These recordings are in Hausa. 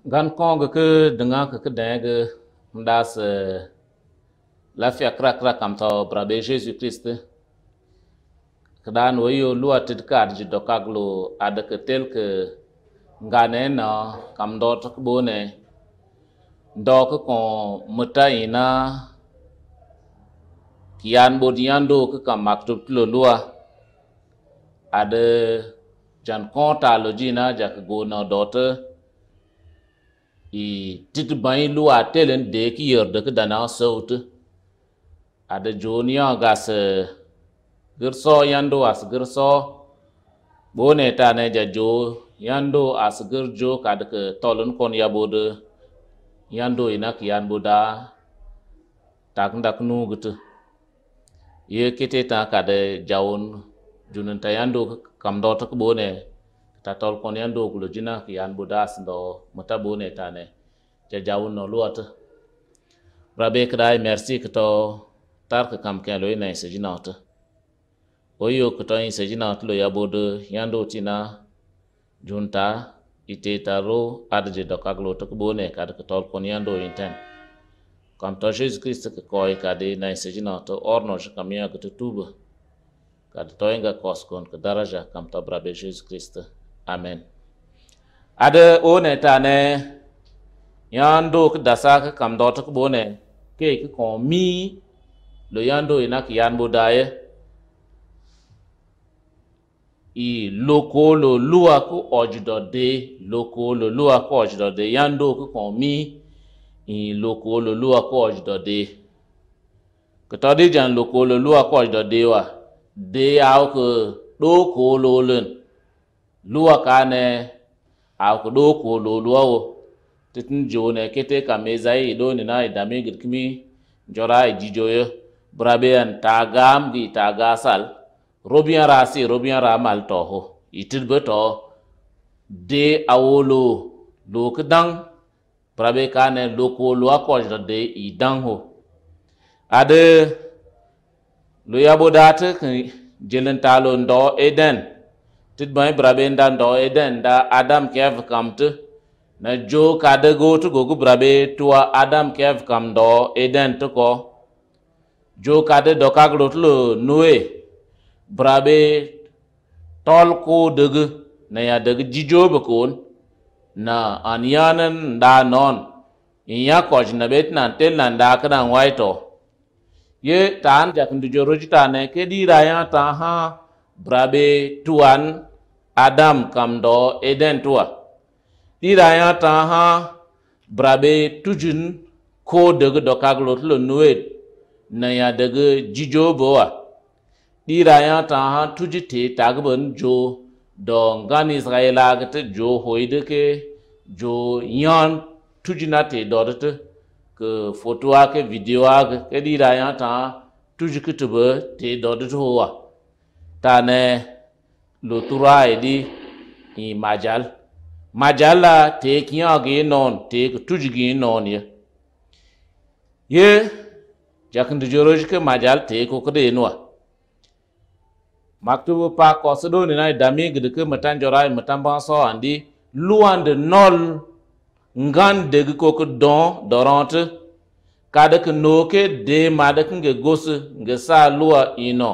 gan kongo ke dengan ke kedeng ndas lafia kra kra kam to brabe jesus christ kedan wayo lua tidkar ji dokaglo adake tel ke ngane na kam dot bone dok ko muta ina kian bodian do ke kam maktub tlo lua ade jan konta lojina jak go na dote E, tit bain lua telen de ki yer de ki dana saut ada jonia gas eh, gerso yando as gerso ta ne ja jo yando as gerjo kad ke tolun kon ya bod yando ina ki yan boda tak ndak nu gut ye kete ta kad jawon junun ta yando kam do tak ta tolkon yan do gulo jina yan budas ndo mutabu ne tane ja jawun no luat rabe kdai merci kto tar ka kam kan loy nay sejina ot oyo t'o yin sejina ot lo yabodo yan do tina junta ite taro adje do kaglo to ko ne kad ka tolkon yan do inten kam to jesus christ ka koy kade nay sejina ot orno kamya ka tuba kad toinga koskon ka daraja kam to brabe jesus christ amen ade one tane yando dasa ka kam do tak bone ke ki ko mi lo yando ina ki yan bodaye i lokolo lua de ojdode lokolo lua ku ojdode yando ku ko mi i lokolo lua ku ojdode ko todi jan lokolo lua ku ojdode wa de aw ko do ko lolun lo luwa kane akudo ko loluwawo titin jone kete ka me zai do ni na idame girkimi jora jijoyo brabeyan tagam gi tagasal robiyan rasi robiyan ramal toho itil beto de awolo lokdan brabe kane loko luwa kojda de idan ho ade lo yabo data talo ndo eden tit mai brabe nda ndo eden da adam kev kamte na jo kada go to go brabe tuwa adam kɛv kam ndo eden to ko jo kada do ka glotlo nuwe brabe tol ko deg na ya deg jijo bakon na anyanan da non in ya koj na be bet nan tel nan da kana waito ye tan jak ndu jorojita ne ke di raya ta ha brabe tuan adam kam do eden tua tiraya ta ha brabe tujun ko daga dokaglo tlo nuet na ya daga jijo boa tiraya ta ha tujite tagban jo do ngan israela gata jo hoide ke jo yan tujinate dodata ke fotoa ke videoa ke tiraya ta tujikitube te dodata hoa tane lo tura edi i majal majala te kiyo gi non te tuj gi non ye ye jakin du jorojike majal te ko kede e no maktub pa ko sodo ni na dami gede ke matan jorai e matan ba so andi luan de nol ngan de ko ko don dorante kada ke noke de madak nge gos nge sa lua ino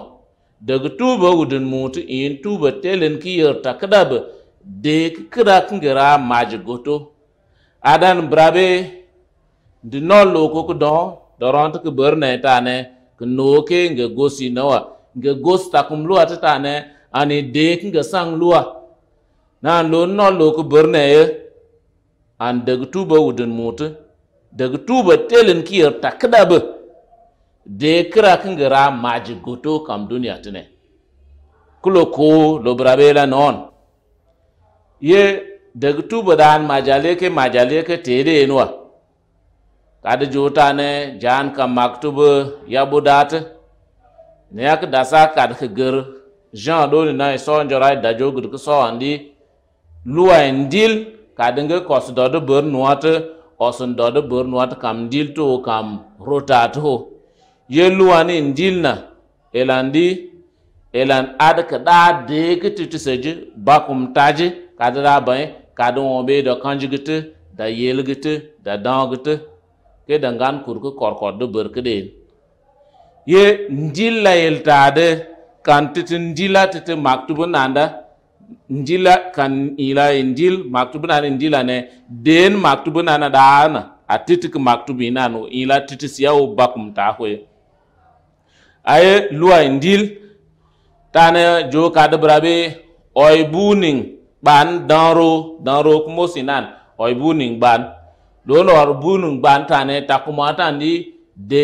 daga tuba wudin mutu in tuba telin ki yar takdab ba de kira kingira maji goto adan brabe di no loko ku don doron ke bar ne ta ne no ke nga gosi nawa nga gosi ta kum lua ta ta ne ani de kinga sang lua na lo n'o loko bar ne ye an daga tuba wudin mutu daga tuba telin ki yarta kada ba de kra kingera maji goto kam duniya tine kulo ko lo brabela non ye daga tuba dan majale ke majale ke tere enwa kada jota ne jan ka maktuba ya budat ne yak dasa kad ke ger jean do na so njora da jogu ko so andi luwa ndil kada nge kos do do bur nuat osun do do bur nuat kam dil to kam rotato yeluwani ndilna elandi elan ad ka da de kiti tiseji bakum taji kadra bay kadon obe do kanjigite da yelgite da dangite ke dangan kurku korkor do berkede ye ndilla yeltade kan titi ndila titi maktubu nanda ndila kan ila ndil maktubu nana ndila ne den maktubu nana daana a titi ka maktubu inanu ila titi siyawo bakum tahwe aye luwa indil tane jo kad brabe oy buning ban danro danro kumo sinan oy buning ban dono or buning ban tane takumata ndi de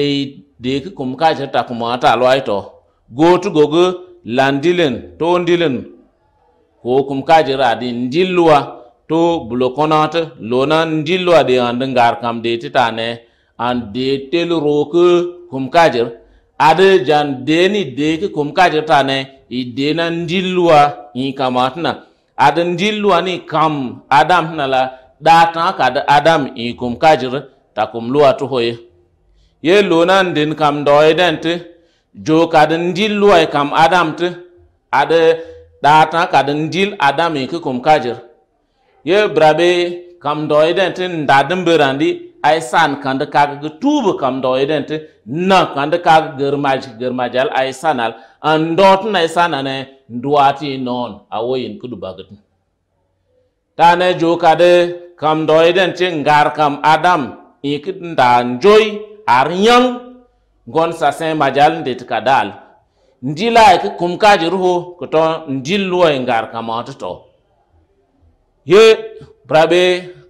de kum ka takuma takumata lo aito go to gogo landilen to ndilen ko kum ka je radi ndilwa to blokonat lona ndilwa de andengar kam de titane an de tel roke kum ka ada jan deni deke ne i dena ndilwa i kamatna ada ndilwa ni kam adam nala data ka adam yi kumkajir ta luwa tuhoye ye lonan ndin kam doidente jo kada ndilwa kam adam te ada data kada ndil adam yi jira ye brabe kam ndadum berandi ai san kan da kaga ga kam do idan ti na kan da kaga garmaji garmaji al ai sanal an dot na sana ne duati non awoyin kudu bagatun ta ne joka kam do idan ti ngar kam adam ikid dan joy aryan gon sa sen majal de kadal ndila ke kum kaji ruho ko to ndilwo ngar kam to ye brabe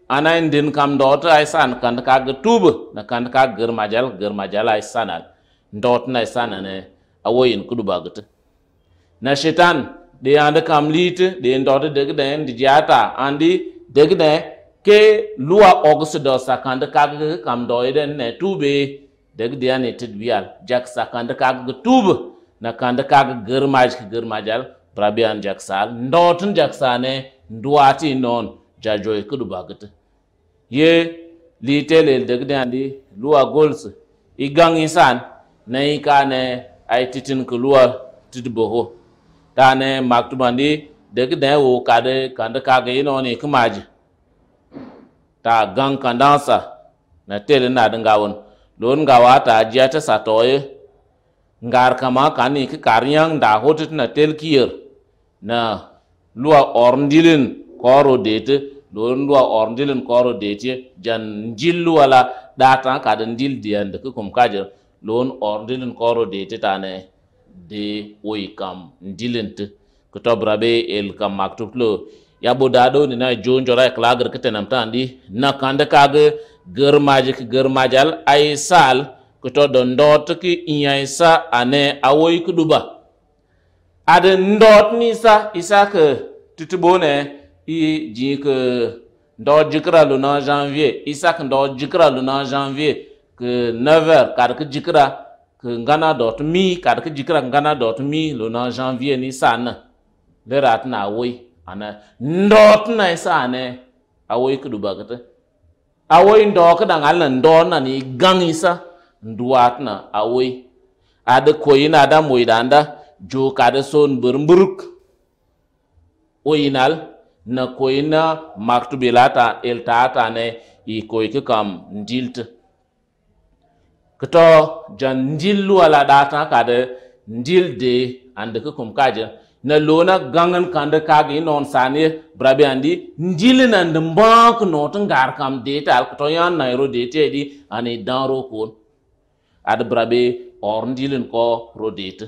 anayin din kam ndot ay san kan ka tuba na kan ka ger majal ger majal ay sanan ndot na sanane awoyin kudu bagata na shetan de ande kam lit de ndot de de de jata andi de de ke luwa ogse do sakan ka kam do e den ne tube de de ane tidbial jak sakan ka tuba na kan ka girmajal maj ger majal brabian jaksal ndotin jaksane nduati non jajoy kudu bagata ye li tele dagde andi luwa goals igang insan na a ay titin ku luwa ne tane maktubandi dagde wo kade kanda kaga yino ne kumaji ta gang kandansa na tele na dinga won lon gawa ta jiya ta satoye ngar kama kani ki karyang da hotit na tel kiyer na luwa orndilin koro dete don duwa orndilin koro dete jan jil wala data kadan dil diyan de kum kaje don orndilin koro dete tane de oy kam dilint ko tobrabe el kam maktub lo yabo dado ni na jon jora klagr ketenam tandi na kande kage germaje ki germajal ay e sal ko to don dot ki inyai e sa ane awoy kuduba ada ndot ni sa isa ke tutubone i jik ndo jikra lu na janvier isak ndɔ jikra lu na janvier ke 9h kar ke jikra ke ngana dot mi kar ke jikra ngana dot mi lu na janvier ni san le rat na woi ana ndot na e sane awoi ke dubagata awoi ndo ke dangal na ndɔ na ni gang Ade koyi na awoi ada koyin ada moidanda jo kada son bermburuk oyinal na na maktu bilata el taata ne i koi ke kam ndilt kto jan ndil ala data kada ndil de ande ke kum kaje na lona gangan kanda kagi non sani brabe andi ndil na ndambak not ngar kam de tal kto yan nairo de te di ani daro kon ad brabe or ndilin ko rodete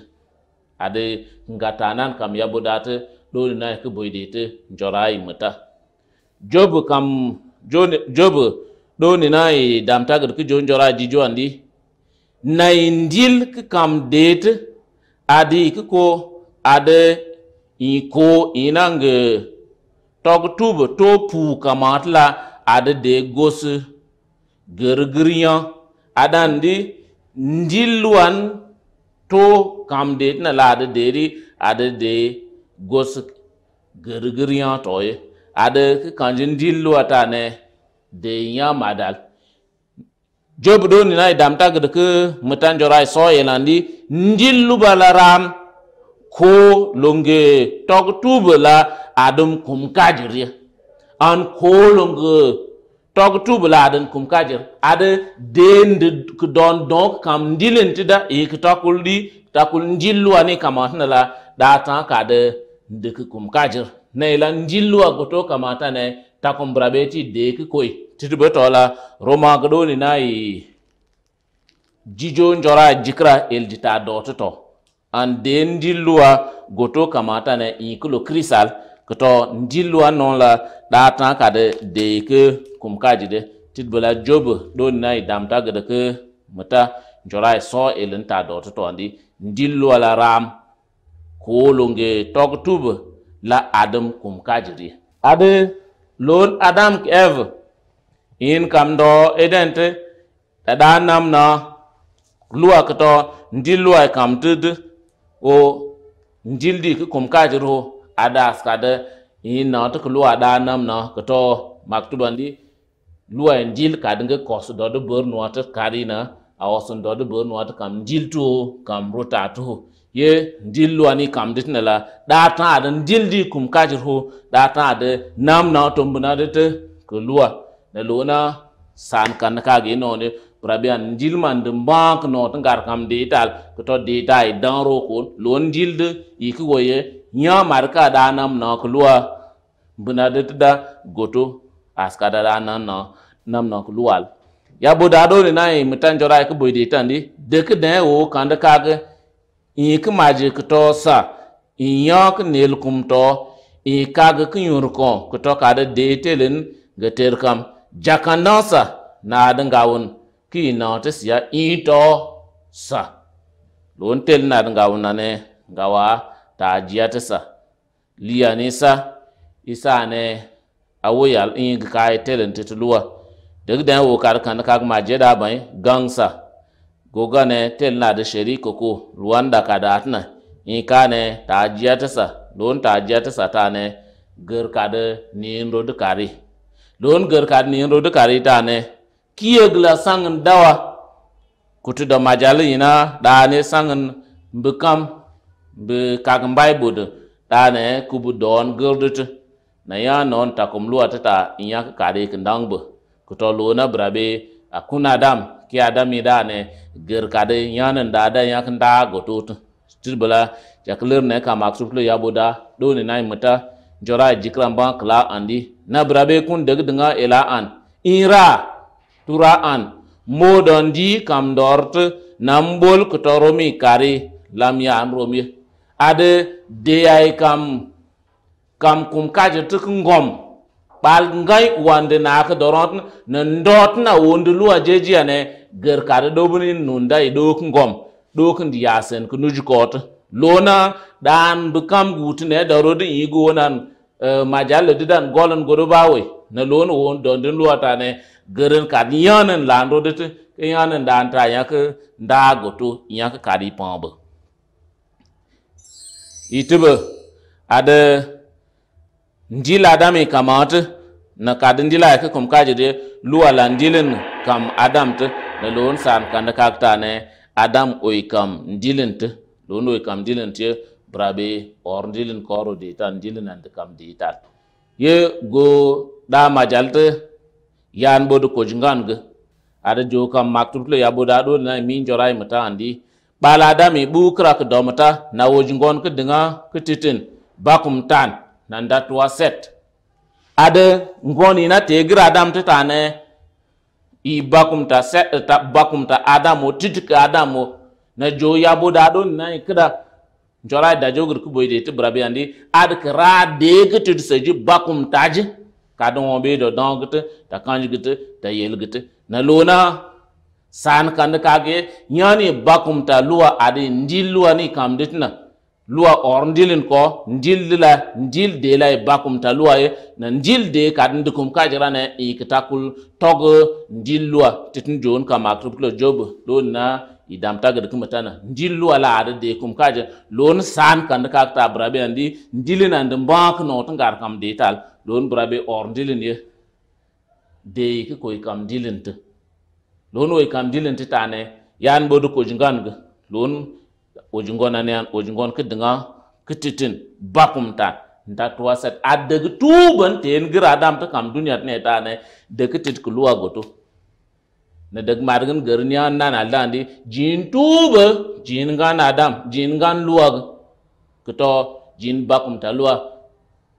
ade ngatanan kam yabodate dole na ke da ita jorai mata jobu kam jobu dole na yi damta ga ke jon jora ji jo andi na indil ka kam da ita dete adi ke ko da yi ko ina ga tub to pu kamatla ade de gos gergriya adandi ndilwan to kam da ita na la ade da ade de gosik gerigiri yan toye ade ki kanjin dillu atane de yan madal job do ni na idamta gede ki mutan jorai so yelandi ndillu balaram ko longe tog tubula adum kum kajiri an ko longe tog tubula adum kum kajir ade den de don don kam dilentida e ki takul di takul ndillu ani kama nala da tan ka de ndeke kum kajir na ila njilwa goto kamata ne takum brabeti deki koi titu betola roma gdoni na i jijo njora jikra eljita dototo an de ndilwa goto kamata ne ikilo krisal kto ndilwa non la datan kade deki kum kajide titu bela job doni na i damta gdeke mata njora e so elenta dototo andi ndilwa la ram ko longe tog tub la adam kum kajiri ade lon adam ev in kam do edente tada nam na luwa kato ndil luwa e kam tud o ndil di kum kajiro ada skade in na to luwa da nam na kato maktuban di luwa e ndil kadinga kos do do bor nuwa karina a wasun do do bor nuwa kam ndil to kam rota ye dillu ani kam ditna la da ta da dildi kum kajir ho da ta da nam na to buna da ko luwa na luna san kan ka ge no ne prabian dil man de bank no tan gar kam de tal ko to de dai dan ro ko lon dil de iki wo ye nya marka da nam na kulwa buna da da goto askada da nan na nam na kulwal ya bo da do ne na mutan jora ke boy de tan di de ke ne wo kan da ka ge ĩk maje kə tɔ sa inyok nil kə neel kum tɔ ĩ kagə kə yũr kõ kə telen gə kam jakan na sa naadẽ ngawun ki ĩ nɔ tɩ siya ĩ tɔ sa lon tel na ngawun nane gawa taa jiya tɩ sa liyani sa ɩ saane a woyal ĩ gə kaa telen tɩ tɩ luwa dɩg dãn wokar kãnd kag maa jeda bãe sa gogane tel na da shari koko ruwanda ka da atna in ka ne ta jiya ta sa don ta jiya ta sa ta ne gar ka da nin rodu kari don gar ka da nin rodu kari ta ne kiye gla sangin dawa kutu da majali ina da ne sangin bukam bi kagin bible ta ne kubu don gardutu na ya non kum luwa ta ta in ya kare kin dangbo kuto lona brabe akuna dam ki adami ne ger kade yanan da da yakin da gotot tibla jakler ne ka maksuplo yaboda do ne nay mata jora jikran ban kla andi na brabe kun deg dinga ila e an ira tura an modon di kam dort nambol kutoromi kari lam ya amromi ade de ay kam kam kum kaje tuk ngom bal ngai wande na ka dorot na ndot na wonde luwa jeji ane ger kada dobuni nunda i dok ngom dok ndi yasen ku nuju kot lona dan bukam gut ne darod yi gonan eh, majal didan golan godo bawe na lona won dondin luwa ta ne gerin kad yanen lando dit yanen dan ta yak nda goto yak kadi pamba itibe ada njila dami kamata na kadin dila ka kum kaje de luwa landilin kam adam te na lon san kan kakta ne adam oy kam dilin te lon oy kam dilin te brabe or dilin koro de tan dilin and kam de tal ye go da majalte yan bodu ko jingan ge ada jo kam maktub le ya boda do na min jorai mata andi bala adam mi bu krak do mata na wojingon ke dinga ke titin bakum tan nan dat set ada ngoni na te gira adam ta ne i bakumta se eh, ta bakumta adamo titika adamo na jo ya boda don na kida jora da jo gir kuboy de tibra bi andi ad kra de gitu seji bakumta ji ka don obe do don gitu ta kanji gitu ta yel gitu na lona san kan kage nyani bakumta luwa ade ndi luwa ni kam ditna luwa or ndilin ko ndildila ndil de la e bakum luwa ye na ndil de e ka ndikum ka jira na e kitakul tog ndil luwa titin jon ka makrub klo job do na idam ta gada kuma tana ndil luwa la ada de kum ka je lon san kan ka ta brabe andi ndilin and bank no tangar kam de tal lon brabe or ndilin ye de ki koy kam ndilin ta lon way kam ndilin ta ne yan bodu ko jingan ga lon ojingona ne ojingon kidinga kititin bakumta nda tuwa set adeg tuban ten gira adam ta kam dunya ne ta ne de kitit kuluwa goto na dag margan garniya na na landi jin tuba jin gan adam jin gan luwa kito jin bakumta luwa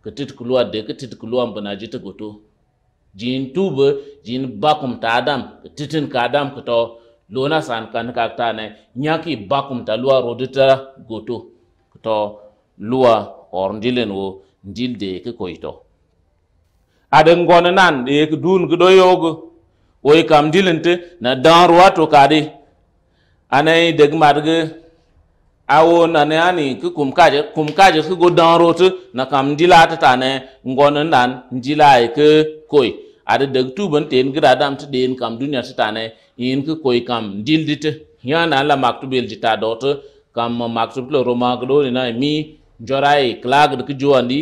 kitit kuluwa de kitit kuluwa bana jita goto jin tuba jin bakumta adam kititin ka adam kito lona san kan kaktane nyaki bakumta luwa rodita goto to luwa or ndilen wo ndil de ke koyto adan gona nan de dun gdo yogo oy e kam dilente na dan ruwato kade anay e deg madge awo na ne ani ki kum kaje kum kaje ki go dan rotu na kam dilata ne ngona nan ndilai e ke koi. ada deg tu ban ten gradam te den kam dunya te tane yin ko koy kam dil dit yana la maktub el jita dot kam maktub lo roma gdo na mi jorai klag de juandi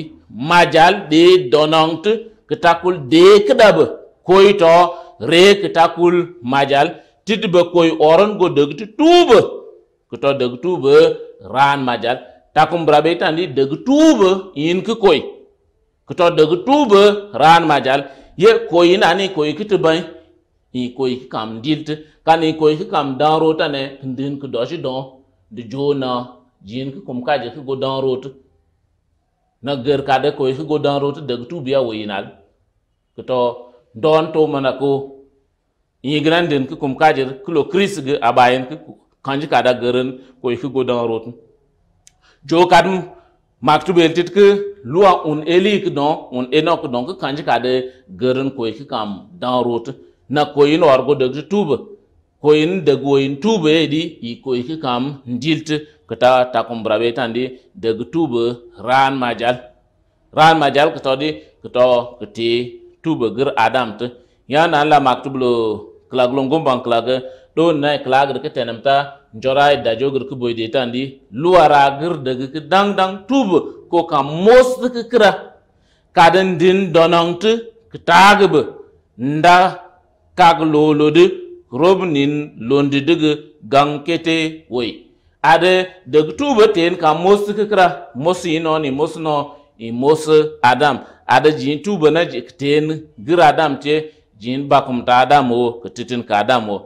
majal de donant ketakul de kedab koy to re takul majal tit ba koy oron go dag tub keto deg tuba ran majal takum brabe tandi deg tuba yin ko koy keto dag tub ran majal ye koyi na ni koyi kitu bai i koyi kam dit kan i koyi kam dan rota ne ndin ku do shi don di jo na jin ku kum kaje ku go dan rota na ger ka de koyi ku go dan rota de tu biya wo yinal ku to don to mana ko i gran den ki kum je ku lo kris ge abayen ku kanji ka da geren koyi ku go dan rota jo kadum maktub el tit ke lua un elik don un enok don ke kanji kade geren koy ke kam dan rote na koyin wargo de tuba koyin de goyin tuba edi i koy ke kam ndilt kata takum brabe tandi de tuba ran majal ran majal kato di kato kati tuba ger adam te yana la maktub lo klaglongom bang klaga don na klagir ka tenemta njorai da jogir ku boy deta ndi luara gir de ka dang dang tub ko ka mos kra ka kira din donong tu ka tagib nda glo lo de rob nin londi de gang kete woi ade de tuba ten ka mos ke kira mos no ni mos no i mos adam ade jin tuba na ten gir adam te jin bakum ta adam o ka titin ka adam o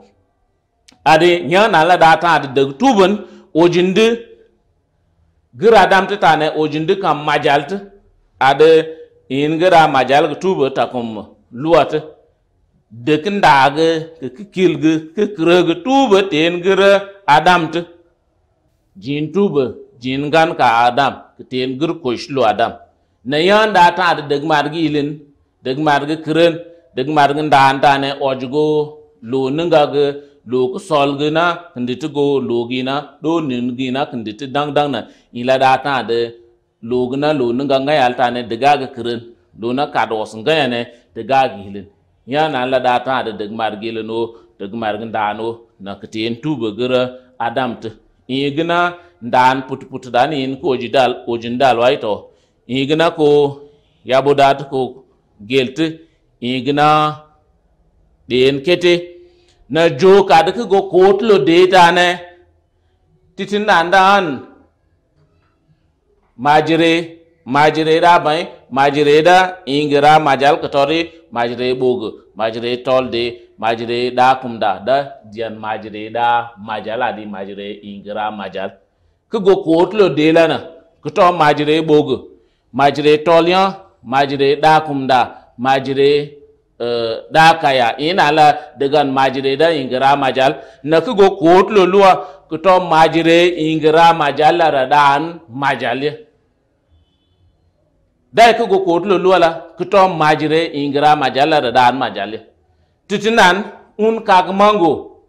adi nya na la da ta de tuben ojindi gira dam ta tane ojinde kam majalt adi in gira majal tuba ta kum luat de kindag ke kilg ke kreg tuba ten gira adamt jin tuba jin gan ka adam ten gir koshlu adam na yan da ta da dag margi ilin dag margi kiren dag margi ndan tane ojgo lo ninga ga loku solgina ndi go logina do ningina ndi ti dang dang na ila da de logina lo ninga nga yal ta ne diga ga kirin lo na ka do ne diga ga hilin ya na la da ta de dig margile no dig margin na kitin tu bugira adam ti igina ndan put put dan in ko jidal o jindal waito igina ko yabodat ko gelti igina den kete na jo kada ka go kotlo data ne titin da an majire majire da bai majire da ingira majal katori majire bog majire tol de majire da kum da da dian majire da majal adi majire ingira majal ka go kotlo de la na kato majire bog majire tolyan majire da kum da majire Uh, dakaya ina la degan majire da ingira majal Na nakigo kotlo luwa kito majire ingira majal la radan majal da kigo kotlo luwa la kuto majire ingira majal la radan majal titinan un kag mango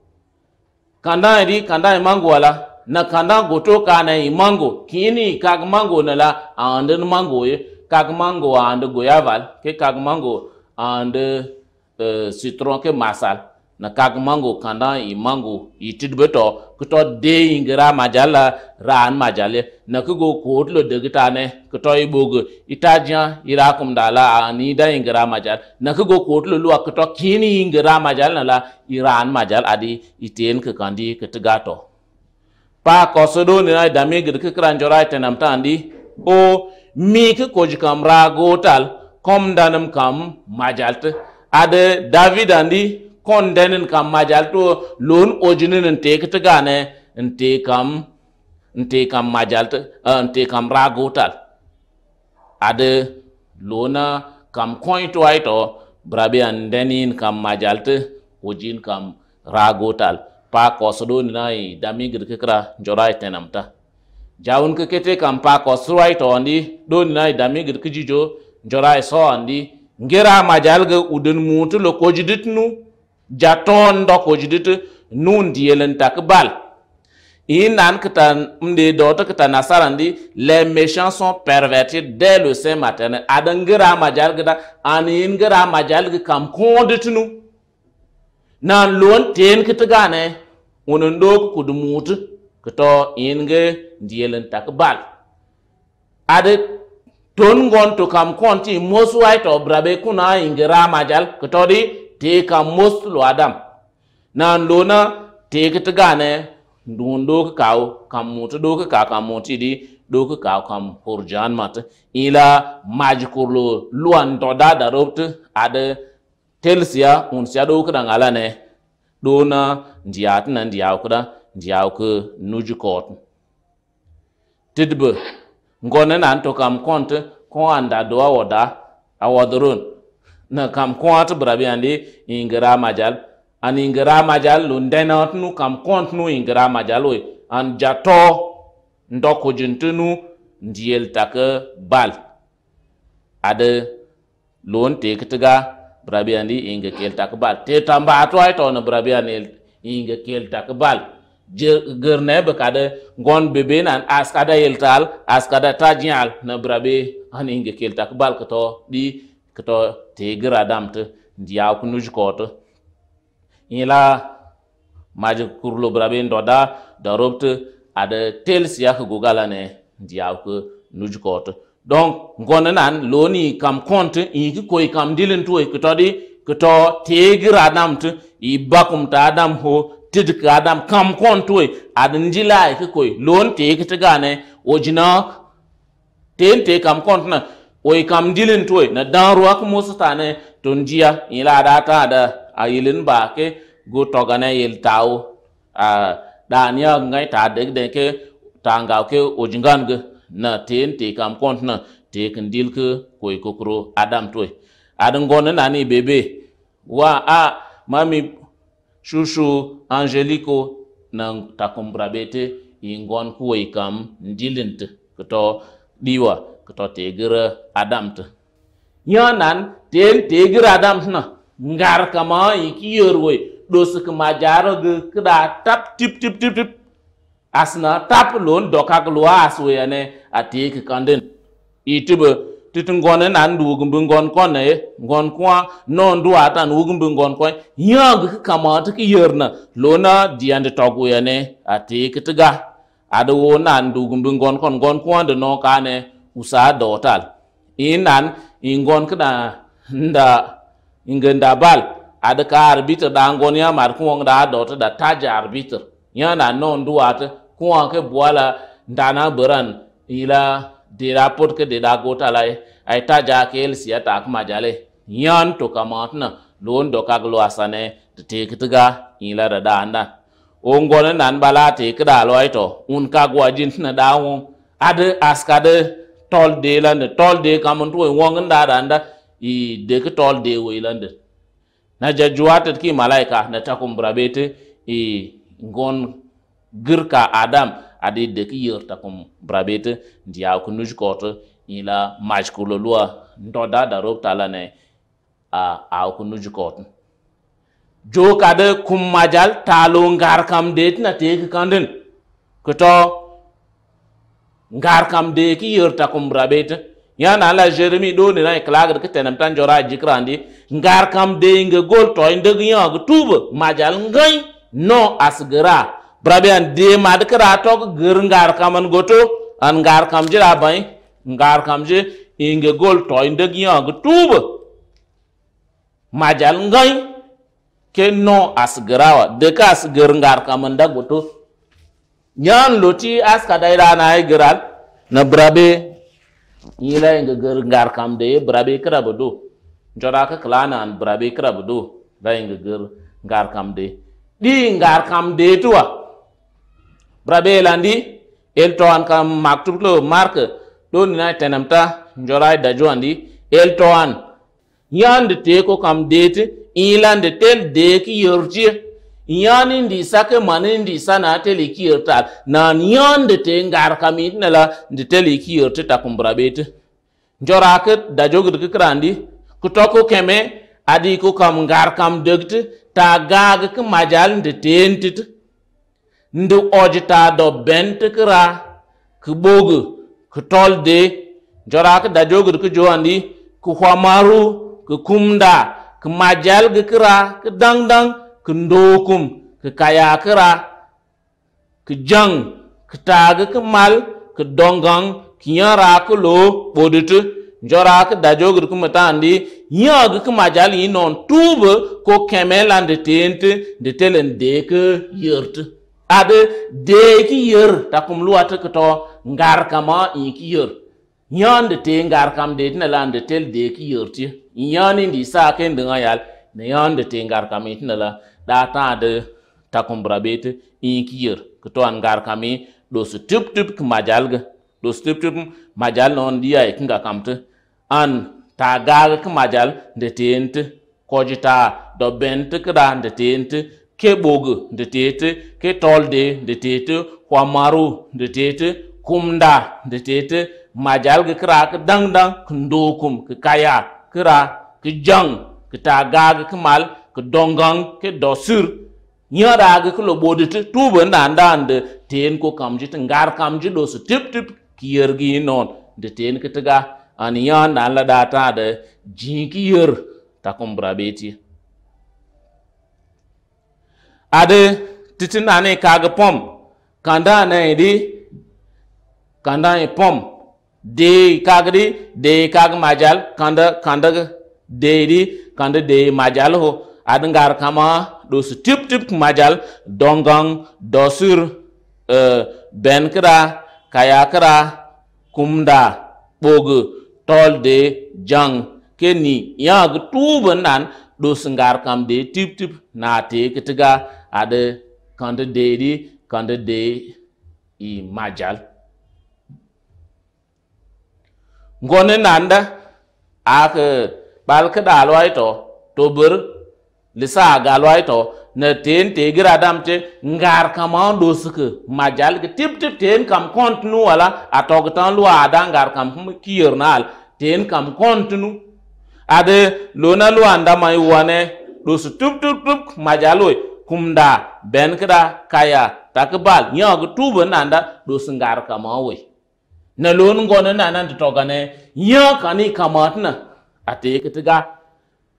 kanda ri kanda mango wala na kanda goto kana mango kini kag mango na la andin mango ye kag mango and goyaval ke kag mango ande uh, citron ke masal na kag mango kanda i mango i tidbeto kuto de ingira majala ran majale na kugo kodlo degitane kuto ibogo itajya irakum dala ani da ingira majal na kugo kodlo luwa kuto kini ingira majal na la iran majal adi iten ke kandi ketigato pa kosodo ni na dami gir kikran jorai tenamta andi o mi ke kojikam ra gotal kom danam kam majalte ade david andi kon denin kam majalto lon ojinin nte kitgane nte kam nte kam majalto eh, nte kam ragotal ade lona kam kointo aito brabe andenin kam majalto ojin kam ragotal pa kosodo nai dami girkira jorai tenamta jawun kete kam pa kosruaito andi don nai dami girkijijo njora e sondi ngira ga udun mutu lo kojidit nu jaton e do kojidit nu bal in nan kita mde dota kita nasarandi les méchants sont pervertis dès le saint matin adan ngira majalga da ani ngira ga kam kondit nu nan lon ten kita gane unan do kudumutu kito inge e tak bal adat ton gon to kam kon ti mos wai to brabe kuna ingira majal kutodi te kam mos lo adam nan lona te kitgane ndun do kaw kam mutu do ka kam muti di do kaw kam hurjan mat ila majkurlo luan to da da robt ade telsia un sia do kan alane dona ndiat nan diaw kuda diaw ku nujukot tidbe ngone nan to kam konte ko anda do awoda awodrun na kam ko at brabi andi ingra majal an ingra majal lu ndenot nu kam kont nu ingra majal oi an jato ndoko jintunu ndiyel take bal ade lon tektiga brabi andi inga kel take bal te tamba atwa e to na brabi andi inga kel take bal gurneb kada gon bebe nan askada yeltal askada tajal na brabe aninge kelta bal kato di kato te gradam te dia ku nuj kot ila maji kurlo brabe ndoda darobt ada tel siya ku gala ne dia ku nuj kot donc gon e nan loni kam compte yi ko kam dilen to ko todi ko to te gradam te i bakum ta adam ho tid kadam kam kon toy adin jilai ke koy lon te ke tagane ojina ten te kam kon na oy kam dilin toy na daru ak musutane ton jiya ila data da ayilin ba ke go togane yil taw a dania ngai ta de de ke tanga ke ojingan ge na ten te kam kon na te kin dil ke koy kokro adam toy adin nan ani bebe wa a mami shushu angeliko na takumbra bete ingon kuwai kam ndilint kito diwa kito tegira adamt nyanan ten tegira adamt na ngar kama ikiyorwe dosu kama jaro gkda tap tip tip tip tip asna tap lon dokak luas weyane atik kanden itibe titi e e, e. ngone na ndugu mbi ngon kone ngon kwa no ndu ata ndugu mbi ngon kwa nyag kamata ki yerna lona diande togu yane ati kitiga ada wo na ndugu mbi ngon kon ngon kwa de no kane usa dotal inan ingon kna nda ingenda bal ada ka arbiter da ngon ya mar kuong da dota da taja arbiter yana no ndu ata kwa ke bwala ndana beran ila dira pot ke dira gota lai ai ta ja ke el sia ta kuma jale yan to kamat na lon do kag lo asane te te kitiga ila da da anda ongona nan bala te kida loi to un ka gwa jin na da dawo ade askade tol de lande tol de kamun to wongen da da anda i de tol de we lande na juwa jajuwatet ki malaika na takum brabete i ngon girka adam ade deki yerta kum brabete ndia kunuj korte ila majkulo lua da darok tala ne a a kunuj korte jo kada kum majal talo ngar kam det na tek kanden kuto ngar kam deki yerta kum brabete yana la jeremi do ne na e klagr ke tenam tan jora jikrandi ngar kam de nge gol to inde gnya tuba majal ngai no asgra brabian de mad kratok gir ngar kaman goto an ngar kamje rabai ngar kamje inge gol toinde giyang tub majal ngai ke no asgrawa de ka asgir ngar kaman da goto nyan loti aska daira na igral na brabe yila inge gir ngar kam de brabe krabdo ka klana an brabe krabdo da inge gir ngar kam de di ngar kam de tuwa brabe elandi el to an kam maktub mark do ni na tenamta njorai da joandi el to an yand te ko kam date iland tel de ki yorje yani ndi sake mani ndi sana tele kiyerta na nyande te ngar kamit nela ndi tele kiyerta takumbra bete njorake da jogir kikrandi kutoko keme adi ko kam ngar kam degte ta gag ki majal ndi tentit ndị ọjịta dọ bent Ki kị ki tol de. jọra ki daji ogịd kị jowandi ki hwamaru ki kumda ki majal kị majalgị kra dang dangdang kị ndokum ki kaya kra kị jang kị taagị ki mal ki dongang ki nyara ki lo ɓodtɩ jọra ki daji ogịd kị mɩtãandi yãagị ki majal yi noon tuubã ko kẽme la ndɩ teentɩ ndɩ telen deekɩ yɩrtɩ abe de ki yer takum luwata kito ngar kama in ki yer nyan de te ngar kam de tina lan de tel de ki yer ti nyan in di sa ken de ngayal ne nyan de te ngar kam tina la da ta de takum brabete in ki yer kito an ngar kami do su tup tup ki majal ga do su tup tup majal non di ay kinga te an ta gaga ki majal de te ente kojita do bent kra de te ente ke ɓogo nde tete ke tolde nde tete huamaru nde tete kumda nde tete majal ke kra ke dang dang ke ndokum ke kaya kra ke jang ke tagag ke mal ke dongang ke dosur nyarag ke lo bodit tuba de ten ko kamji te ngar kamji do su tip tip ki yergi non de ten ke tega an yan dan la data de jinki yer takum brabeti adi titi nani kaagi pom kanda nai di kanda i pom de kaagi di de kaagi majal kanda kanda de di kanda de majal ho adi ngar kama dosu tip tip majal dongang dosur uh, eh, ben kira kaya kira kumda bogu tol de jang keni yang tuban nan dosu ngar kam de tip tip na te ketiga Ade kande deedi kande de i majal ngone nanda ak bal ka dalwai to to bir lisa galwai to na ten te gira te, ngar kamon do suke majal Ke tip tip ten kam kontinu wala atog tan luwa ada ngar kam kiyernal ten kam kontinu ade lona luwa ndamai wane do su tup tup tup majaloi kumda ben kada kaya takbal nyog tubo nanda do singar kama we na lon ngone nanan to gane nya kani kamatna ate kitiga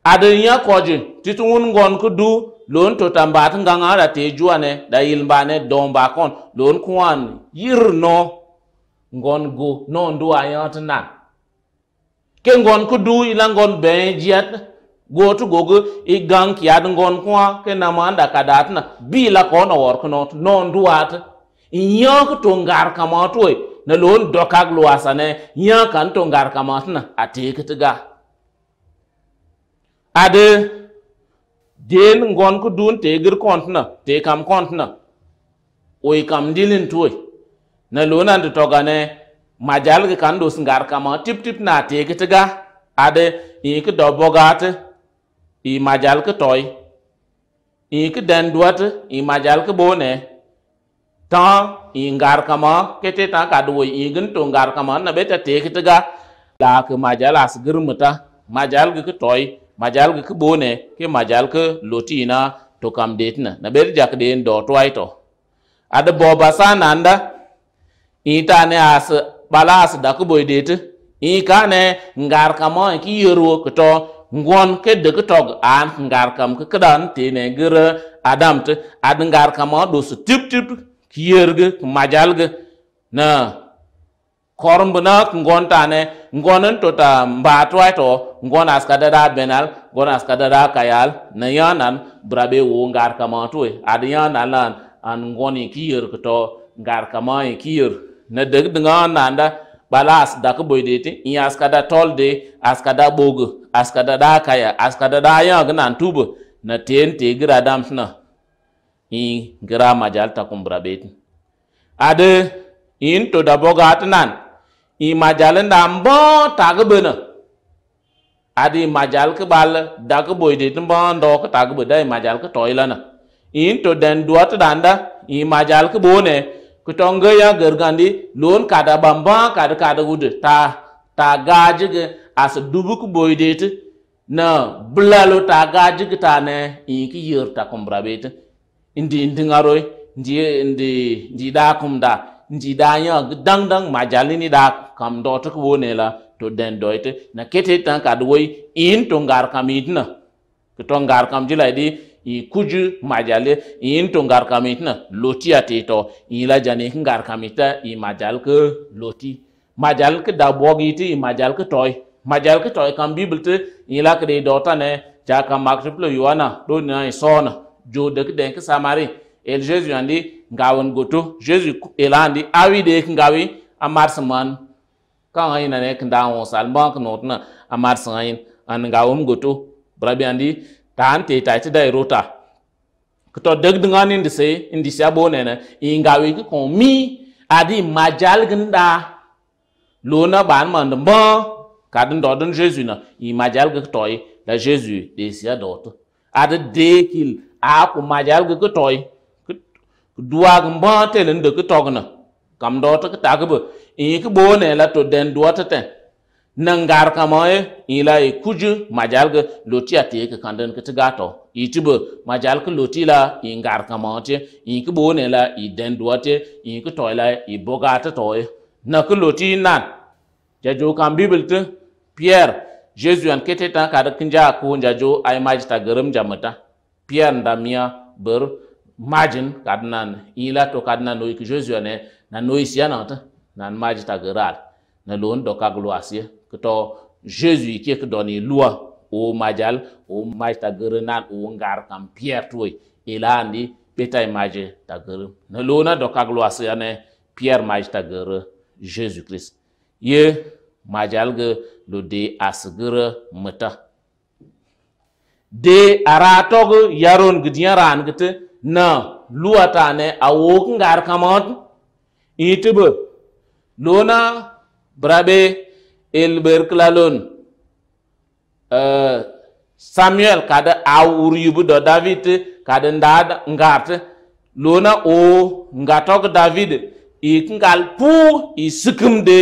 adin ya koji titun gon ku du lon to tambat nganga da te juane da ilbane domba kon lon kwan yirno ngon go non duwa yatna ke ngon ku du ila ngon goto gogo i gang kiad ngon kwa ke na manda kadat na bi la ko na wor kono non duat ko to ngar kama to na lon dokag luasane nyakan to ngar kama na atikitga ade den ngon ko dun te gir kont na te kam kont na i kam dilin to na lona ndu togane majal ga kan dos ngar kama tip tip na te gitga ade ik do bogate i majal ke toy i ke den duat i majal ke bone ta i ngar kama kete te ta ka duwe i gen to ngar kama na beta te ke tiga la ke majal as girmata majal ke ke toy majal ke ke bone ke majal ke lotina to kam detna na ber jak den do to ai to ada boba sananda ita ne as balas da ku boy det i ka ne ngar kama ki yero ko to ngon ke de ke tog an ngar kam ke kedan te ne gere adam te ad ngar kam do su tip tip kierge majalge na korm bna ngon tane ngonen to ta mbatwa to ngon askada da benal ngon askada da kayal na yanan brabe wo ngar kam to ad yanan lan an ngoni kiyer to ngar kam kiyer na de dinga nanda bala as da ka boy dete in as da tol de as kada bogo as kada da kaya as kada da ya ga nan tubo na ten te gira dam na in gira majal ta kumbra bet ade in to da boga atnan in majalin nda ambo ta ga bana ade majal ka bal da ka boy dete ban do ka ta ga bada majal ka toilana in to dan duat danda I majal ka bone kutonga ya gargandi lon kada bamba kada kada gudu ta ta gaji ga as dubu ku boydete na bulalo ta gaji ga ta ne inki yer ta kumbra bete indi indi ngaroi ndi ndi ndi da kum da ndi da ya dang dang majalini da kam do ko ne la to den doite na kete tan kadwoi in to tongar kamidna kutongar kam jilai di i kuju majale in to ngar kamitna loti ateto in la jane ngar kamita i majal ke loti majal ke da bogi ti majal ke toy majal ke toy kam bible te in la kre dota ne ja kam multiple yuana do na sona jo de ke den ke samari el jesus andi ngawon goto jesus elandi awi de ngawi amar saman kan ayi na ne kan da won salban kan notna amar sanin an ngawon goto brabi andi taan te ta ti dai rota kto dag dunga ni ndi se ndi sia bo ne na inga wi ko mi adi majal ganda lona ban man ba kadin dodon jesu na i majal ga toy e, da jesu de sia dot ada de kil a ku majal ga toy e. duwa ga ba te len de ko togna kam dot ka tagba in ko bo ne la to den duwa te nangar kamoye ila e kuju majalga loti ate ke kandan ke tigato itibe majalka loti la ingar kamote ke bone la iden duate inki toila i bogata toy na ke loti nan jajo kan bibelte pierre jesus an kete tan kada kinja ko jajo ay majta garam jamata pierre ndamia ber majin kadnan ila to kadnan no ki jesus ne na noisiana ta nan majta garal na lon do kaglo kito to jésus keke doni loi o majal o maj tagere nan o ngar kam pierre toy e ila andi ɓetay maje tagere ne lona dokag loi siyane pierre maj tagere jésus christ ye majalge lo de asgere mata de aratoge yaron gidiyan ran gite na luwatane a wokin gar kamot itibe e lona brabe elberklalon eh, samuel kada a wuryibu do david kada ndad ngat lona o ngatok david ikingal pu isikimde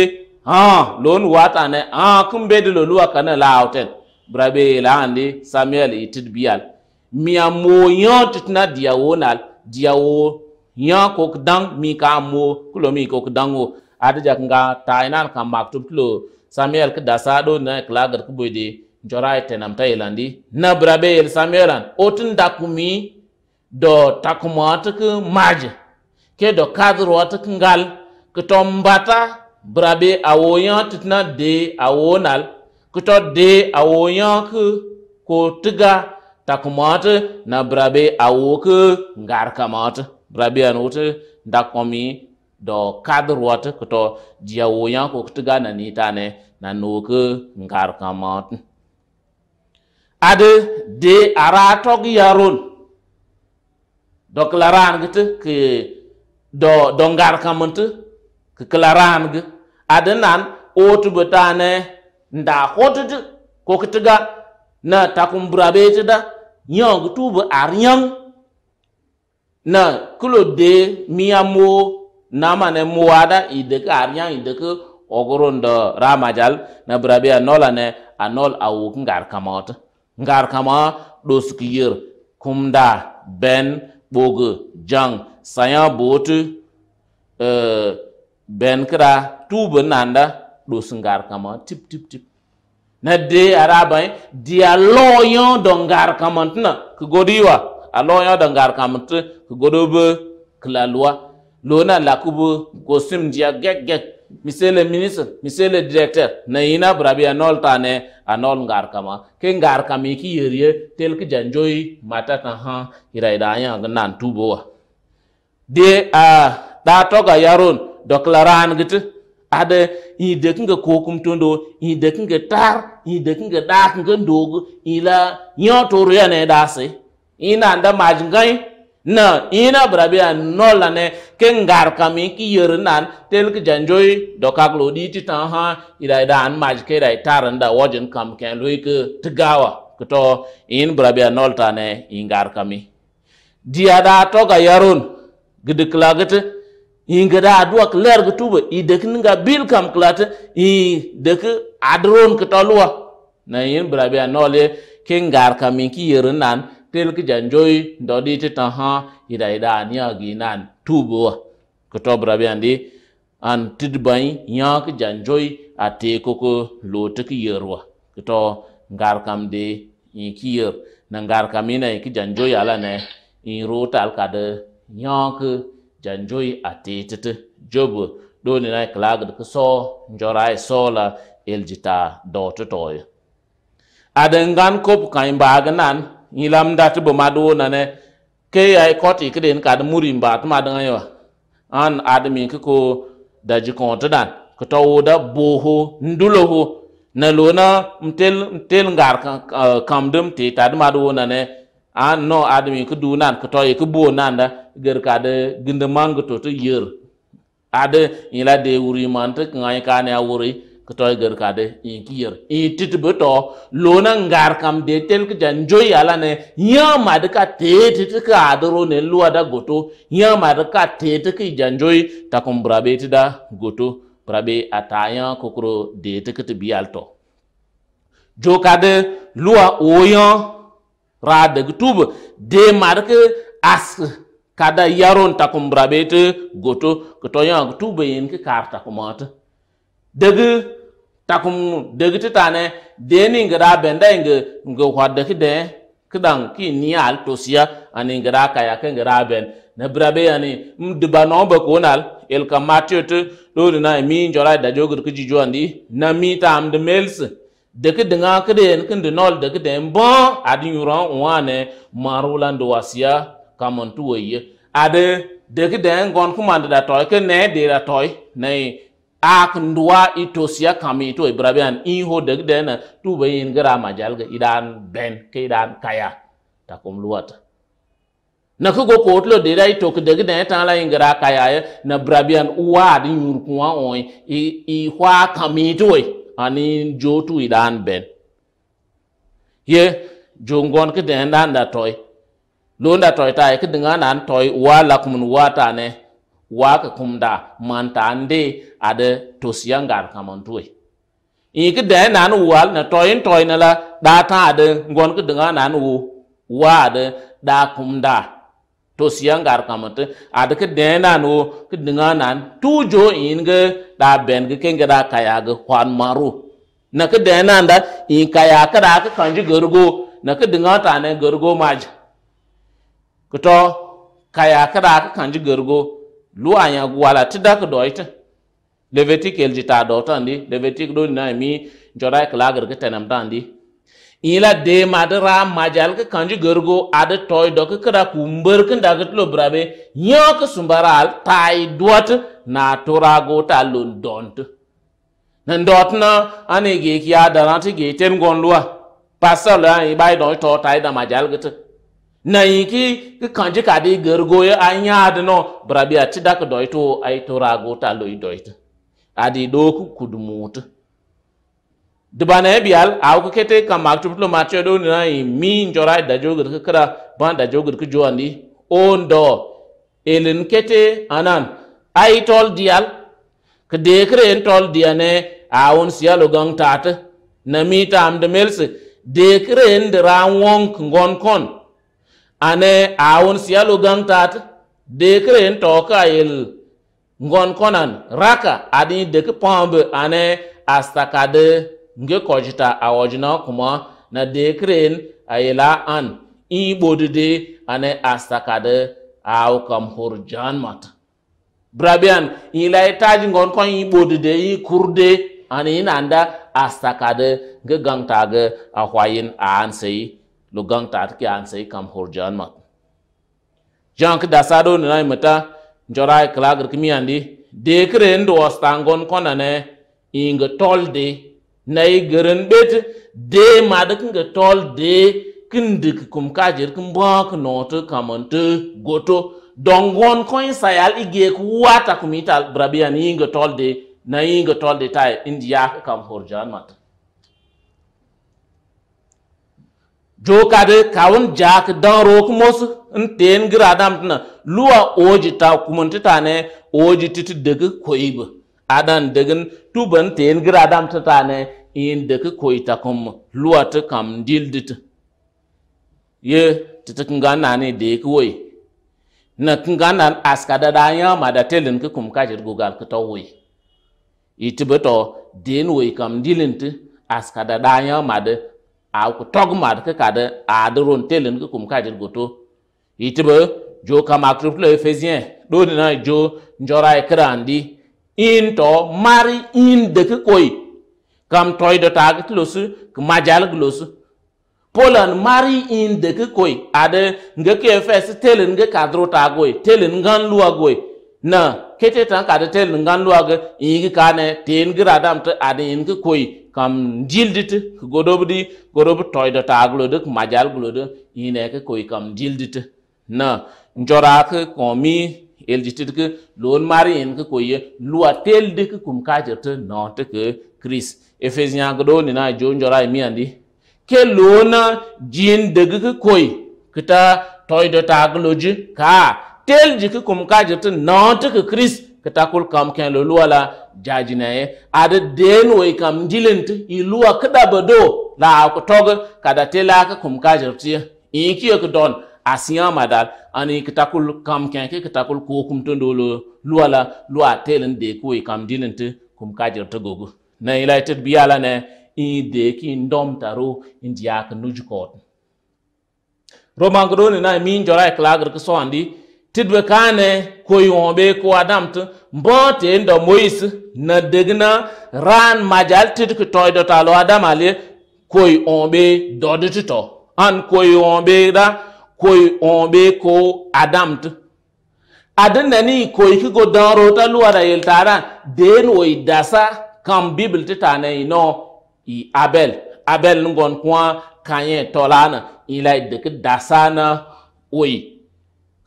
ha lon watane ha kumbede lo luwa kana lauten brabe landi samuel itid bial miya mo yon titna diawonal diawo yon kok dang mi ka mo kulo mi kok dango adja nga tainan ka maktub kulo samuel ke dasa do na klagar ku boyde jora tenam ta ilandi na brabe el samuelan otun dakumi do takumat ke maj ke do kadro at ngal ke tombata brabe awoyan titna de awonal ke to de awoyan ke ko tiga takumat na brabe awoke ngar kamat brabe an wote dakomi do kadr wat kto jiawo yan ko ktiga na ni tane na no ke ngar kamot ade de ara tog yaron do klaran git ke do do ngar kamot ke klaran g ade nan otu betane nda hotu ko ktiga na takum brabe da nyong tubu ar nyong na kulo de miyamo namane muwada ideke aryan ideke ogurundo ramajal na brabi anolane anol awuk ngar kamot ngar kama doskiyir kumda ben bogu jang saya botu uh, eh, ben kra tubu nanda dos ngar kama tip tip tip na de arabai dia loyon do ngar kama tna kgodiwa a loyon do ngar kama tna kgodobe klalwa lona lakubu ko sim dia gek gek monsieur le ministre monsieur le directeur na ina brabi anol tane anol ngar kama ke ngar kama ki yeriye tel ki janjoi mata ta ha ira ida anya nan tubo wa de a da toga yaron doklaran gitu ada i de kinga kokum tondo i de kinga tar i de kinga da kinga ndogo ila nyotoru ya ne dase ina anda majngai na ina brabia nola ne ke ngar kami ki yernan tel ki janjoy do kaklo di ti tan ha ida ida an maj ke ida taranda wajin kam ken lui ke tigawa kto in brabia nolta ne ingar kami dia da to ga yarun gidi klagit inga da adwa kler gtuba idek ga bil kam klat i dek adron kto luwa na in brabia nole ke ngar kami ki yer nan. tel ki ha ndodi ti taha ida ida ni aginan tubo kotobra bi andi an tidbai nyak janjoi ate koko lote ki yerwa kito ngar kam de ki yer na ngar yi ki janjoi ala ne in rota al kada nyak janjoi ate tete job do ni na klag de so njorai sola eljita dototoy adengan kop kaimba agnan yilam da ti bo madu na ne ke ya e koti ke den ka murim ba tuma da yo an admi ke ko da ji ko tadan ko to da boho ndulo ho na lona mtel mtel ngar kam dum ti ta da madu na ne an no admi ke du nan ko to ye ke bo nan da ger ka de ginde mangu to to yer ade ila de wuri man ngai ka ne a wuri ketoy ger kade in kiyer in tit beto lona ngar kam de tel ke jan joy ala ne nya mad ka te tit ka adro ne lua da goto nya mad ka te tit ki jan joy ta kum brabe ti da goto brabe ataya kokro de tit ke bi alto jo kade lua oyo ra de tub de mad ke as kada yaron takum brabe ti goto ketoyan tube yin ki karta kumata daga takum degiti tane deni ngira benda inge nge ki de kidan ki niyal tosiya ani ngira kaya ke ngira ben ne brabe ani mdiba no ba konal el kamatio to do na mi njora da jogur ki jijo andi na mi tam de mails de ki dinga de en kin de nol de ki de bon adi yuro wane marulan do wasiya kamontu waye ade de ki de ngon kumanda da toy ke ne de da toy ne ak ito itosia kami ito ibrabian iho degden tu bayin gara majal ga idan ben ke idan kaya takum luwata na ko ko tlo de dai to ke degden ta la ingara kaya na brabian uwa din yur kuwa on i i hwa kami to ani jo tu idan ben ye jongon ke den dan da toy nda toy ta ke dinga nan toy wala kumun wata ne waka kumda mantande ada tosiyangar kamantuwe iki da na nu wal na toyin toyin la da ta da ngon ke denga na wu wa da da kumda tosiyangar kamante ada ke da na nu ku denga nan tujo inga da ben ke kenga da kaya ke kwan maru na ke da na da in kaya ka da ka kanji gargo na ke denga ta ne gargo maj kuto kaya ka da ka kanji gargo lua anya gwala ti dak do ite levetik el jita do tan di levetik do na mi jora kla gar ke tanam dan di ila de madra majal ke kanji gergo ada toy do ke kra kumber kan dagat lo brabe nyok sumbaral tai duat na torago ta dont nan dot na ane ge ki ada na ti ge ten gon lua pasal ai bai do to tai da majal ke na yiki ki kanji kadi gergoye a nyaadi no brabi a ti dak doyto ay to rago ta loy doyto adi do ku kudumutu dibane bial aw ko kete kam maktub lo matche do na mi njora da jogir ki kra ban da jogir ki joandi on do elin kete anan ay tol dial ke dekre en tol diane awon sialo gang tat na mi tam de melse dekre en dra won ngon kon ane awon sialu gantat en toka il ngon konan raka adi dek pombe ane astakade nge kojita awojina kuma na en ayela an ibodide ane astakade aw kam hor janmat brabian ila etaji ngon kon ibodide yi kurde ane inanda astakade nge gantage ahwayin ansei lo gang ta ki an sai kam hor jan jank da sado na mata njora klagr kimi andi de kren do stangon ne inga tol de nay geren bet de madak nga tol de kindik kum kajir kum bak not kamante goto dongon koin sayal ige kuwata kumita brabian inga tol de na inga tol de tay india kam hor mata jokade kawun jak danro kumos nten adam tna luwa oji ta tita ne oji titi koi bu adan degen tuban ten tita ne in koi ta kuma luwa ta kam dildit ye titi nane nani de wai na kinga nan askada da ya ma da telin ki kum kajir gugal ki yi itibeto den wai kam dilinti askada da ya ma da a ku togmad ke kade ade ron telen ke kum kajir goto yitibe jo kama kriplo efesien doni na jo njora e krandi in tɔ, mari in de ke koi kam toy de tag tlosu kmajal glosu polan mari in de ke koi ade ngeke efes telen nge kadro tagoi telen ngan lu luagoi na kete tan ka de tel ngandu ag yigi kane ten gradam te ade yin ki koy kam jildit godobdi godob toy do taglo de majal glo de yine ke koy kam jildit na njora ke komi el jitit lon mari yin ke koy lua tel de ke kum ka jete no te ke kris efesian godo ni na jo njora e mi andi ke lona jin de ke koy kita toy do taglo ka tel jiki kum ka jitin nanti ki kris ki takul kam ken lo luwa la ada den we kam jilint i luwa kada bado la ko tog kada tela ka kum ka ti in ki ki don asiya madal ani ki takul kam ken ki ki takul ko kum to lo luwa la luwa telen de ku kam jilint kum ka jirti gogo na united tet biyala ne i de ki ndom taro in ka nujukot romangro ne na min jora e klagr ko so andi tidwe kane koyon be ko adam tu mbote ndo mois na degna ran majal tid ko toy do talo adam ale koy onbe do to an koy onbe da ko onbe ko adam tu adan nani koy ki go dan rota luara yel tara den oy dasa kam bible titane no i abel abel ngon kwa kanye tolana ila de dasa na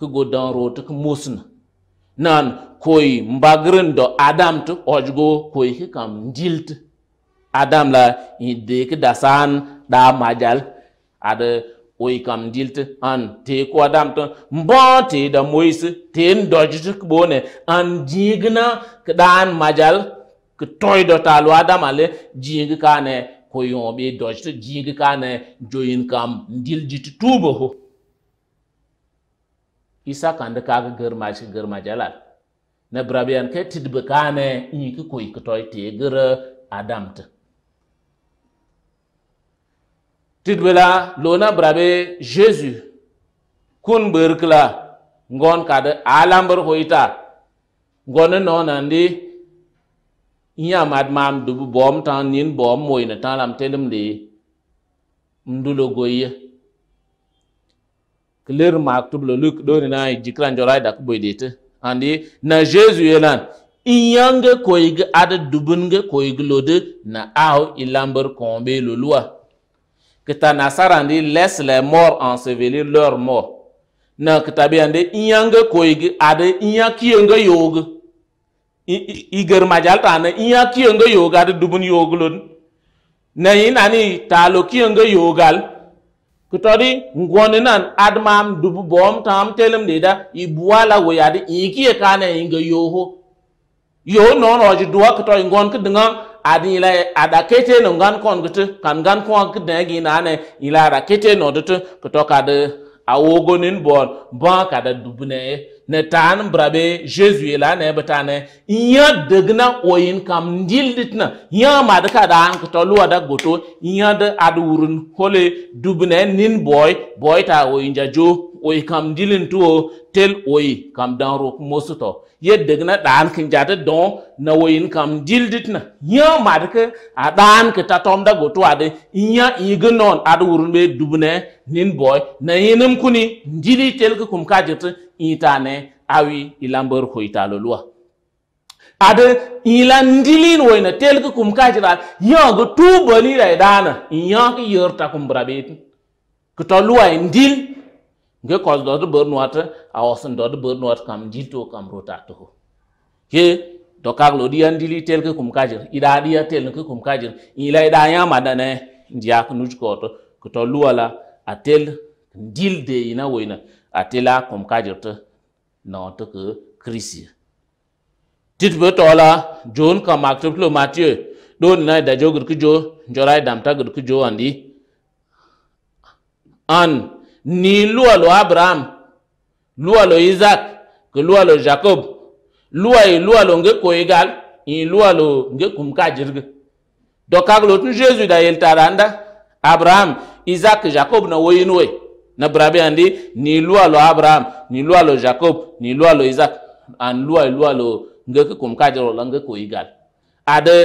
ke godan rote ke musna nan koy mbagren do adam te ojgo koy ke kam ndilt adam la ide ke dasan da majal ade oy kam ndilt an te ko adam te mbonte da moise ten dojje ke bone an jigna ke dan majal ki toy do talu adam ale jig kane koyon be dojje jig kane joyin kam ndil jit tubo ho isa kandi kaga germaj ki germaj alal ne brabian ke tidbe kane nyi ki kuy ki toy te gere adam te tidbe la lona brabe jesu kun berkla ngon kada alambar hoita ngone nonandi inya mad mam dubu bom tan nin bom moy na tan lam telum de ndulo goye mark to tublo luk doni na jikran jorai da kuboy dete andi na jesu yelan inyange koyge ada dubunge koyge lode na aw ilamber kombe lolua kita nasara andi laisse les morts ensevelir leur mort na kitabe ande inyange koyge ada inyakiyenge yoge igar majalta na inyakiyenge yoga ada dubun lon. na yinani talo kiyenge yogal kutodi ngwoni nan admam dubu bom tam telem deda ibuala wo yadi iki kane inga yoho yo non oji duwa kutoi ngon kidinga adi ila ada kete no ngan kon gutu kan ngan kon ke gina ne ila ada kete no dutu kutoka de awogonin bon bon kada dubune ne taan brabe Jesu la ne betane nya degna oyin kam ndilditna nya madka daan ko tolwa da goto nya da adurun hole dubne nin boy boy ta oyin jajo oy kam dilin tuo tel oy kam dan rok mosuto ye degna daan kin jata don na oyin kam dilditna nya madka a daan ko tatom da goto ade nya ignon adurun be dubne nin boy na yinum kuni ndili tel ko kum kajete itane awi ilambar hoitalo lua ada ilan dilin woina telku kum kajira yogo tu boli ra dana yogo yorta kum brabet ko to lua ndil nge ko do do nuata a osan do do nuata kam jito kam rota to ye to kaglo di andili telku kum kajir ida dia telku kum kajir ila ida yama dane ndiak nuj ko to ko to lua la atel ndil de ina woina la atila kumkajirta na ontuku krisi titbe la jon ka maktublo matye don na da jogur kujo jorai damta gur kujo andi an ni lualo abraham lualo isaac ke lualo jacob luai lualo nge koigal in lualo nge kumkajirga do kaglo tun jesus da taranda. abraham isaac jacob na woyinwe na brabe andi ni lua lo abraham ni lua lo jacob ni lua lo isaac an lua lua lo ngeke kum kajero la ngeke ko igal ade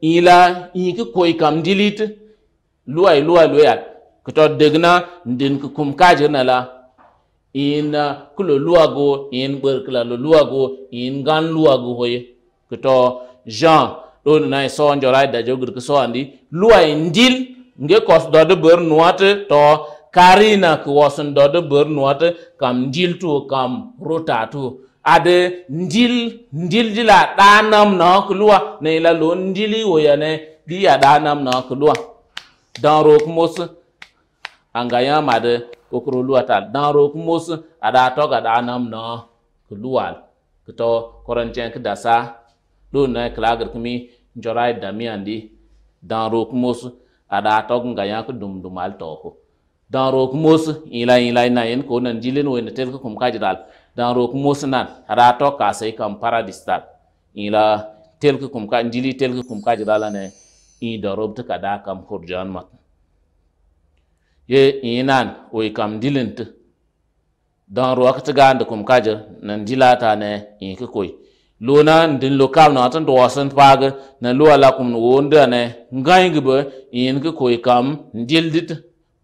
ila yiki koy kam dilit lua lua lo yal kto degna ndin ku kum kajena la in uh, kulo luago in berkla lo luago in gan luago hoye kto jean don na e so njorai e da jogir ko so andi lua e ndil nge kos do de ber nuate to karina ku wasun dodo bur nuwata kam ndil tu kam rota tu ade ndil ndil dila danam na kulwa ne la lo ndili wo ya ne di danam na kulwa dan rok mos anga made kokro luwa ta dan rok mos ada to ga danam na kulwa kito koranchen na klagr kumi njorai damiandi dan rok mos ada to ku dum dumal ko dan rok mos ila ila na yen ko nan jilin wo na tel ko kum kajiral dan rok mos nan to ka sai kam paradistal ila tel ko kum ka jili tel ko kum kajiral ne i da rob ta kada kam hurjan mat ye inan wo kam dilint dan rok ta ganda kum kajir nan dilata ne in ko koy lona ndin lokal na tan dosan paga na lo ala kum wonda ne ngai gibe in ko koi kam dildit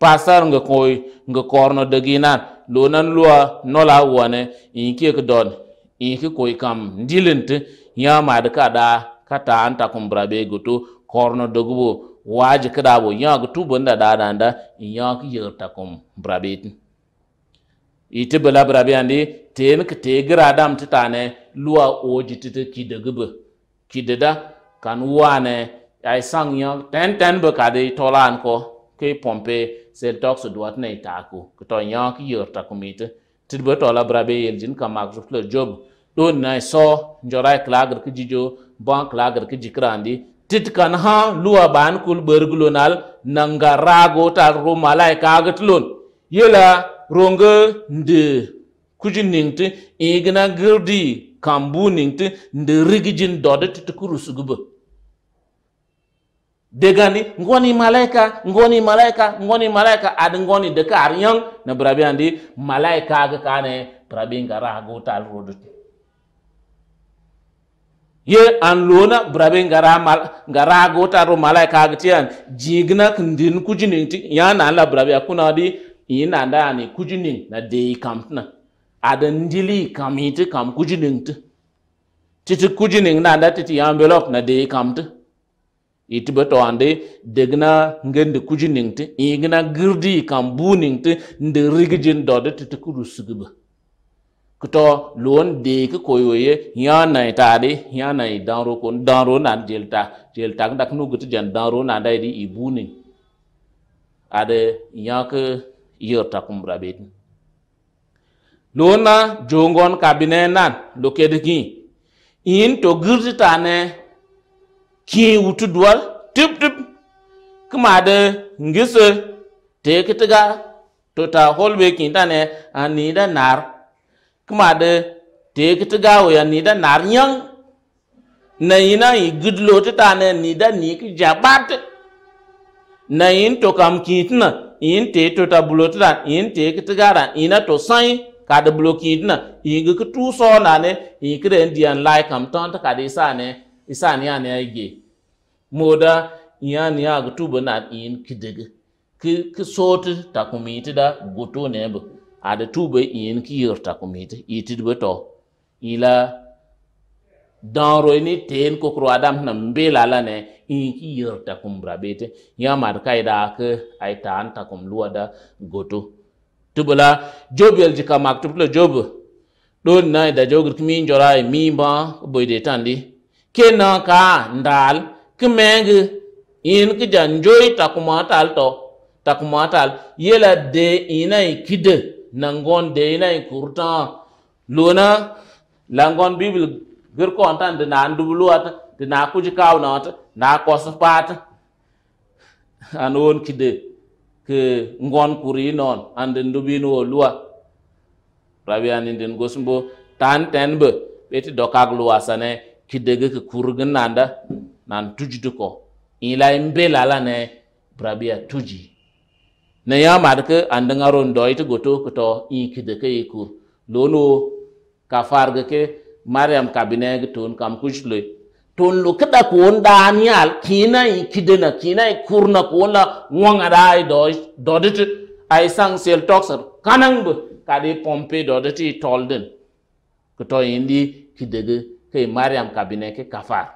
pasar nga koy nga korno deginan lo nan lua la wone in e ke don ke koy kam dilent nya de kada kata anta kum be e goto korno gubo waji kada bo nya gutu bunda da da da nya ki yerta kum brabe ite bala brabe andi ten ke te gradam titane lua oji tite ki gubo ki da kan wane ay sang nya ten ten be kada tolan ko ke pompe sel tok su duat ne taku ku to nya ki yor ta kumite tit bo to la brabe yel jin ka mak job do na so njorai klagr ki jijo ban klagr ki jikrandi tit kan ha luwa ban kul berglonal nanga rago ta ru malaika gatlon yela ronga nde kujin ningti igna girdi kambu ningti nde rigijin dodet tukuru sugubu degani ngoni malaika ngoni malaika ngoni malaika ad ngoni de kar yang na brabi andi malaika ga kane brabi ngara go tal rodut ye an lona brabi ngara mal ngara go ro malaika ga tian jigna kndin kujinin ti ya na la brabi akuna di ina nda ani kujinin na de kampna ad ndili kamiti kam kujinin ti titi kujinin na da titi envelope na de kampti iti beto ande degna ngende kuji ningte igna girdi kambu ningte nde rigijin dode titi kudu sugibe kuto lon de ke koyoye ya na tade ya na danro kon danro na jelta jelta ndak no gutu jan danro na dai di ibuni ade ya ke yerta kumbra betin na jongon kabine nan lokedi ki in to girdi tane ki wutu duwal tip tip kuma da ngise te kitiga to ta holbe kinta ne ani da nar kuma da te kitiga ya ni da nar nyang na yina yi gudlo ta ne ni da ni ki jabat na yin to kam kitna yin te to ta bulo ta yin te kitiga ra ina to sai ka da bulo kintina yin ki tu so na ne yi ki da ndian like am ton ta ka de sa ne isan ya ne ge moda ya ne ya gutu ba na in kidige ki ki soti takumiti da goto ne ba ada tuba in ki yor takumiti itid ba to ila danro ni ten ko kro adam na mbela la ne in ki yor takum bete ya mar kai da ka ai tan takum luada goto tubula jobel jika maktubla job don na da jogir kimi njora mi ba boyde tandi ke na ka ndal ke meng in ke janjoy takuma tal to takuma tal yela de ina kide nangon de ina kurta luna langon bibil gir kontan de na ndubulu at de na kuji kaw na at na kospat anon kide ke ngon kuri non and ndubino luwa rabian indin gosmbo tan tenbe beti dokag luwa sane kidege ke kurugin nanda nan tuji duko ila imbe lala ne brabia tuji na ya marke andangaro ndo ite goto kuto in kidege ku lolo ka farge ke mariam kabine ge ton kam kujle ton lo kada ko onda nial kina yi kidena kina i kurna ko la wonga dai do dodit ai sang sel toxer kanang bu kadi pompe dodit tolden kuto indi kidege ke mariam kabineke kafar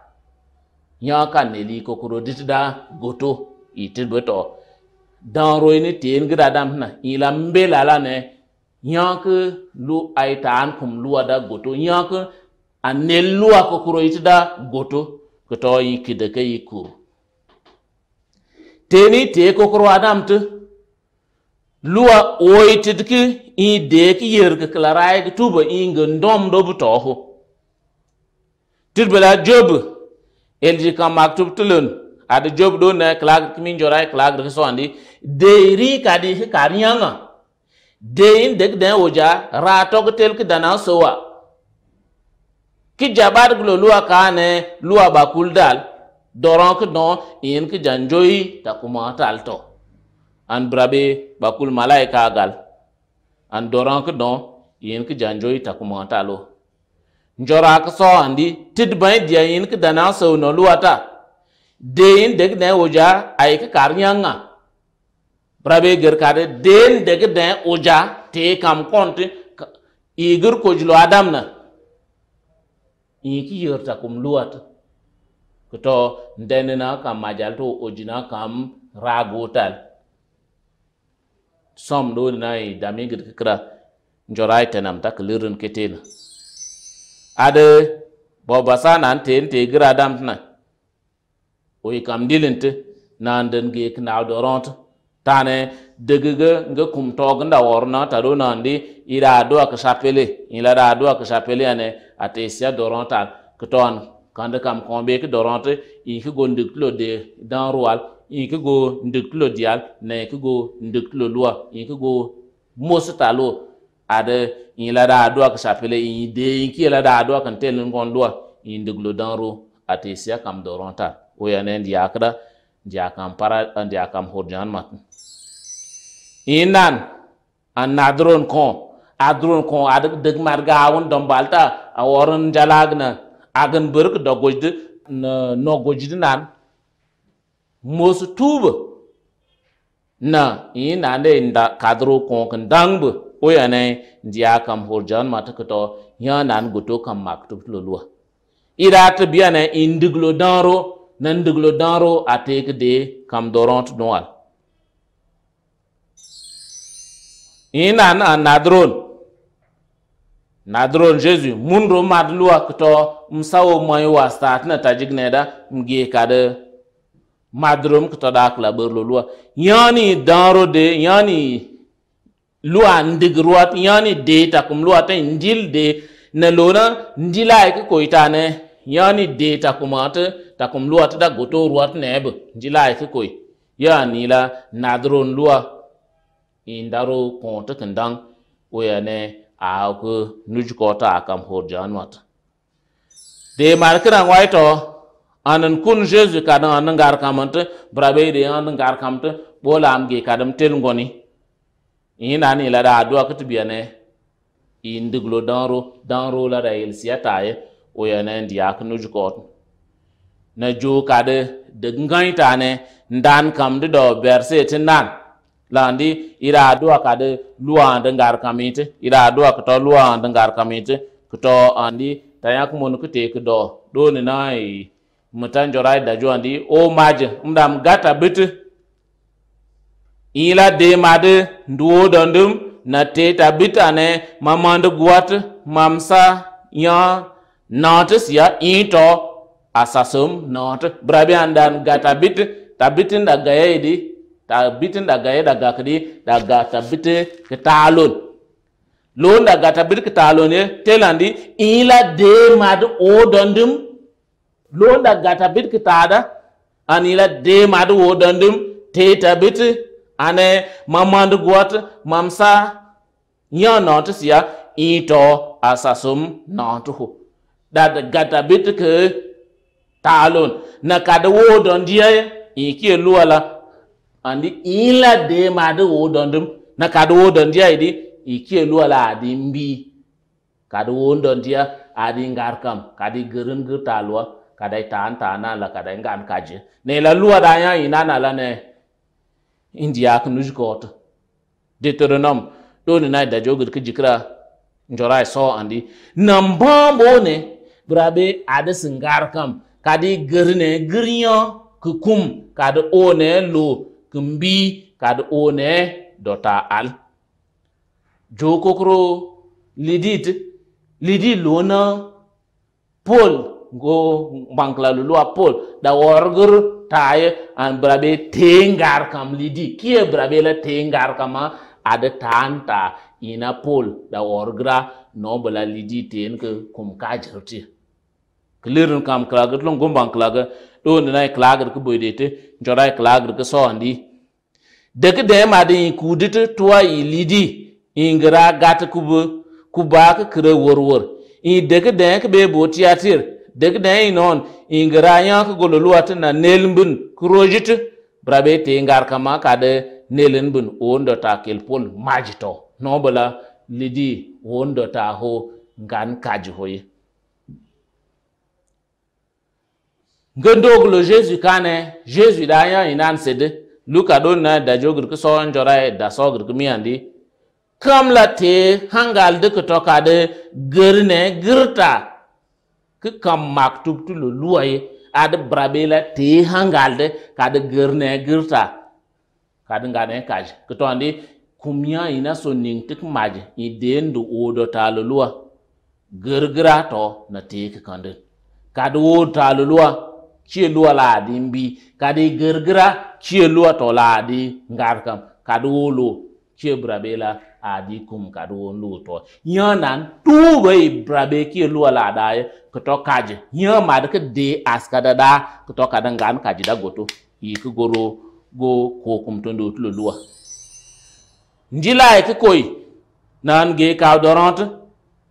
nyoka neli kokoro ditida goto itidbeto danro ini tien gradam na ila mbela la ne nyak lu aitan kum luada goto nyak anelua kokoro itida goto koto yikideke yiku teni te kokoro adam tu luwa oitidki i deki yerke klarai e tuba inga ndom do butoho tit bela job elji kan maktub tulun ada job do na klag kimin jora klag de so andi deiri kadi hikariyanga deyin dek den oja to tel ki dana wa. ki jabar glo luwa ka ne luwa bakul dal doron ki don in ki janjoyi ta kuma talto an brabe bakul malaika gal an doron ki don yin ki janjoyi ta kuma talo njora ka so andi tid bai dia yin ka dana so no luata de yin de ne oja ai kar karnyanga brabe ger kare den de ne oja te kam kont igir ko jlo adam na yiki yerta kum luata kuto ndenena kam majal to ojina kam ragotal som do na i damigir kra njorai tenam tak lirin ketena ade basa na ten te gira dam na oyi kam dilinte nan den ge kna doront tane degege nge kum tog nda worna taro nandi ira do ak chapele ila da do ak chapele ane atesia doronta kton kande kam kombe ke doronte ke go ndiklo de dan rual ke go ndiklo dial ne ke go ndiklo lua ke go mositalo ada in la da adua ka sapele in de in ki la da adua kan tel ngon dua in de glo danro ate sia kam doronta o ya ne ndi akra ndi akam para ndi akam hurjan mat inan an nadron ko adron ko ad deg marga awon dom balta a woron jalagna agan berk do gojd no gojd nan mosu tuba na ina ne nda kadro ko kan dangbu oyane ndiya kam horjan matakoto nan goto kam maktub lolua irat biane indiglo danro nandiglo danro atek de kam doront noal inan anadron nadron jesu munro madlua kto msawo moy wasta tna da mgie kada madrom kto dakla berlolua yani danro de yani lua ndig ruat yani de takum lua te ndil de na lona ndila ke koitane yani de ta takum lua ta da goto ruat neb ndila ke koi ni la nadron lua indaro konta kendang oyane a ko nujkota akam horjan mata de markana waito anan kun jesu kadan anan gar kamanta brabe de anan gar kamanta bola am ge kadam tel ngoni ina ni la da adua kutu biane indiglo danro danro la da il siata ye o ya ne ndi ak nu jukot na jo ka de de ngai ta ne ndan kam de do berse tin nan landi ira aduwa ka de luwa de ngar kamite ira adua ka to luwa de ngar kamite ka to andi ta yak mon ku te ku do do ne nai mutan yi da jo andi o maje mdam gata bitu ila de made nduwo dondum na te tabitane mamand guat mamsa ya notis ya into asasum not brabi andan gatabit tabitin da gayedi tabitin da gaye da gakdi da gatabite kitalon lon da bit kitalon ye telandi ila de mad o dondum lon da gatabit kitada anila de mad o dondum te tabit ane mamwandu guot mamsa nyo no tu sia ito asasum no tu hu dat gata bit ke talon na kada wo don dia iki luala andi ila de ma de wo don dum na kada wo don dia idi iki luala adi mbi kada wo don dia adi ngarkam kadi gerin gertalwa kada tan tanala kada ngan kaje ne la luwa da ya ina na la ne indiak nujgot deuteronome dole na dajo gud ka jikra njorai so andi nan bombo ne brabe ada singar kam kadi गर्ने grinyo kukum kadi one lo kumbi kadi one dota al jokokro lidit lidi lona pol go bankla pol da taye an brabe tengar kam lidi kie brabe la tengar kama ada tanta ina pol da orgra no bala lidi ten ke kum ka jarti klirun kam klagat lon gomban klaga do na klagat ku boydete jora klagat ku so andi deke de ma de kudit tuwa lidi ingra gat kubu kubak kre worwor i deke de ke be botiatir deg na yi non ingra yank golo luwat na nelbun kurojitu brabe te ngar kama kade nelbun ondo ta kelpol majito nobala bala lidi ondo ta ho ngan kaji hoye ngandogolo jesu kane jesu da yi inan sede luka don na da jogir ku so njora da so gir ku miyandi kamla te hangal de ka to kade girne girta ki kam mak tub tu lo luaye ad brabela te hangalde kad gerne girta kad ngane kaj kitondi kumya ina so ning tik maj idendu odo talulua gergira to na te kikandin kad wo talulua chie lua la di mbi kad gergira chie lua to la di ngar kam kad wo lo chie brabela adi kum kad wo lo to nyanan bai brabe ki lua la daye kuto kaji hiyo ma de de askada da kuto kadan gan kaji da goto yi ku goro go ko kumton do tulo luwa njila ke koy nan ge ka dorant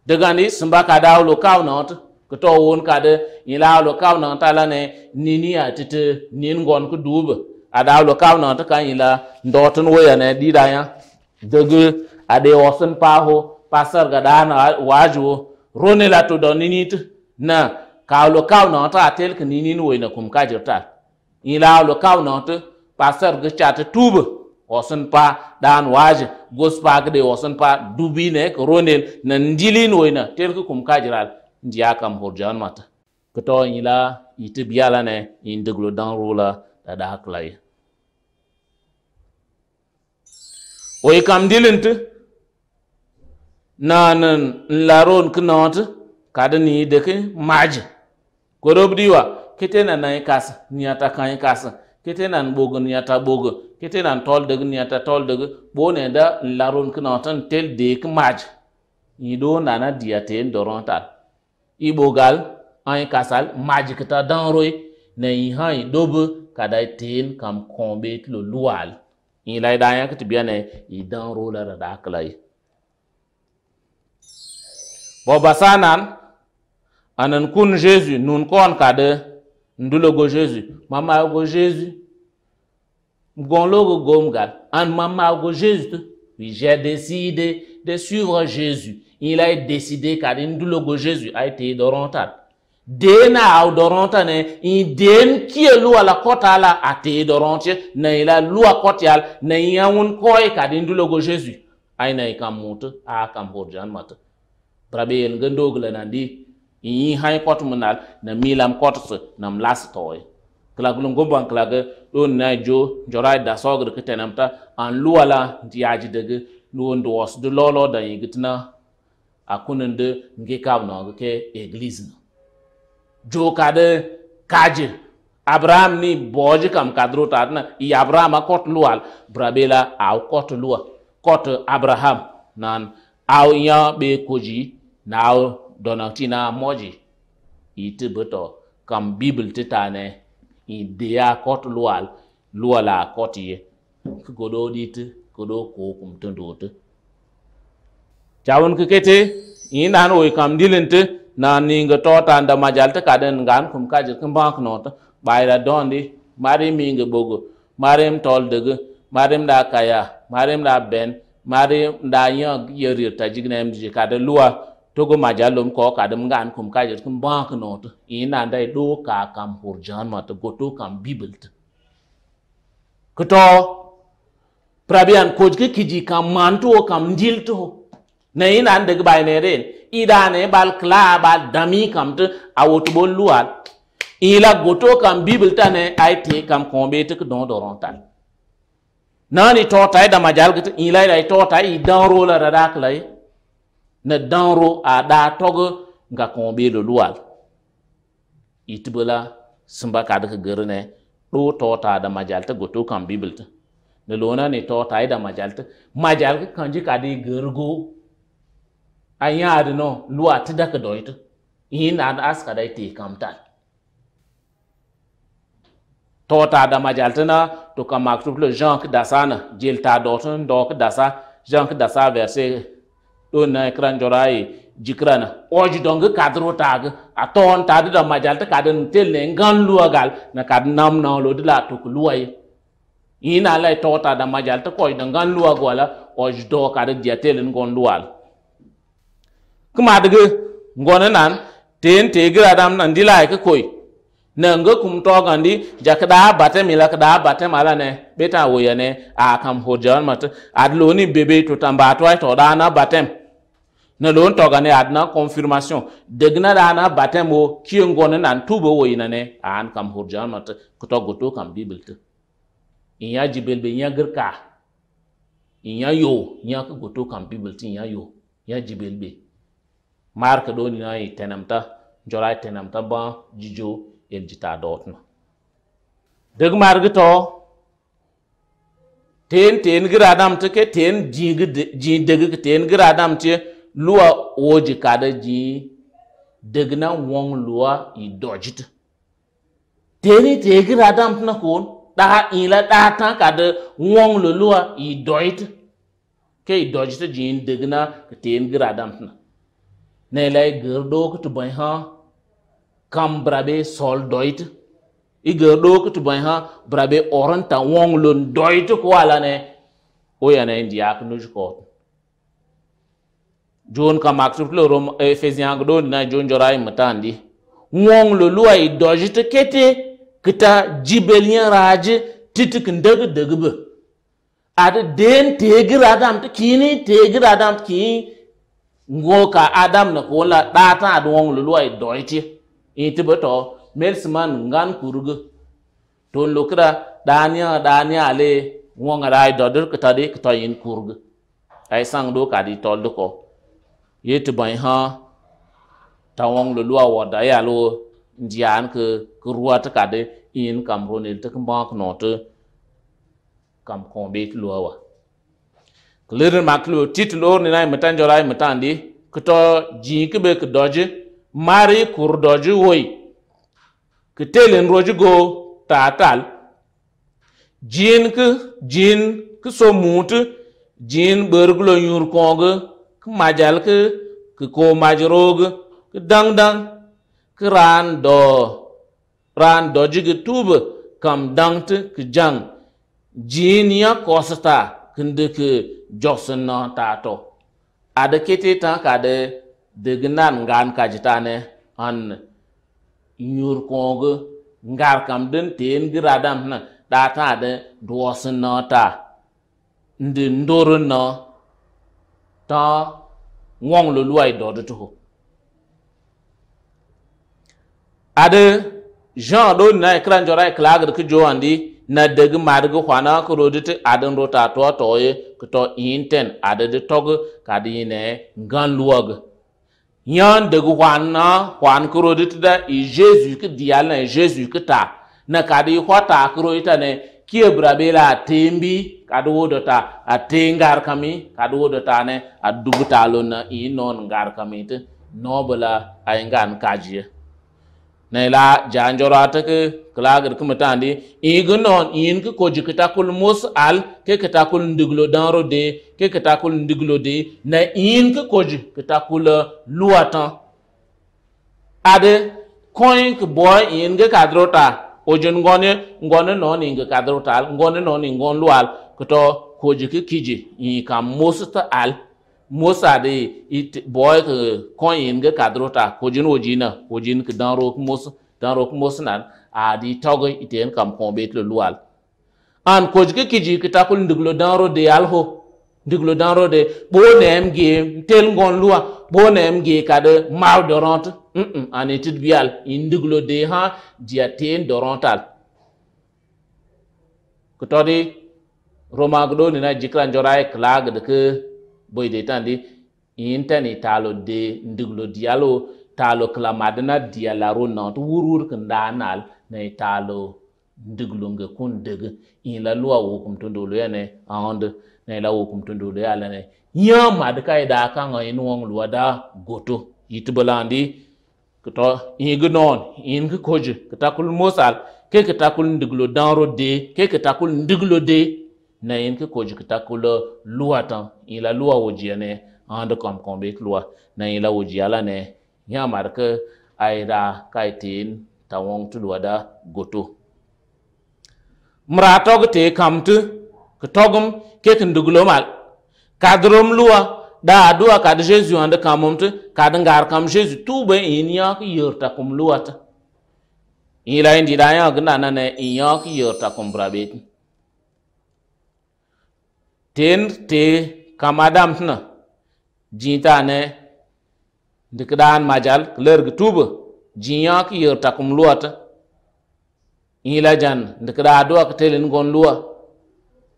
de gani sumba ka da lo ka not kuto won ka de ila lo ka non tala ne nini atite nin gon ku duba ada lo ka non ta kan yi la, ndotun waya ne dida ya dege wasun wasan paho pasar gadana wajo rone la to doninit na ka lo kaw no ta tel ke ni ni wo na kum ka jirta ni la lo kaw no to pasar ga cha ta tuba wasan pa dan waje gos pa ga de wasan pa dubi ne ko ronel na ndilin wo na tel ke kum ka jiral ndiya kam horjan mata ko to ni la ite biala ne in deglo dan rula da da haklai wo kam dilin tu nanan laron knot kada ni deke maji gorobriwa kete na na kasa niata kan kasa kete na bogo niata bogo kete na tol de niata tol de bo ne da laron kana tan tel de k maji do na na ta, i bogal an kasal maji kita roi ne yi yi dobo kada ten kam kombe lo lual ilai da yan kiti dan ro la da akla yi bobasanan anan kun jesu nun kon kade ndulo go Jésus mama go Jésus gon logo gomgal an mama go Jésus oui j'ai décidé de suivre jesu il a décidé kade ndulo go Jésus a été dorontat dena aw doronta ne i den kie luwa la kota la a te doronte na i la luwa kotial na i yawun koy kadi ndulogo jésus ay na i e kam mut a kam borjan mat brabe yel ngendogla nandi yi hay pot munal na milam kotse su na toy klag lum gobban klag don na jo jorai da sogr kitenamta an luwala diaji dege luon do os de lolo da yi yigitna akunen de nge kab no ke eglise na jo kade kaje abraham ni boji kam ta tatna iya abraham akot lual brabela aw kot luwa kot abraham nan aw ya be koji na dɔnɔ ti na mɔdzi yi ti bɛtɔ kam bibili ti ta nɛ yi dea kɔtu lua lua la kɔtu yɛ kodo di ti kodo ko kum ti do ti cawun kikete yi na no yi kam dilin ti na ninga to ta da majal ti kadin ngan kum kaji kin ba kno ti bayra don di mari minga bogo mari tol dege mari da kaya mari da ben mari da yɔ yɛri ta jigina mji kada luwa. togo majalum ko kadum gan kum kajer kum ba no ina dai do ka kam hurjan ma to goto kam bibelt kuto prabian ko ke kiji kam manto kam ndilto ne ina ndag bay ne ren ida ne bal kla bal dami kam to awot bol lual ila goto kam bibelta ne ai te kam kombe to don dorontal nani tota da majal gata ila ila tota i dan rola radak lai ne dãuro a da tɔg n ka kõo beelo luwal y tɩ bola sẽn ba kadg gr ne ɗoo tɔɔtaa da majaltɩ goto kan biblt ne lona ne tɔɔtaa y da majaltɩ majalg kãnjɩ ka dɩ gergo a yãad nɔ luwa tɩ dakɩ dɔɩtɩ yẽn na aska da y tɩɩ kam tal tɔɔtaa da majaltɩ na to ka mak tɩ b le zãk dasa na jeltaa dɔɔtɩ n dɔɔk dasa zãk dasa verse ɗo na ekran jora ye jikrana oj dong kadro tag a ton tad da majal ta kadin tel ne ngan luagal na kad nam na lo dila to luwa ye ina la to ta da majal ta koy da ngan luwa gola oj do kad dia tel ngon luwal kuma daga ngona nan ten te gira dam nan dila ka koy nango kum togandi jakda bate mila kada bate mala ne beta woyane a kam hojan mat adloni bebe to tambato to dana batem na lon toga ne adna confirmation degna da na batem wo kiyongo ne nan tubo wo ina ne an kam hurjan mat kuto goto kam bible te in jibel be ya girka in yo ya ka goto kam bible te ya yo ya jibel be mark do ni na yi tenamta jora tenamta ba jijo el jita dotna deg margito ten ten gradam te ke ten jing jing deg ten gradam te lua wo jikada ji degna wong lua i dojit teni tegi radam tna kon da ila da ta kada wong lo lua i doit ke i dojit jin degna ten gradam tna ne lai gerdok tu bai ha kam brabe sol doit i gerdok tu bai ha brabe oranta wong lon doit ko ala ne o yana indiak nujkot jon ka mak suflo rom efesian eh, gdo na jon jora matandi. wong lo lo ay doji te kete kita jibelien raj titik ndeg degbe ada den tegir adam te kini tegir adam kini ngoka adam na kola data ad wong lo lo ay doji iti boto melsman ngan kurugu ton kira dania dania ale wong rai dodur kita de kita yin kurugu Ay sang do ka di tol do ko ye ti bai ha ta wong lu lua wa da ya lu jian ke ke rua ta ka de in kam ro ne ta kam ba no te kam ko be lu wa klir ma klu tit lor ni nai matan jorai matan di ke to ji ke be ke doje mari kur doje woi ke telen roje go tatal jin ke jin ke so mut jin berglo yur konge majal ke ke ko majrog ke dang dang ke ran do ran do jige tub kam dang te ke jang jinia kosta kende ke josen tato ada kete ta kade degnan ngan kajitane an nyur kongo ngar kam den ten gradam na data de duosen na ta ndi na ta ŋɔŋ lo luwa do di tuho ade jean do na ekran jora e ikilagir ki jo e andi na degi madigi hwana ro de te adan ro ta to to toye ko to inten ade de tog togi ka di yine ngan luwagi nyan degi hwana hwan ro de te da i jesus ki diyal na jesus ki ta na ka de hwa ko ro ita ne kie brabela a tembi kadu wodota a ngar kami kadu wodota ne adubuta dugutalo na i non ngar kami te nobla a ngan kajie ne la janjoro ta ke klagir kuma tandi igi non in ke koji kita kul mus al ke kita kul ndiglo danro de ke kita kul ndiglo de na in ke koji kita kul uh, luata ade koink boy in ke kadrota ojen ngone ngone no ni nga kadro tal ngone no ni ngon lual kto koji ki kiji yi ka mosta al mosa de it boy ko koyin nga kadro ta kojin ojina kojin ki dan rok mos dan rok mos nan a di togo iten kam kon bet le lual an koji ki kiji ki takul ndiglo dan ro de al ho ndiglo dan ro de bo nem ge tel ngon lua bo nem ge kade mal dorante Mm -mm, en étude bial indiglo de ha diaten dorontal ko todi romag do ni na jikran joray klag de ke boy de tandi intani talo de ndiglo dialo talo klamadna dialaro na to wurur kandanal na talo ndiglo nge kun deg in la lua wo kum tondo lo yane and na la wo kum tondo lo yale ne nyama de kai da kan inu e wong luada goto itbolandi kito in gi non in gi koji kita kul mosal ke kita kul ndiglo danro de ke kita kul ndiglo de na in ki koji kita kul luwa tan in la luwa wajiya ne an de kom kom be luwa na in la wojiya la ne nya mar ke aida kaitin tawon tulwa da goto mratog te kamtu kitogum ke kinduglo mal kadrom luwa da adua kada jesu ande kamomte kada ngar kam jesu tube in ki yorta kum luata ila indi da ya gna na ne in ki yorta kum brabet ten te kamadam na jinta ne dikdan majal lerg tube jinya ki yorta kum luata ila jan dikda adua katelin gon luwa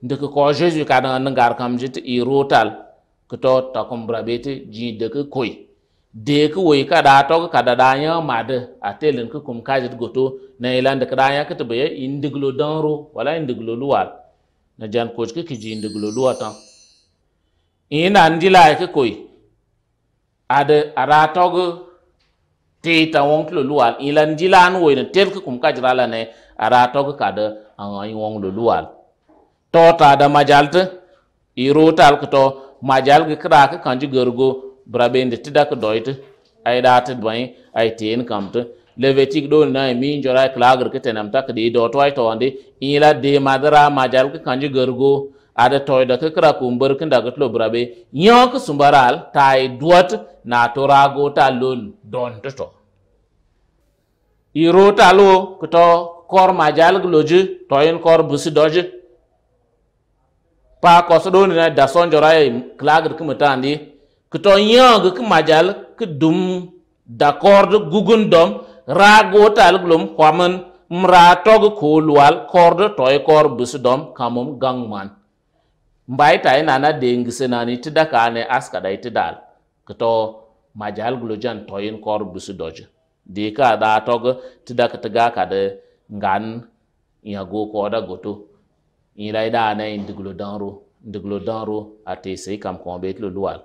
ndik ko jesu kada ngar kam jit i rotal kito takum brabete ji da ke koi de ke woi ka da to ka da da nya ma da a telin ke kum kajit goto na ilan de ka ta nya ke tebe indiglo danro wala indiglo luwal na jan coach ki ji indiglo luwata ina ndila ke koi ade ara to ge te ta won klo luwal ilan ndila an woi na tel ke kum kajira la ne ara to ka de an won luwal to ta da majalte iro tal kito majal gi kra ka kanji gorgo braben de tida ka doit ai dat bai ai ten kamt levetik do na mi jora klagr ka tenam tak de do toy to ande ila de madara majal ka kanji gorgo ada toy da ka kra kumbar kan da gutlo brabe nyok sumbaral tai duat na torago ta lon don to iro talo kuto kor majal gloji toyin kor busi doji pa kosdo ni da son jora ye klagr kuma tandi kto yang ku majal ku dum d'accord gugun dom rago tal glum kwaman mratog kolwal kord toy kor bus busdom kamum gangman mbai tai nana deng senani tidakane askadai tidal kto majal glujan toyin kor bus busdoj dika da tog tidak tiga kade ngan yago da goto yĩla y daana n diglo dãro n diglo dãro a teese y kam kõo bee tɩ lo luwal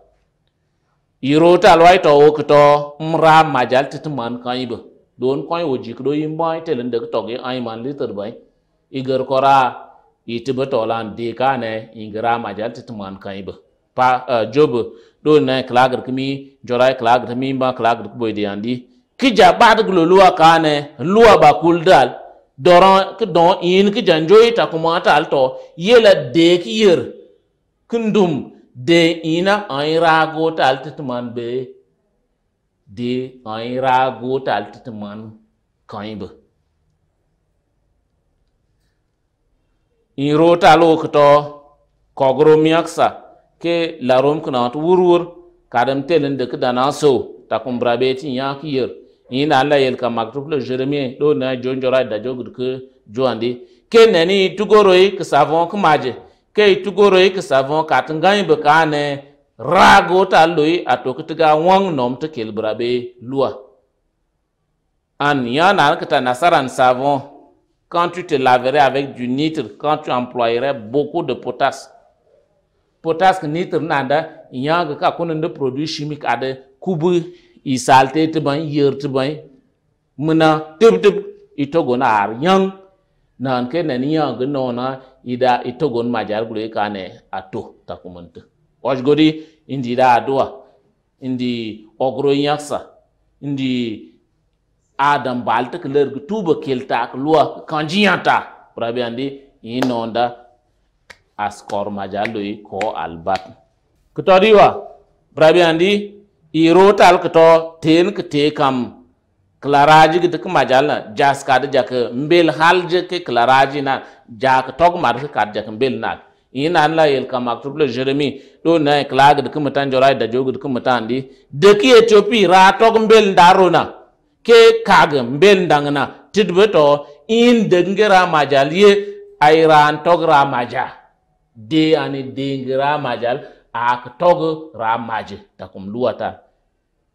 y rootal wa y tɔ wok tɔ m raam majal tɩ tɩ maan kãyba doon kõy wo jikdo yĩn bõe tɩ ln dɩk tɔg y ãy maan litr bãe y gr kɔra y tɩ bɩ tɔla n deekaanɛ yĩng raam majal tɩ tɩ maan kãyba pa e, job ɗon na klagr kimi jora klagr mi ba klagr boy de andi kija bad glo luwa kane luwa ba kuldal doron ki don in ki janjoyi ta kuma talto yela de ki yer kundum de ina an rago tal titman be de an rago tal titman kan be in rota lokto kogro miyaksa ke larom kuna wurwur kadam telin da kidana so takum brabeti yak yer yĩna ala yel ka mak tuflo jeremie ɗo na jonjora dajo gud ke juande ke nani yi ke savon ke maje ke tugoroyi ke savon kat yi be kane rago ta loyi a to ke tiga wang nom te kel brabe lua an yana ke ta nasaran savon quand tu te laverais avec du nitre quand tu employerais beaucoup de potasse potasse nitre nanda yanga ka kunen de produit chimique ade kubu I salte te ban yer te ban muna tup tip itogo na ar yang nan ke na niya ga nona ida itogo majar gure kane ato takumunta wajgodi indi da adwa indi ogro yaksa indi adam balta kler tuba kelta lua kanjiyanta prabi andi n'onda askor majalo ko albat kutoriwa prabi andi iro tal kto ten kte kam klaraji git kuma na jas kad jak mbel halje ke klaraji na jak tog mar kad jak mbel na ina la yel kam aktublo jeremi do na klag git kuma tan jorai da jogit kuma tan di de ki etiopi ra tog mbel darona ke kag mbel dangna tidbeto in dengira majalie airan tog ra maja de ani dengira majal ak tog ra maje takum luata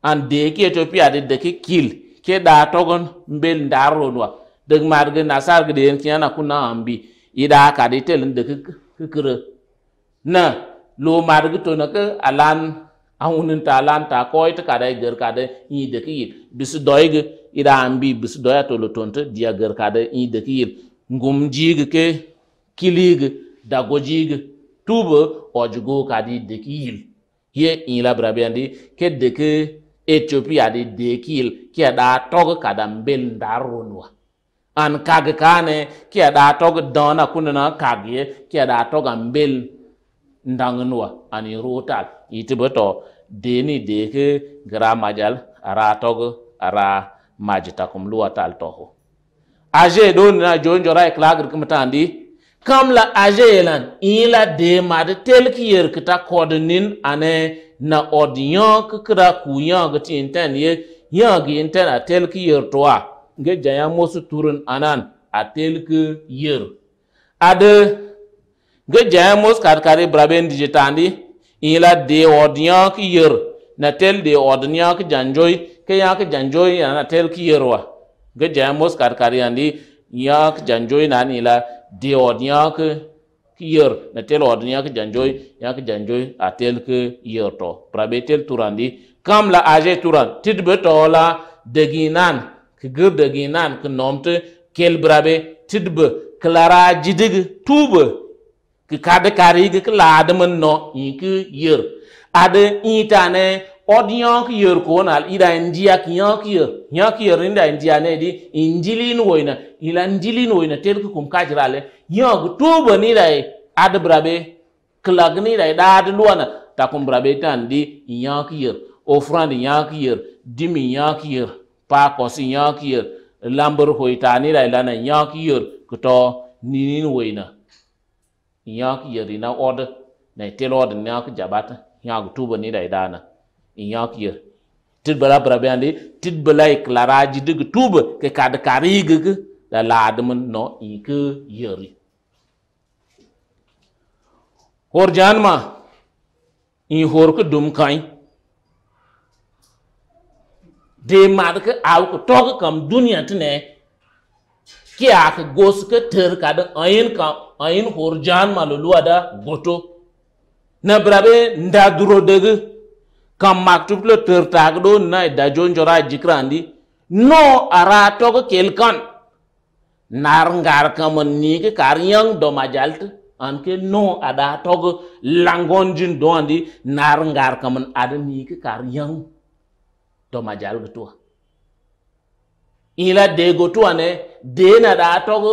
an de ke to pi ade de ke kil ke da togon mbel ndaro nwa de mar ge nasar ge de yen tiana kuna ambi ida ka de tel de ke kere na lo mar ge to na ke alan awunin ta alan ta koy ta kada ger kada yi de ke yit bisu doy ge ida ambi bisu doya to lo tonte dia ger kada yi de ke yit ngum jige ke kilige da gojige tuba ojugo ka de ke yil ye in la brabiandi ke de ke ethiopia de dekil kia da tog kada mbel darunwa an kag kane kia da tog dona kunna kagye kia da tog mbel ndangnwa ani rotal itiboto deni deke gra majal ara tog ara majita kum luwatal toho aje doni na jonjora eklagr kumtandi kam la aje yelan ila de mad tel ki yerkita kodnin ane na od yonk kra ku yonk ti inten ye yonk inten atel ki yer toa nge jaya mosu turun anan atel ki yer ade nge jaya mos kar kare braben digitandi ila de od yonk yer na tel de od ki janjoy ke yonk janjoy na tel ki yerwa nge jaya mos kar kare andi yonk janjoy nan ila de od ki. year na tel od ni yak janjoy yak janjoy a tel ke year to prabe tel turandi kam la age turan tid be to la deginan ke gir deginan ke nomte kel brabe tid be klara jidig tube ke kade karig ke laade men no yi ke yer. ade itane od yonk yor kon al ida india ki yonk yor yonk yor inda india ne di injilin woina ila injilin woina tel ku kum kajrale yonk tuba ni dai adbrabe klag ni dai dad luana ta kum brabe tan di yonk yor ofrand yonk yor dimi yonk yor pa kosi yonk yor lambar hoita ni dai lana yonk yor kuto ninin woina yonk yor ina od na tel od na ku jabata yonk tuba ni dai dana in yakir tit bala bra be ande tit bala iklaraji dig tuba ke kad karig la ladam no in ik yeri hor ma in hor ko dum kai de mad ka aw ko tog kam duniya tne ki ak gos ka ter kad ayin ka ayin hor janma lo luada goto na brabe ndaduro degu kam maktuplo tertagdo na e dajon jora jikrandi no ara tog kelkan nar ngar kam ni ke karyang do majalt anke no ada tog langon jin do andi nar ngar kam ada ni ke karyang do majal gtua ila de gotua ne de na da tog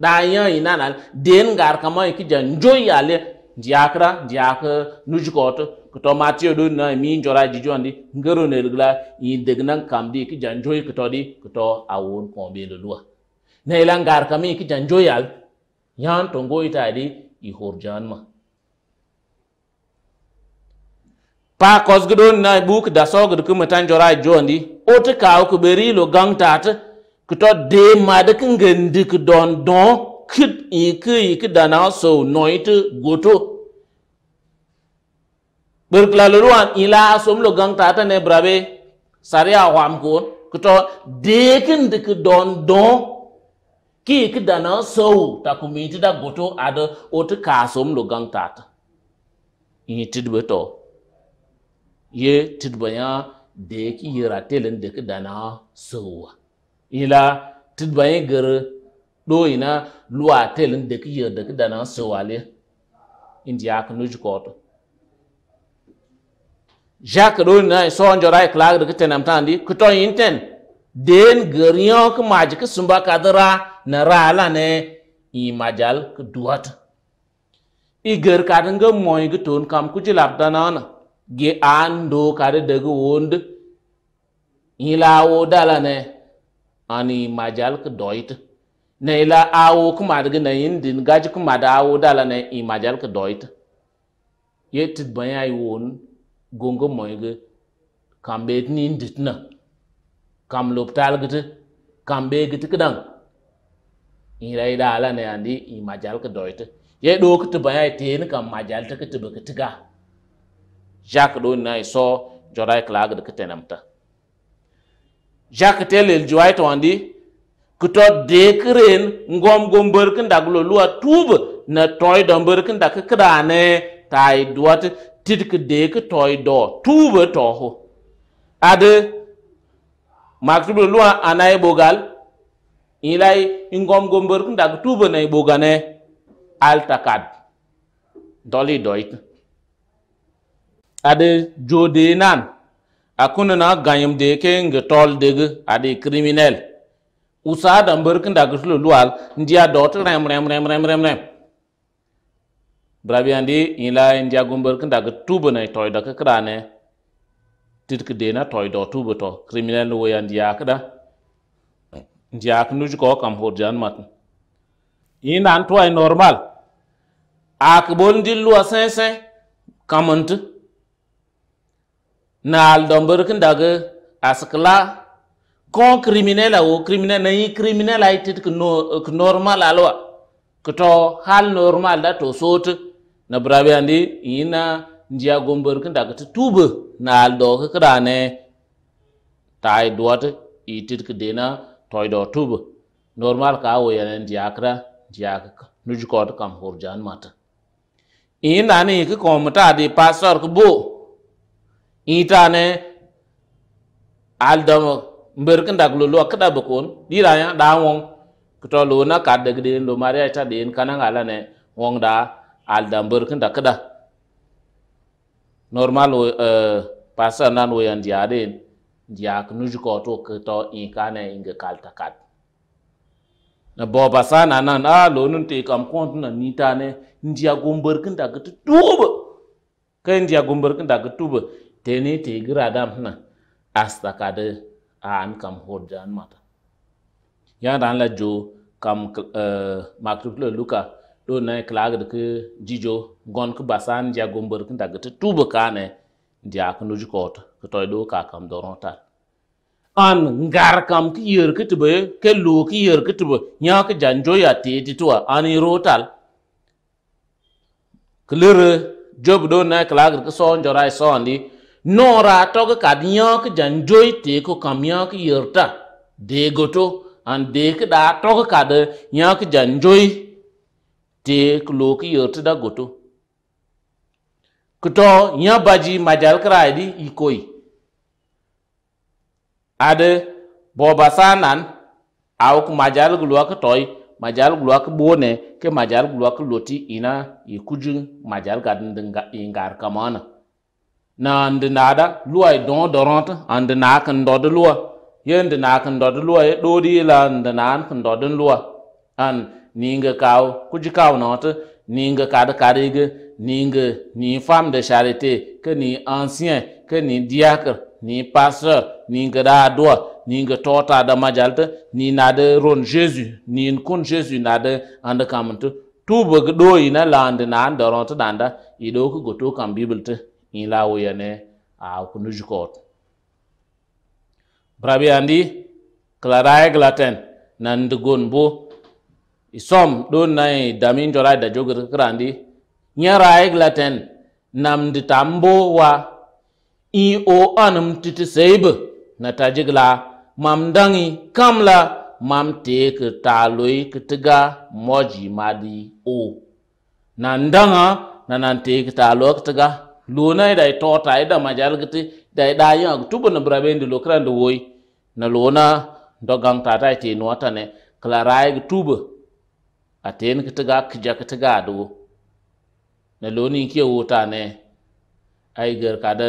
da yan ina den ngar kam e ki janjoy ale diakra diak nujkot kito matiyo do na mi njora jijo andi ngero ne gla yi degnan kamdi ki janjoy kito di kito awon kombe do Na ne ilan gar kami ki janjoy al yan tongo itadi i horjan ma pa kosgdo na buk da sogdo kumatan jora jondi ota kaw ko beri lo gangtata kito de mad ki ngendi ki don don kit i ki ki dana so noit goto berkelaluan ila som lo gang tata ne brabe saria wam kun kuto deken de ke don don ki ke dana so ta kumiti da goto ada otu ka som lo gang tata yi tidbe to ye tidbanya de ki yira telen de ke dana so ila tidbanya gar do ina luwa telen de ki yira de ke dana so wale indiya kanu jikoto jacques ɗo na so on jorai klag de kete namtandi kuto inten den gerion ke majik sumba kadra na rala ne i majal ke duat i ger kadin moy ke ton kam ku jilab danana ge an do kare daga wond ila wo dala ne ani majal ke doit ne ila awo kuma madge na yin din gaji ku madawo awo dala ne i majal ke doit yetit banyai won gongo moy ge kam bet ni ditna kam loptal gete kam be gete kedang irai dala ne andi i majal ke doite ye do ke te bayai ten kam majal te ke te ke tiga jak do na so jorai klag de ke tenamta jak telel juai to andi kuto dekren ngom gomber ken daglo lua tub na toy domber ken dak krane tai duat tit deka de ke toy do tu be to ho ade maktub lu anay bogal ilay ingom gomber kun dag tu be nay bogane altakad doli doit ade jode nan akuna na ganyam deke ke tol deg ade criminel usa damber kun dag lu lual ndia dot rem rem rem rem rem rem brabiyandi yila india gumbar kin daga tubu na toy da kakrane tit ki dena toy do tubu to criminal wo yandi yakda ndiak nuj ko kam hor jan mat yin an toy normal ak bol dillu asense kamant naal dombar kin daga askla kon criminel awo criminel na yi criminel ay tit ki normal alwa kito hal normal da to sotu na andi ina njia gomber kan daga tube tuba na aldo ka krane tai duat itit ka dena toy do tube normal ka wo yana njia kra njia ka nuju ko kam horjan mata ina ne ka komta di pastor ka bo ita ne aldo mber kan daga lolo ka da bakon diranya da won ka to lo na ka daga den lo maria ta den kananga ne wong da al dambur kin da kida normal uh, eh, pasa nan wo yan diade diak nuju ko to kito in kana inga kalta kat na bo basa na nan a ah, lo nun te kam kont na nita ne ndia gombur kin da gitu tuba kan ndia gombur kin gitu te ne te gira dam na asta kade ah, an kam hodjan mata ya dan la jo kam uh, eh, makrifle luka do na klagd ke jijo gon ke basan ja gomber ke daga te tubo kane dia ke nuju kot ke toy do ka kam doron tal an ngar kam ke yer ke tebe ke lo ke yer ke tebe nya ke janjo ya te ti to an e i rotal klere job do na klagd ke son jorai son di nora to ke kad nya ke janjo te ko kam nya ke yerta de goto an de ke da to ke kad nya ke janjoi te klo ki yerti da goto kuto nya baji majal kraidi di ikoi ade boba sanan au ku majal gulwa ki toy majal gulwa ki bone ke majal gulwa ki loti ina ikujin majal gadin dinga ingar kamana na ndinada luai don doront andina kan dodo luwa yendina kan dodo luwa dodi la ndinan kan dodo luwa an ninga kaw kuji kaw nonte ninga kad kariga ninga ni fam de charité que ni ancien que ni diacre ni pasteur ninga da doa ninga tota da majalta ni na da ron jésus ni kun jésus na da anda kamanta tuba ga doyi na landi na anda ronta danda ido ku goto kam bibilta in lawo yane a kunu jikot brabi andi klarai glaten nan dugon gonbo. isom ɗon nayi damin jora da jogir kirandi nyara eglaten nam ditambo wa i o anum titi seib na tajigla mam dangi kamla mam te ki taloi ki tiga moji madi o na ndanga na nan te ki talo ki tiga luna da tota ida majal giti da da yin tubu na brabendi lokran da woi na luna dogang tata te nuwata ne klarai tubu aten kitiga kija kitiga adu na loni kia wuta ne a igar kada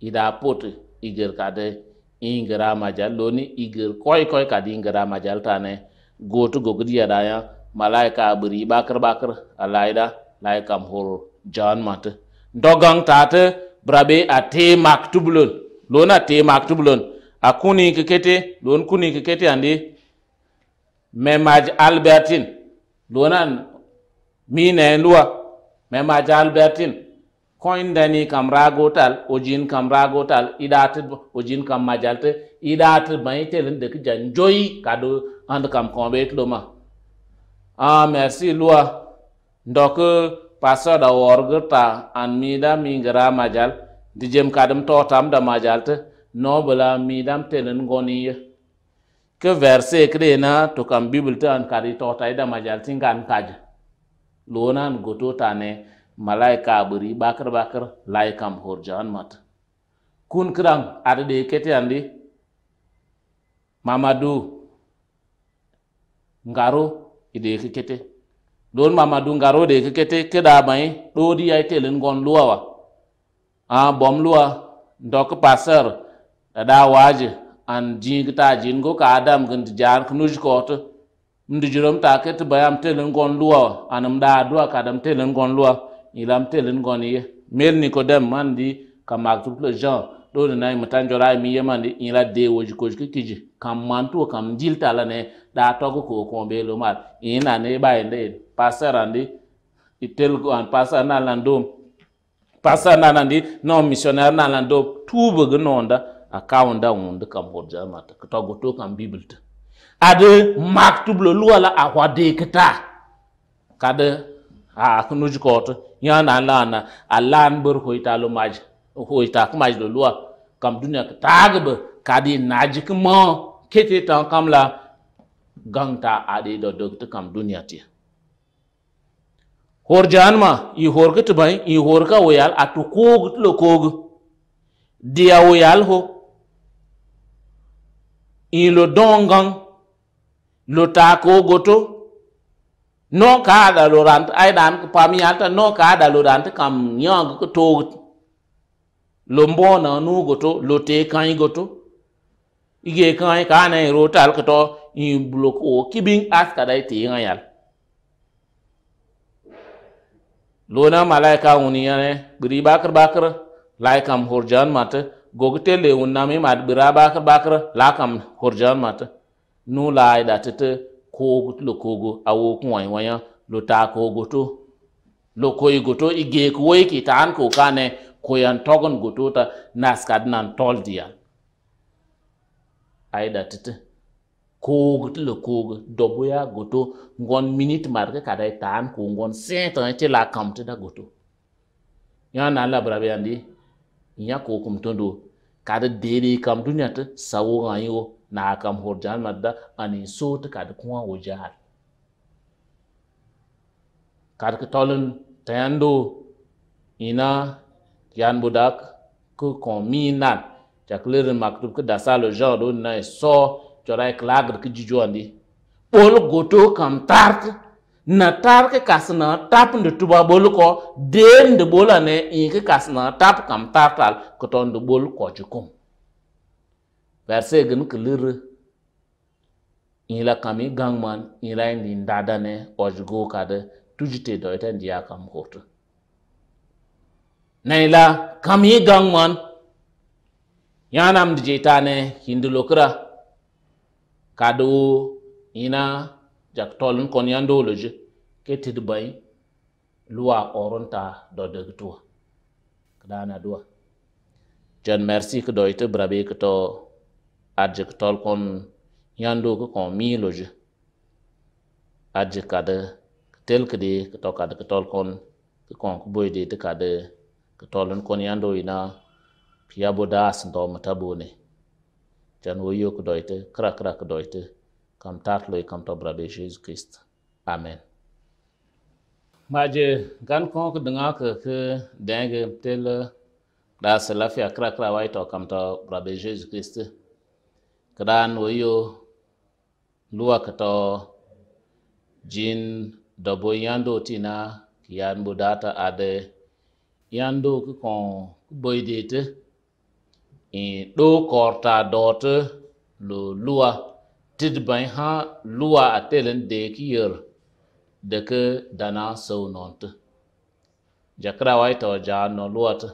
ida pot igir kada ingira majal loni igir koi koi kada ingira majal ta ne gotu gogriya da ya malaika abri bakar bakar alayda laikam hor jan mat dogang tata brabe a te maktublon lona te maktublon akuni kikete lon kuni kikete andi memaj albertine mi ne luwa me ma jal bertin koin dani kam ragotal ojin kam ragotal idat ojin kam majalte idat bai telen de jan joyi kado and kam kombet loma ah merci luwa ndok pastor da worgta an mida mingra majal di dijem kadam totam da majalte no bala midam telen goniye ke verse e krena to kam bible tan kari to ta ida majal tingan kaj lonan goto tane malaika buri bakar bakar laikam horjan mat kun kran arde kete andi mamadu ngaro ide kete don mamadu ngaro de kete keda mai do di ay telen gon luwa a ah, bom luwa ndok passer da waje an jing ta jin go ka adam gun ti jan knuj kot ndu jurom ta ke bayam telen gon luwa anam da duwa ka adam telen gon luwa ilam telen gon ye mel ni ko dem man di ka maktub le jean do na mi tan jora mi ye man di ila de woji ko ki kiji kam man to kam jil ta la ne da to ko ko be lo mat ina ne ba ende pasarandi itel go an pasana landom pasana nandi non missionnaire na landom tubu gnonda a akawunda wundu kam borja mata kto goto kam bibilta ade maktublo luwala ahwa de ka da a kunuj koto yana lana alan bur hoitalo maj hoita kumaj do luwa kam dunya tagbe na ji kuma kete ta kamla gangta ade do dokta kam dunya tia horjan ma i horgat bai i ka woyal atu kog lo kog dia woyal ho in lo dongang lo tako goto no ka da lo ran ai dan pam yalta no ka da lo ran kam nyang ko to lo mbona nu goto lo te kan goto ige kan ka na ro tal ko to in block o kibing as ka dai te ngayal lona malaika wuni yane bri bakar bakar laikam horjan mate gogte le wunnami ma bira bakr bakr lakam horjan mat nu lai da tete kogo lo kogo awo kuwai waya lo ta kogo to lo koy goto ige ko way tan ko kane koyan togon goto ta naskad nan tol dia ai da tete kogo lo kogo ya goto ngon minute marke kada tan ko ngon sentan ti la kamte da goto yana la brabe andi nya ko kumtondo kada dede kam duniya ta sawo rayuwa na kam horjan madda ani so ta kada kuma wajar kada ka tolin tayando ina yan budak ko kominan jaklerin maktub ka dasa lo jado na e so jorai klagr ka jijo andi bol goto kam tart na tar ke kasna tap ndu tuba bol ko den de bola ne i ke kasna tap kam tartal ko ton de bol ko jukum verse gen ke lir i la kami gangman i la ndi ndada ne ojgo kade tujite do ita ndiya kam hoto na ila kami gangman yanam dijita ne hindulokra kado ina jak tolun kon yando loje ke tid bay luwa oronta do de tuwa dana duwa jan merci ko doyte brabe ko to adje ko tol kon yando ko kon mi loje adje kada tel ko de ko to kada ko tol kon ko kon ko boy de te kada ko tolun kon yando ina piyabo da asin do mata bone jan wo yo ko doyte kra kra ko doyte cămtat lui cămtobra de Iisus Christ. Amen. Maje gan ko ko dinga ka ka denga tel da se lafiya kra kra wai to kamta brabe Jesus Christ kadan wayo luwa ka to jin dobo yando tina yan bu data ade yando ku kon boydete do korta dote lo luwa tid bai ha luwa a telen de kiyar da ka dana sau nonta jakra wai ta waja no luwa ta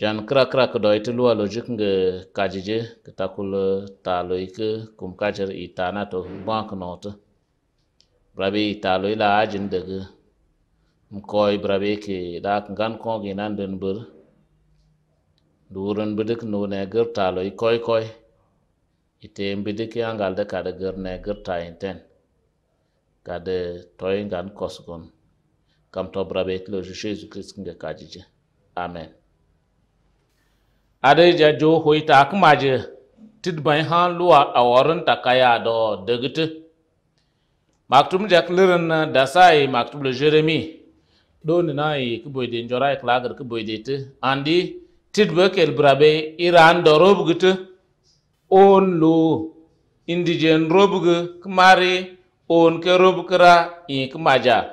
jan kra kra ka doi ta luwa lojik nga kajije ka kula ta loi ka kum kajar i ta na to bank nonta brabe i ta loi la ajin daga ga mkoi brabe ke da kan kongi nan den bur duran bidik no ne gar ta loi koi koi itembide kiyan galde kade gerne gir tayinten kade toyin gan kam to brabe jesu christ nge kajije amen ade ja jo hoita akmaje tid bay han luwa aworin takaya do degte maktum jak lirin eh, da maktum le jeremi do ni na de njora de te andi tid bekel brabe iran do robgte on lo indigen robge kmare on ke rob kra i kmaja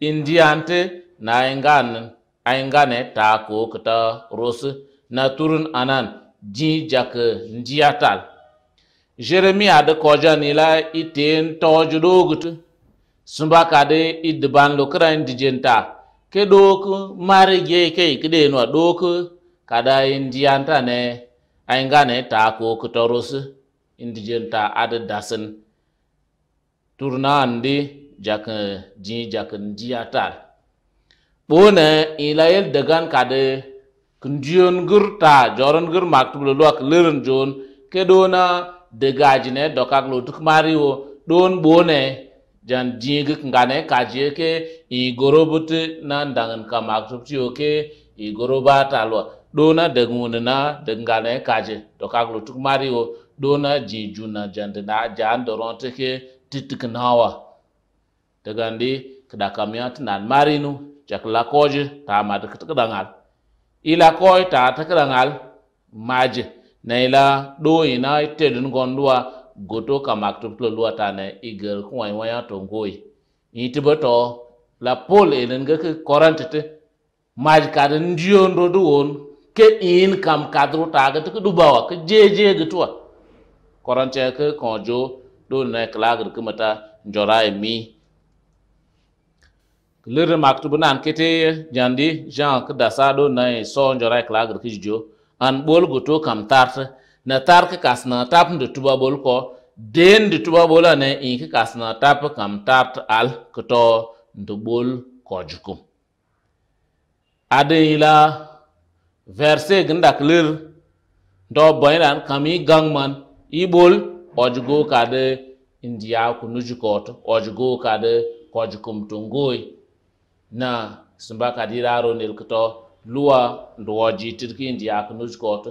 indiante na ingan aingane ta ko kta ros na turun anan ji jak ndiatal jeremi ad koja la iten tojudogut sumba kade idban lo kra indigenta ke dok mare ge ke kde no dok kada indianta ne an gane ta ko su indigen ta ada dasin turna andi jak ji jak jiya tar bone ilayel dagan kade kunjion gur ta joron gur maktub lo ak leren jon kedona degajine dokak lo tuk mario don bone jan jingik ngane kaje ke i gorobut nan dangan ka maktub ti oke i gorobata lo dona dengune na dengane kaje to kaglo tuk mario dona jijuna jan jandoron teke da gandi kada kamya tunan marinu jak koje ta da ngal ila koy ta ngal? maje na ila do ina tedun gondwa goto ka kamak tuplo luata ne igel kuwai waya to ngoi itibato la pol elen ga korantete maj kadin jion do won ke in kam kadru taga tu dubawa ke jeje gituwa koranche ke konjo do ne klagr kumata njora e mi lir maktubu nan kete jandi jan ke dasa do ne so njora e klagr kijo an bol to kam tart na tar ke kasna tap ndu tuba bol ko den ndu tuba bola ne in ke kasna tap kam tart al kuto ndu bol kojukum adela verse genda clear do boyran kami gangman ibol ojgo kade india ku nujukot ojgo kade kojkum tungoi na sumba nel kto luwa nduwoji tirki india ku nujukot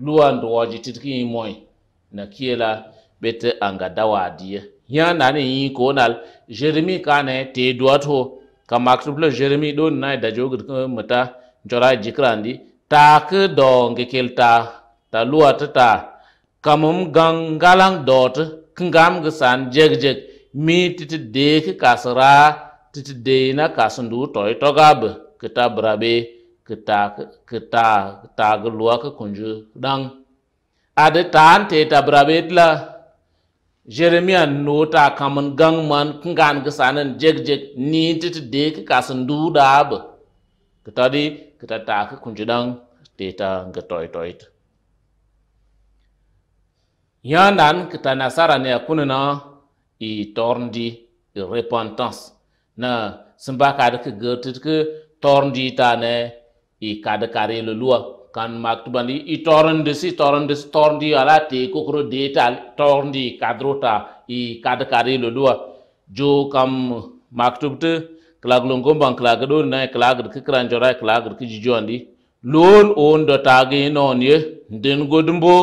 luwa nduwoji tirki moy na kiela bete anga dawadiye yan nani yi konal jeremy kane te duato ka maktubla jeremy don na da jogir mata jora jikrandi ta ke do nge kel ta ta lua ta ta kamum gang galang dot kengam gesan jeg jeg mi titi de ke kasra titi de na kasundu toy togab kita berabe kita kita kita gelua ke kunju dang ada tan te ta berabe tla Jeremia no ta kamun gang man kengan gesanan jeg jeg ni titi de ke kasundu dab Cái ta đi, ta ta cái khung chữ đăng, thì ta cái tội tội. Yan dan cái ta nasara này cũng nó i torndi i repentance. Na samba cái cái gertit cái torndi ta này i kada kare lo lua kan maktubandi i torndi si torndi si torndi ala te kokro data torndi kadrota i kada kare lo lua jo kam maktubte klag longon ban klag do na klag ki kran jora klag ki jijondi lol on do tagi non ye den godumbo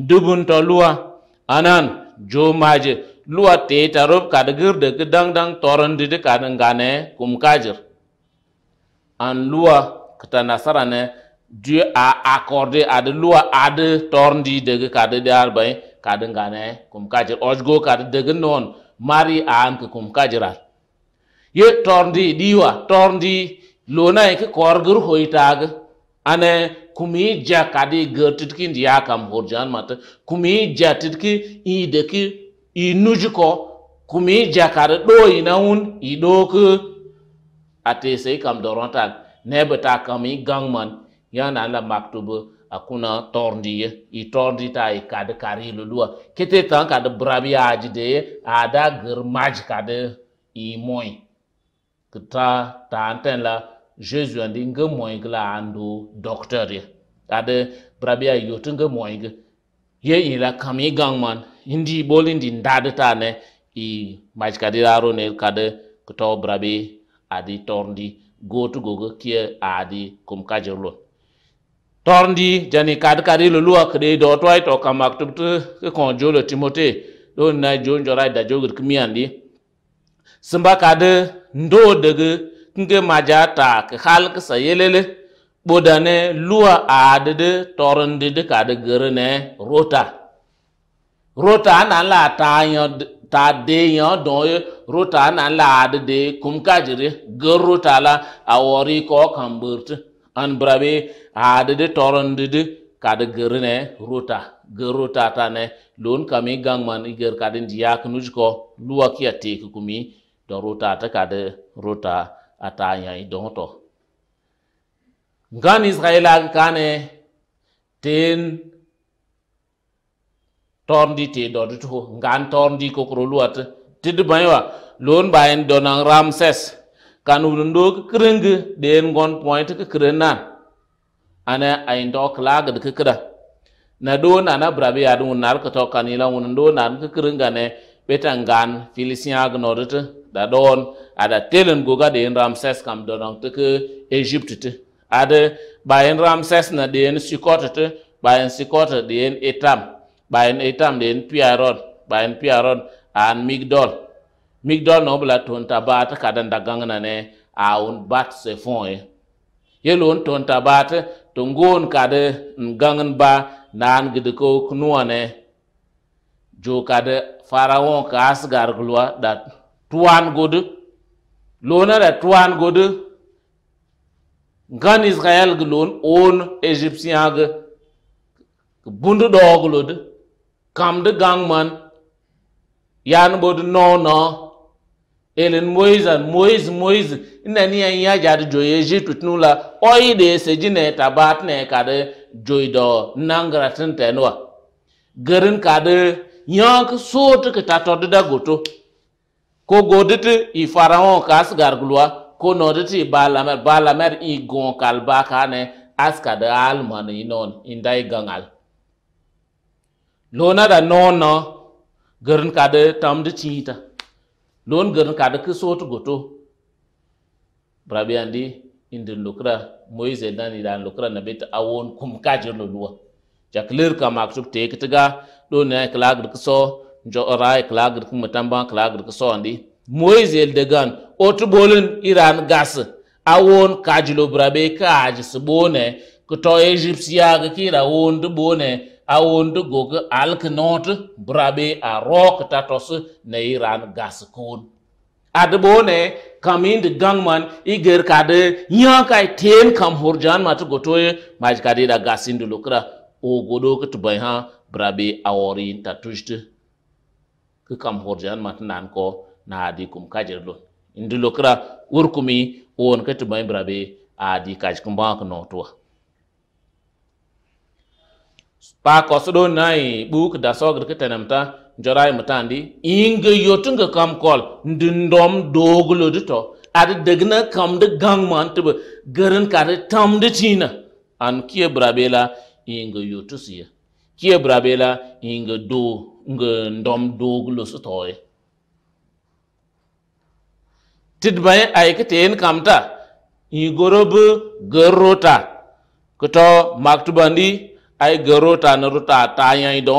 ndubun to luwa anan jo maje luwa te tarob kadgir de dang dang toron de kadan gane kum kajir an luwa kata nasarane ne Dieu a accordé à de loi à de torndi de kade de arbay kade kum kajir osgo kade de non mari am ke kum kajirar ye torndi ɗiwa torndi lona ke korgur hoitag ane kumi ja kadi gertit ki ndiya kam horjan mata kumi ja titki ide ki inuj ko kumi ja kada do ina un ido ke ate sai kam doronta ne bata kam i gangman yana la maktubu akuna torndi i torndi ta i kada kari lulua kete tan kada brabi ajide ada germaj kada i moy kta tanten la jesu andi nge moing la andu docteur ye ade brabia yotu nge moing ye la kami gangman indi boli bolindi ndade tane i la aro ne kade kto brabi adi torndi gotu gogo kie adi kum kajerlon torndi jani kad kadi lulua kede do toy to kamak tubtu ko jolo timote don na jo jonjora da jogir kmiandi Simba kade ndoodg kẽngẽ majata ta k halk sa yelele bodane lua adede torendede kade gerene rota rota a nan la ta deyõ dõoy rota a nan la adede kum kajre ger rota la a ko kamburte an brabe adede torendede be aadd torendid kade gerene rota ger rota tane loon kame gãngman iger kade n nujko lua nuzkɔ luwa kumi don ruta ta kada ruta a ta yai don to ngan israela kane ten tondi te do to ngan tondi ko kro luat tid baywa lon bayen donang ramses kanun do kreng den gon point ke krenan ana ayin do klag de kra na do na na brabe ya dun nar ka to kanila un do na ke krenga ne betangan filisiag nodete ɗon aɗa telen goga yin ramses kam ɗonon teke égypte te aɗa bayan ramses na yin ɗen sikote te ɓayen sikote ɗen etam ɓayen etam yin piaron bayan piaron an migdol migdol no ɓla ton gangana ne a un bat se fon e yelon ton ta to ngon kada ngangn ba nan gidiko ne jo kada farawon ka asgar glua dat tuwan godi lona da tuwan godi gan israel gi lon on egyptien gi bundu dog lodi kam de gang man yan bod no no elen moise moise moise ina ni yan ya jadi joye egypt tunula oyi de sejine tabat ne kade joido nangratin tenwa garin kade yank so tuka tatod da goto ko goditi i faraŋo ka asgargulwa ko noditi i balamer balamer i gon kalba kane askade alman inon indai gaŋal lona da nono gerin kade tamdi ciita lon gerin kade kisotu goto brabiandi indin lukra moise dan idan lukra na beta awon kum kajir luwa jaklir ka maktub te kitiga don ne klagir kiso joray klagr kuma tamban klagr ko sondi moise degan gan otu iran gas awon kajilo brabe kaj sbone ko to egyptia ga kira won de bone awon de gog alk not brabe a rok tatos na iran gas kon adbone kamin de gangman iger kade nyakai ten kam hurjan mat gotoye majkade da gasindu lukra o godo ko tubay ha brabe aworin tatushte kə kam horjan ma tə ko na adi kum kajer lon indi lokra kumi won kə tə bay brabe adi kaj kum ba kə notwa pa ko sodo nai buk da sogr kə tanamta jorai mutandi inga yotunga kam kol ndindom doglo dito ada degna kam de gang man tə garan ka de tam de tina an kiye brabela inga yotusiya kiye brabela inga do nge ndom dogu lo sutoye tidbay ay kiten kamta igorob gerota kuto maktubandi ay gerota na ruta tanya ido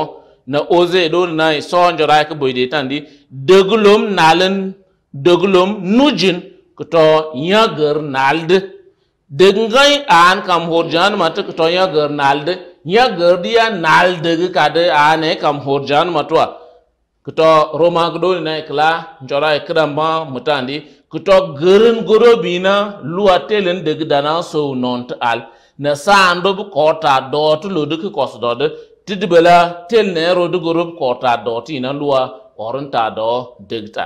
na oze do na sonjo ra ka boyde tandi deglom nalan deglom nujin kuto yagar nalde dengai an kam horjan mat kuto yagar nalde nya gardia nal dege kade ane kam horjan matwa kuto roma gdo na kla njora ekramba mutandi kuto gerin goro bina luwa telen dege dana so nont al na sando bu kota dot lodu ki kosdod tidbela tel ne rodu goro kota dot ina luwa orunta do degta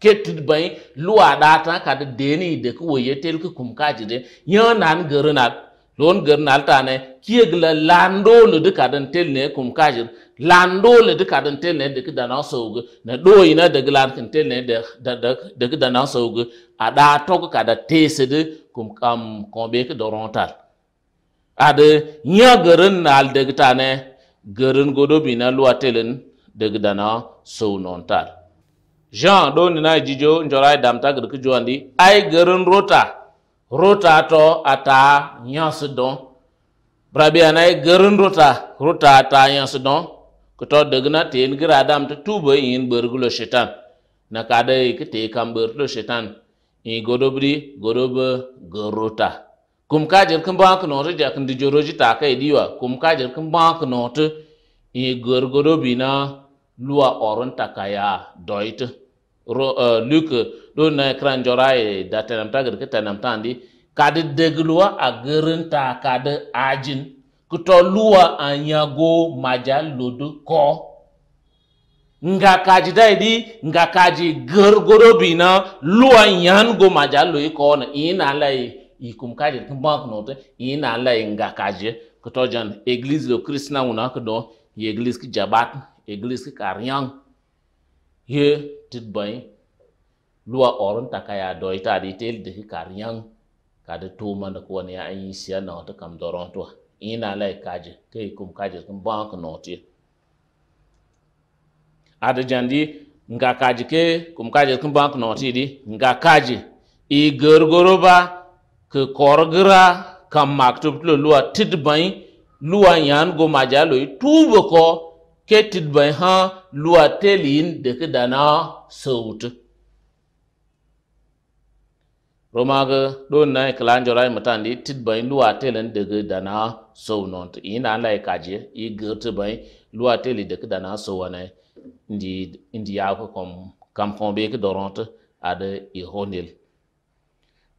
ketit bai luwa data kada deni de ku waye tel kum kaji de yan nan gerinat lon gar na altane kiye gla lando le de kadan tel ne kum kajir lando le de kadan tel ne de kada na sogu na do ina de glan kin tel ne de de de kada na sogu ada tok kada tese de kum kam kombe ke dorontal ade nya garin na al de ne garin godo bina lua telen de kada na so nontal jean do ni na jijo njorai damta gar ke joandi ai garin rota ruta to ata yansu don brabi anai garin ruta ruta ata yansu don kuto degna tin gira dam ta tubo in bergulo shetan na kada ikite kam bergulo shetan i godobri godobe garuta kum kajer kum bank no ja kum dijoroji ta kai diwa kum kajer kum bank to i gor gorobina luwa oron takaya doit ro uh, eh, luke do na eh, kran jora e da tanam ta gir tanam ta ndi kad degluwa a girin ta kad ajin kuto luwa anyago majal lodo ko nga kaji dai di nga kaji gorgoro bina luwa yan go majal lo ko na ina lai ikum kaji kumbak note ina lai nga kaji kuto jan eglise lo kristna una kudo ye eglise ki jabat eglise ki karyang ye tit bain lua oronta kaya ta di tel de hikariyan kada tuma da kuwa ya an yi siya na wata kam doron tuwa ina lai kaje kai kum kaje kum bank noti ada jandi nga kaje ke kum kaje kum bank noti di nga kaje i gorgoro ba ke korgira kam maktub lo luwa tidbai luwa yan go majalo tubo ko ke tidbai ha luwa telin de ke dana sautu Roma ga don na di tit bai luwa telen daga dana so non to ina lai e kaje yi gurtu bai luwa tele daga dana so wana ndi ndi ya ko kom kam kon be ke doronte ade i honil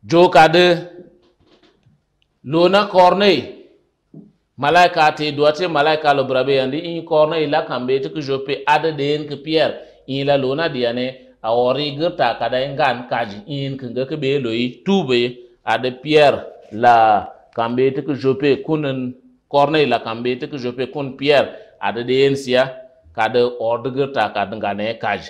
jo kade lona corneille malaika te duwate malaika lo brabe yandi in corneille la kambe te ke jope ade den ke pierre in la lona diane awori gurta kada ngan kaji in kinga ke be loyi tube ada pierre la kambe te ke jope kunen corneille la kambe te ke jope kun pierre ada densia kada orde gurta kada ngane kaji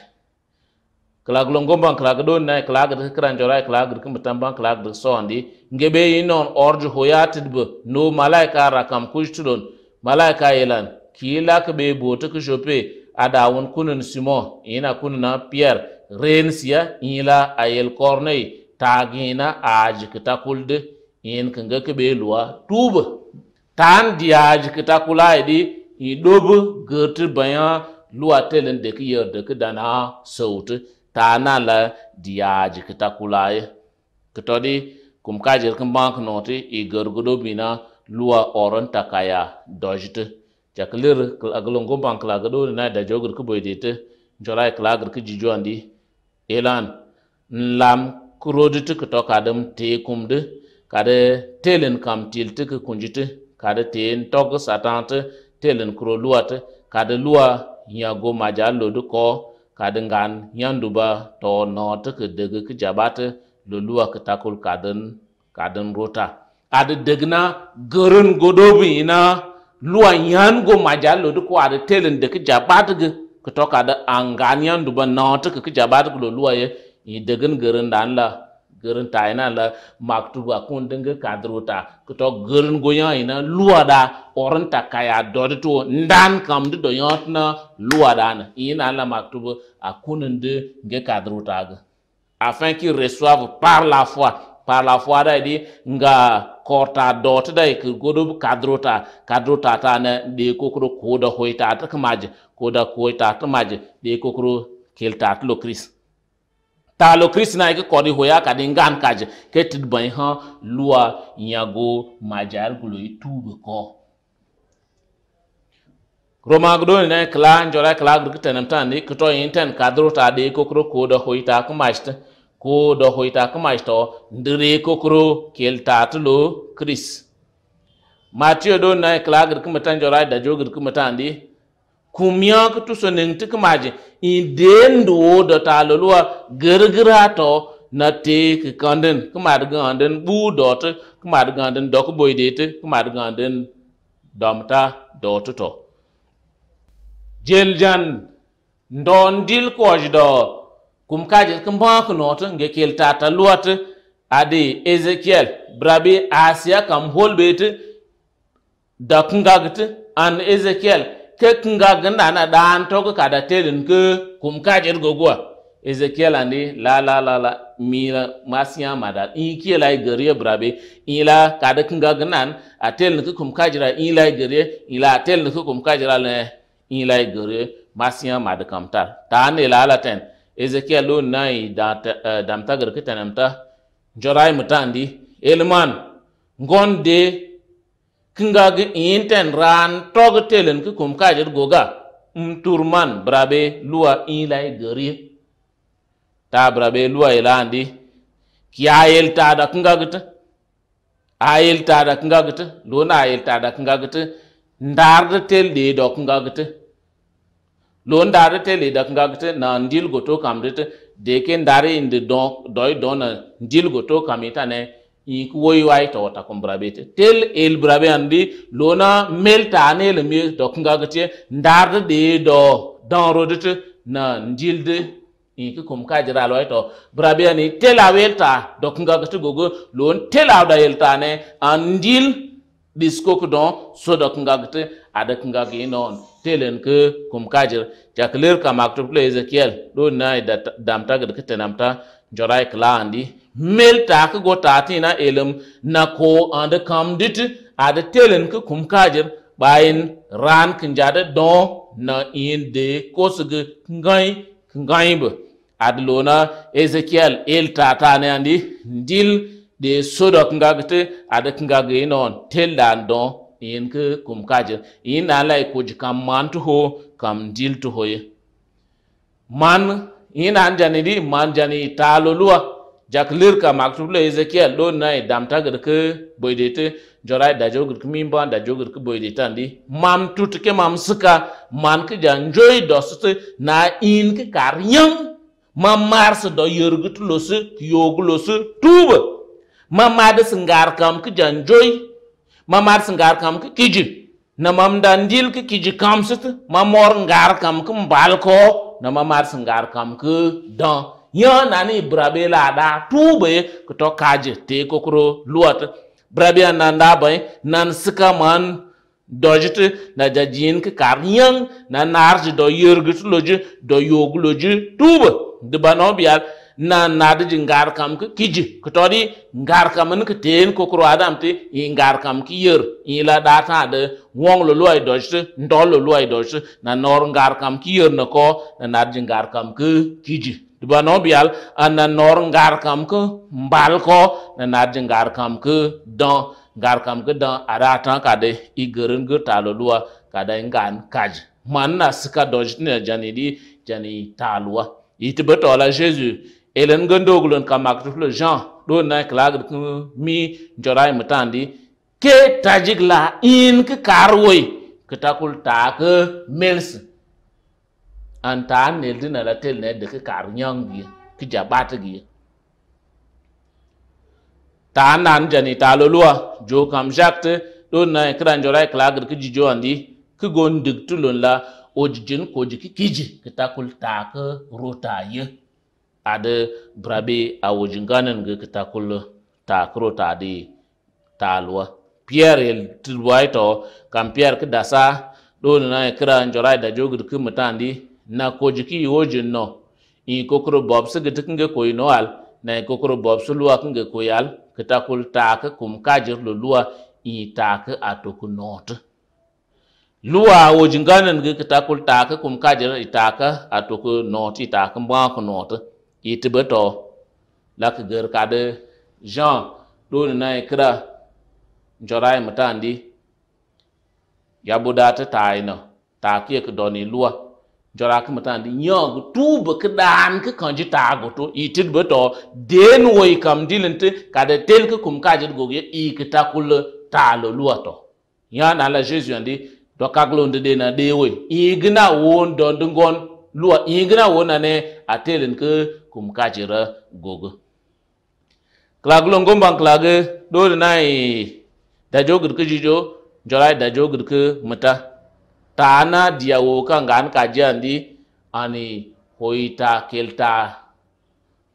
klag longomban klag don na klag de kran jora klag de kumtan ban klag de sondi ngebe inon orju hoyatid bu no malaika rakam kujtudon malaika yelan kila ke be botu ke jope ada won kunun simo ina kunna pierre rensiya ila ayel kornei tagina aji kita kulde yin kanga kebe lua tuba tan di aji kita kula idi idobu gertu bayan luwa telen de ki yarda ki dana sautu tana la di aj kita kula ya kitodi kum kajir kin bank noti i gargudo bina luwa oron takaya dojte jaklir aglongo bank lagado na da jogur ku boydete jola klagr ki jijo andi Ilan, nlam kurodi ti kito kadim te kumdi kadi telin kam til ti ki kunjiti kadi teen tog satan ti telin kuro luwa ti kadi luwa nyago maja lodi ko kadi ngan nyanduba to no ti ki degi ki lo luwa ki takul kadin kadin rota kadi degna gerin godobi ina luwa Nyango go maja ko adi telin deki jabati gi kutoka da anganian duba nautu ku jabar ku loluwa ye idegin garin da la garin ta na la maktu ba kun dinga kadrota kuto garin goya ina luwa da oranta kaya dodito ndan kam du do yotna luwa da na ina la maktu a kunin de ge kadrota afin qu'ils reçoivent par la foi par la foi da di nga korta dot da ke godo kadrota kadrota ta na de kokro koda hoita ta kamaj koda koita ta maj de kokro kelta lo kris ta lo kris na ke kodi hoya ka de ngan kaj ke tid ban ha lua nyago majar gulo itube ko romagdon ne kla njora kla gru tenem tan ni kto inten kadrota de kokro kuda hoita kamaj ta ho do hoita kama sto ndire kokro kel tatlo kris matio do na klagr kuma tan jora da jogr kuma tan di kumya ku tu so nen tik maji inden do do talolwa gergira to na te ki kanden kuma ganden bu dot kuma ganden dok boydete kuma ganden domta dot to jeljan ndon dil ko jdo kum kaje kum ba noto nge kel tata luat ade ezekiel brabe asia kam holbet da kungagte an ezekiel ke kungagin da na dan to ka da telin ke kum kaje gogwa ezekiel ande la la la la mira masiya mada in kila gari brabe ila kada kinga a atel nuku kum kajira ila gari ila atel nuku kum kajira ne ila gari masiya mada kamtar ta ne la la ten ezekiel lo nai damta eh, gar kita namta jorai mutandi elman ngonde kinga gi inten ran tog telen ki kum kajer goga mturman um brabe lua ilai gari ta brabe lua ilandi ki ayel ta da kinga gita ayel ta da kinga gita lo na ayel ta da kinga gita ndar tel de do kinga gita lon dare te le dak ngak te na ndil goto kamrete deke ndare indi don doy dona ndil goto kamita ne yik woy ta kum brabete tel el brabe andi lona mel ta ne le mi dok ngak te de do don rodete na ndil de yik kum to brabe ani tel ta dok gogo lon tel awda ta andil disko ko don so dok ngak ada kinga ki inon telen ke kum kajir ja clear ka maktub le ezekiel do na e da damta ga kete namta jorai klandi mel ta ka go tati na elem na ko and come dit ada telen ke kum kajir bayin ran kin jada don na in de kosg ngai ngai bu adlona ezekiel el tata ne andi dil de sodok ngagte ada kinga ge non telan don In ke kum kaje yin na lai ko kam man to ho kam dil to ho man in an jani di man jani taloluwa jaklir ka maktub le ezekiel do na dam tagir ke boydete jorai da jogir ke mimba da jogir ke boydete andi mam tut ke mam suka man ke jan joy dost na in ke karyam mam mars do yergut los yog los tuba ma mad ngar kam ke jan joy mamar singar kam ki kiji na mam dandil ki kiji kam ma mor ngar kam ki mbal ko na mamar singar kam ki dan ya nani brabe la da tube ki to kaje te kokro luat brabe nan da bai nan sika man dojit na jajin ki kar yang na narji do yurgit loji do tu tube dibano biyar na nadi ji ngar kam ki kiji ki tori ngar kam ni ki ten ko kro adam ti i ngar kam ki yer i la da ta de wong lo loy do shi ndo lo loy do shi na nor ngar kam ki yer na ko na nadi ji ngar kam ki kiji duba no bial na nor ngar kam ki mbal ko na nadi ji ngar kam ki don ngar kam ki do ara ta ka de i gerin ge ta lo lua ka da ngan kaj man na sika do shi ne jani di jani talwa itibe tola jesus elen gondogulon kamak tuflo jean ɗo na kilag mi jorai mutandi ke tajik la in ki karwoy kitakul tak mels an ta nel dina la tel ne de ki kar nyang gi ki jabat gi ta nan jani ta lolwa jo kam jakte ɗo na kran jorai kilag ki jijo andi ki gon dig tulon la ojijin ko jiki kiji kitakul tak rotaye ada brabe a wujinganan ga kita kullu ta kuro ta di ta alwa pierre yel el ito kam pierre kda sa do na e kira njorai e da jogu jogir kumutandi na kojiki wojin no i kokoro bob su gidi kinga koyi no al na i e kokoro bob su luwa kinga koyi al kita kul ta ka kum kajir lu luwa i ta ka atoku not luwa wojinganan ga kita kul ta ka kum kajir i ka atoku not i ta ka mba ku not yiti beto la ke ger kade jean do na ikra njorai mutandi da ta yi na, ta ke ke doni luwa jora ke mutandi nyog tuba ki dan ki kanji ta goto yiti beto den wo ikam dilente kade tel ki kum kaje goge ikita kul ta lo luwa to na la Jesu jesus andi dokaglonde de na dewe gina won don dungon luwa gina won na ne telin ki. kum kajira gogo klaglo ngomban klage dole nai da jogir kijijo jorai da jogir ke mata tana diawo kan gan kajandi ani hoita kelta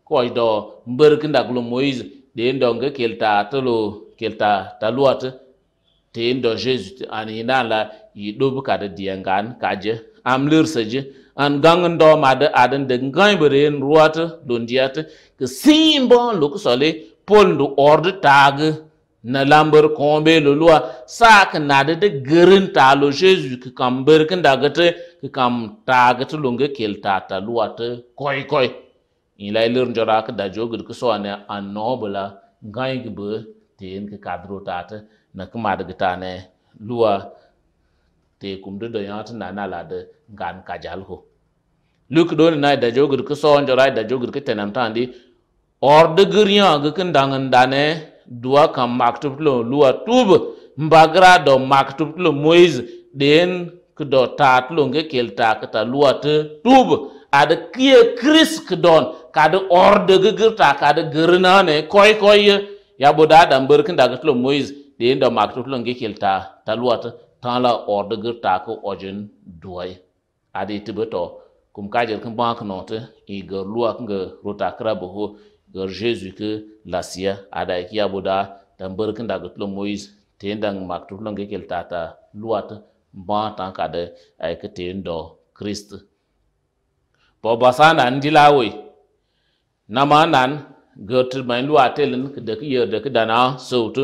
koido mberkinda glo moise de ndonge kelta tolo kelta taluat te ndo jesus ani nala yi dobu kada diengan kaje amlir saje an gangen do made aden de ngai en ruata don diate ke simbo ko sole pondu ord tag na lambar kombe luluwa sa ka na da gerin ta lo jesu ke kam birkin da gata ke kam to gata nge kel ta luwa ta koi koi in lai lir jara ke da jo gud ke so ne annobula ngai gbe te yin ke kadro ta ta na kuma da gata ne luwa te kumdu do yãtɩ na na la d gaan kajalgo luk doone na da jogr kɩ soonjora da jogr kɩ tẽnem tãndi ordg rẽag kẽn dãng n dane duwa kam maktb tɩ lo luwa tub n bagra do maktb tɩ lo moise ɗeen kɩ do taa tɩ lo ngẽ kel taa kɩ ta luwa tɩ tub ad kɩye kirist kɩ don kad ordg gɩr taa kad gɩrnaane koy-koy ya boda dãmbr kẽn dag tɩ lo moise ɗeen do maktb lo ngẽ kel taa ta luwa tɩ tãn la ordgr taakg ɔgen duai ade tɩ bɩ tɔ kum ka jel kẽn bãak nɔ tɩ ẽ gɛr lʋa kẽngɛ rotakra bɩ fo gɛr zeezi kɩ la sɩa ada kɩ boda tɩ n bɩrg kẽn tɩ moise tɩ n dãng mak tɩ f lẽng kel taata lʋa tɩ n bãa tã n kadɛ ay kɩ tɩ n dɔ kirist bɔ basa nan dɩ la we nama nan gɛr tɩ ma n lʋa telen kɩ dɛk yeer dɛk dãna sewtɩ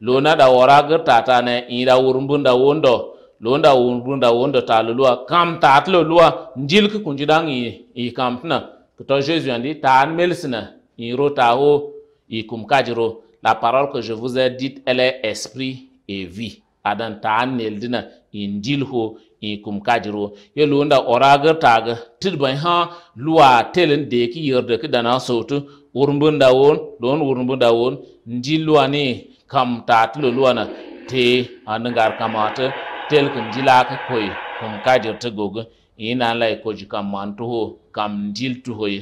lona da wara gar tata ne ira wurumbunda wondo londa wurumbunda wondo talulua kam tatlo lua njilk kunjidang i i kampna to Jésus andi tan melsina iro taho i kumkajiro la parol que je vous ai dite elle est esprit et vie adan tan neldina injilho i kum kumkajiro ye londa ora gar taga tidban ha luwa telin de ki yerde ki dana sautu sotu wurumbunda won don wurumbunda won njilwa ne kam ta tilo luwana te anungar kamata tel kum jilaka koy kum kajir ta gogo ina lai koji kam mantuho kam dil tuhoye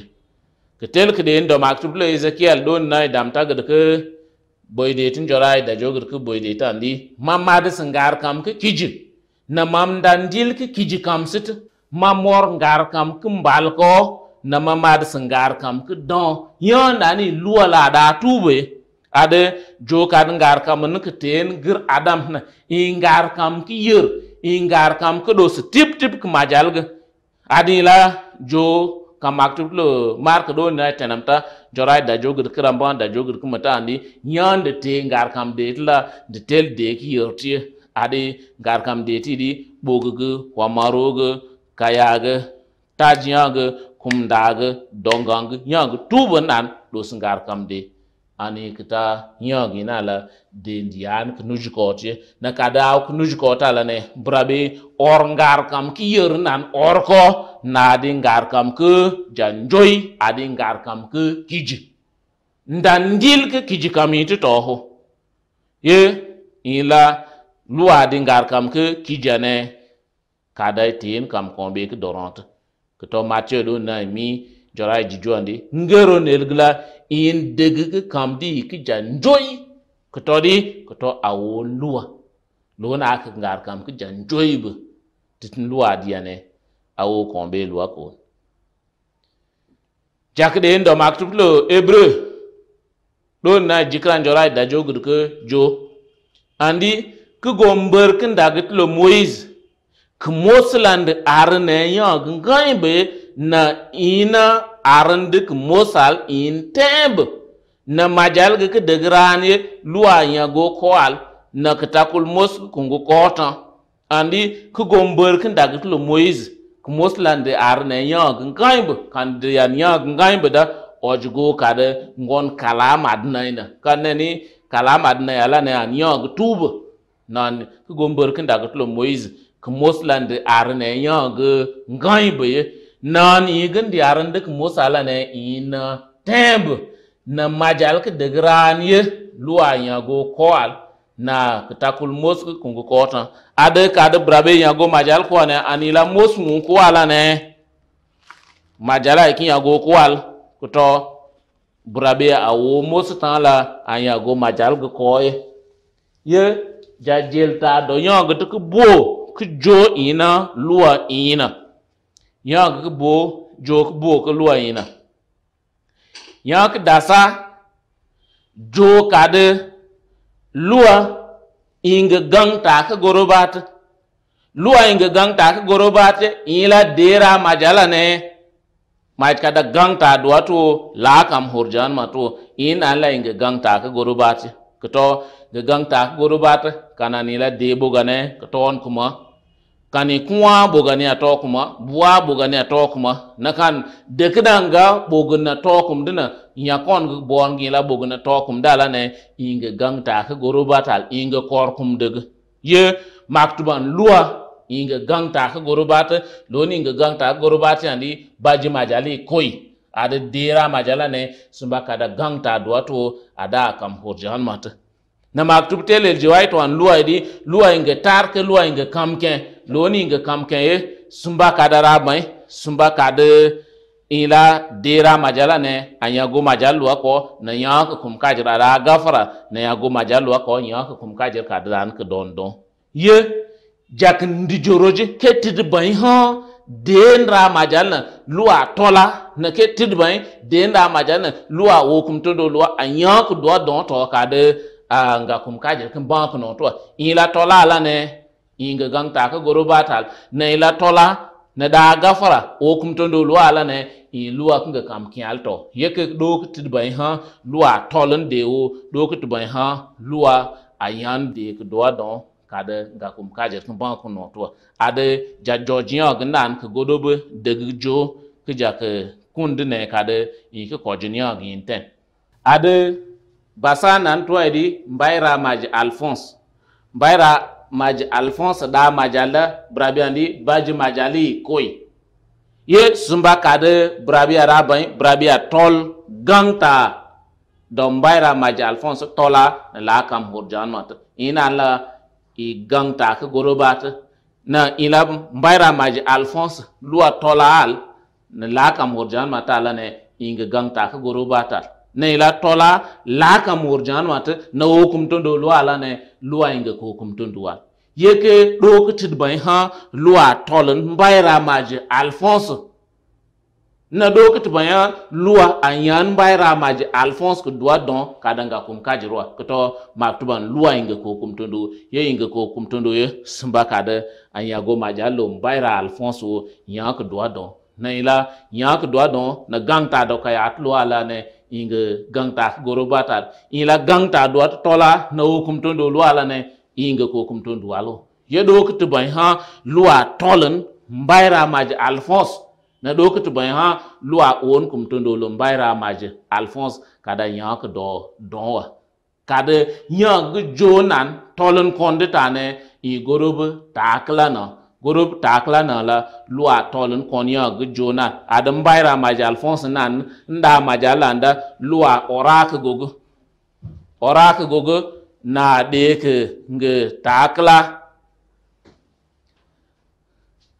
ke tel ke den do maktub le ezekiel don na dam ta gad ke boy de tin jorai da jogur ke boy de tan di mamma de sangar kam ke kiji na mam dan ke kiji kam sit mamor ngar kam kum balko na mamma de sangar kam ke don yon luwa la da tube ade jokan ngar kam nuk ten gir adam na ingar kam ki yer ingar kam ko do tip tip k majal ga adi la jo kam aktub lo mar do na tenam ta jorai da jogir kram ban da jogir kuma ta andi nyan de te ngar kam de la de tel de ki yer ti ade ngar kam de ti di bogugu wa marogu kayaga tajiyaga kumdaga donganga nyang tuban an do ngar kam de ani kita nyogi na la dendian knujkotje na kada knujkota la ne brabe or ngar kam ki yer nan or ko na di ngar kam ke janjoy adi ngar kam ke kiji ndandil ke kiji kamiti toho ye ila luwa di ngar kam ke kijane kada tin kam kombe ke dorante ke to do na mi jora jijuandi ngero nelgla in dege ke di ki janjoy ke di? ke to awo luwa lona ke ngar kam ki janjoy be titin luwa diane awo be luwa ko de ndo maktub lo hebreu don na jikran jora da jogur ke jo andi ke gomber ke ndagit lo moise ke mosland arne yo ngai be na ina arandik mosal in temb na majal gik ke degrani lua ya go koal na katakul mos kungu kota andi ku gomber kin daga tulo moiz ku moslan de arne gin kaimbo kan de yan gin kaimbo da ojgo kada ngon kalam adnaina kanani kalam ya la ne an ya tub nan ku gomber kin dagit tulo moiz ku moslan de arne ya ye. nan igin diaran dik musala ne in temb na majal ke degran ye luwa nyago koal na kitakul mos ke kungu kota ade ka de brabe nyago majal ko ne anila mos mu ko ala ne majala ki nyago koal kuto brabe awo mos tan la anyago majal ke koye ye jajel ta do nyago dik bo ku jo ina luwa ina yãk k boog joog k boog k lʋa yẽna yãk dasa joog kad lʋa ĩng gãng taa k gorobat lʋa ĩng gãng gang ta gorobat goro la deera maja la ne mait kada gãng ta dʋa tɩ la a kam hʋrjanmã tɩ yẽ na n la ĩng gãng taa k gorobat k tɔ g gãng taa k gorobat ka na n kana la dee boga ne k tɔɔn kʋma kani kuwa bogani a tokuma buwa bogani a tokuma na kan de kidanga na tokum dina nyakon bon gila na tokum dala ne inga gangta ka gorobatal inga korkum deg ye maktuban luwa inga gangta ka gorobata loni inga gangta ka gorobata yandi baji majali koi ada dera majala ne sumba kada gangta duwato ada kam horjahan mata na maktub telel jiwai to an luwa di luwa inga tar ke luwa inga kamken loni inga kamken ye sumba kadara mai sumba kade ila dera majala ne a anyago majalu ko na yanka kum kajira ra gafara na yango majalu ko yanka kum kajira kadran ke don don ye jak ndi joroje ke tid bai ha den ra majalna luwa tola na ke tid bai den ra majalna luwa wokum to do luwa anyanko do don to kade anga kum kajel kum bank no to ila tola la ne inga ganta ka goro batal na ila tola ne da gafara o kum to do luwa la ne i luwa kun ga kam kin alto yeke do tit bai ha luwa tolen de o do tit bai ha luwa ayan de ko do don kada ga kum kajel kum bank no to ade ja georgian ga nan ka godobe de jo ka ja ka de kada i ka kojiniya ga inten ade basa nan tuwa di mbayra maji alphonse mbayra maji alphonse da majala brabiandi baji majali koi ye sumba kade brabia rabai brabia tol gangta don mbayra maji alphonse tola la kam hurjan mat ina la i gangta ka gorobat na ila mbayra maji alphonse lua tola al na la kam hurjan la ne inga gangta ka gorobatal ne ila tola laka murjan wat na okum tondo lua la ne lua inga ko okum tondo wa ke do tid bai ha lua tolan bayra maji alphonse na dok tid bai lua anyan bayra maji alphonse ko dua don kadanga kum kajirwa to maktuban lua inga ko okum tondo ye inga ko okum tondo ye simba kada go maji allo bayra alphonse yan ko dua don na ila yan ko dua don na gang ta do kaya atlo la ne inga gangta goro batal ila gangta do tola na hukum ton do wala ne inga ko hukum to walo ye do ko tubay ha lua tolen mbayra maji alphonse na do ko tubay ha lua won kum ton do mbayra maji alphonse kada yank do do kada yank jonan tolen konde tane i gorobu taklana na gorub takla na la lua tolin konya gu jona adam bayra maji alphonse nan nda majalanda alanda lua orak gogo orak gogo na dek ke nge takla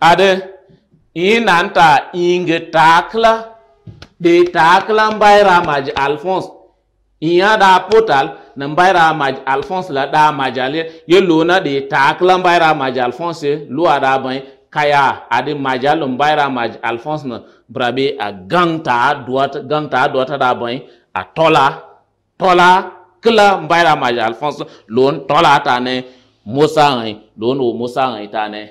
ade inanta inge takla de takla bayra maji alphonse iya da portal nan bayra maj alphonse la da majale ye lona de taaklan bayra maj alphonse luwa da bay kaya adi majal um bayra maj alphonse na brabe a ganta duwata ganta duwata da bay a tola tola kila bayra maj alphonse lon tola ta ne musa ngai lon o musa ngai ta ne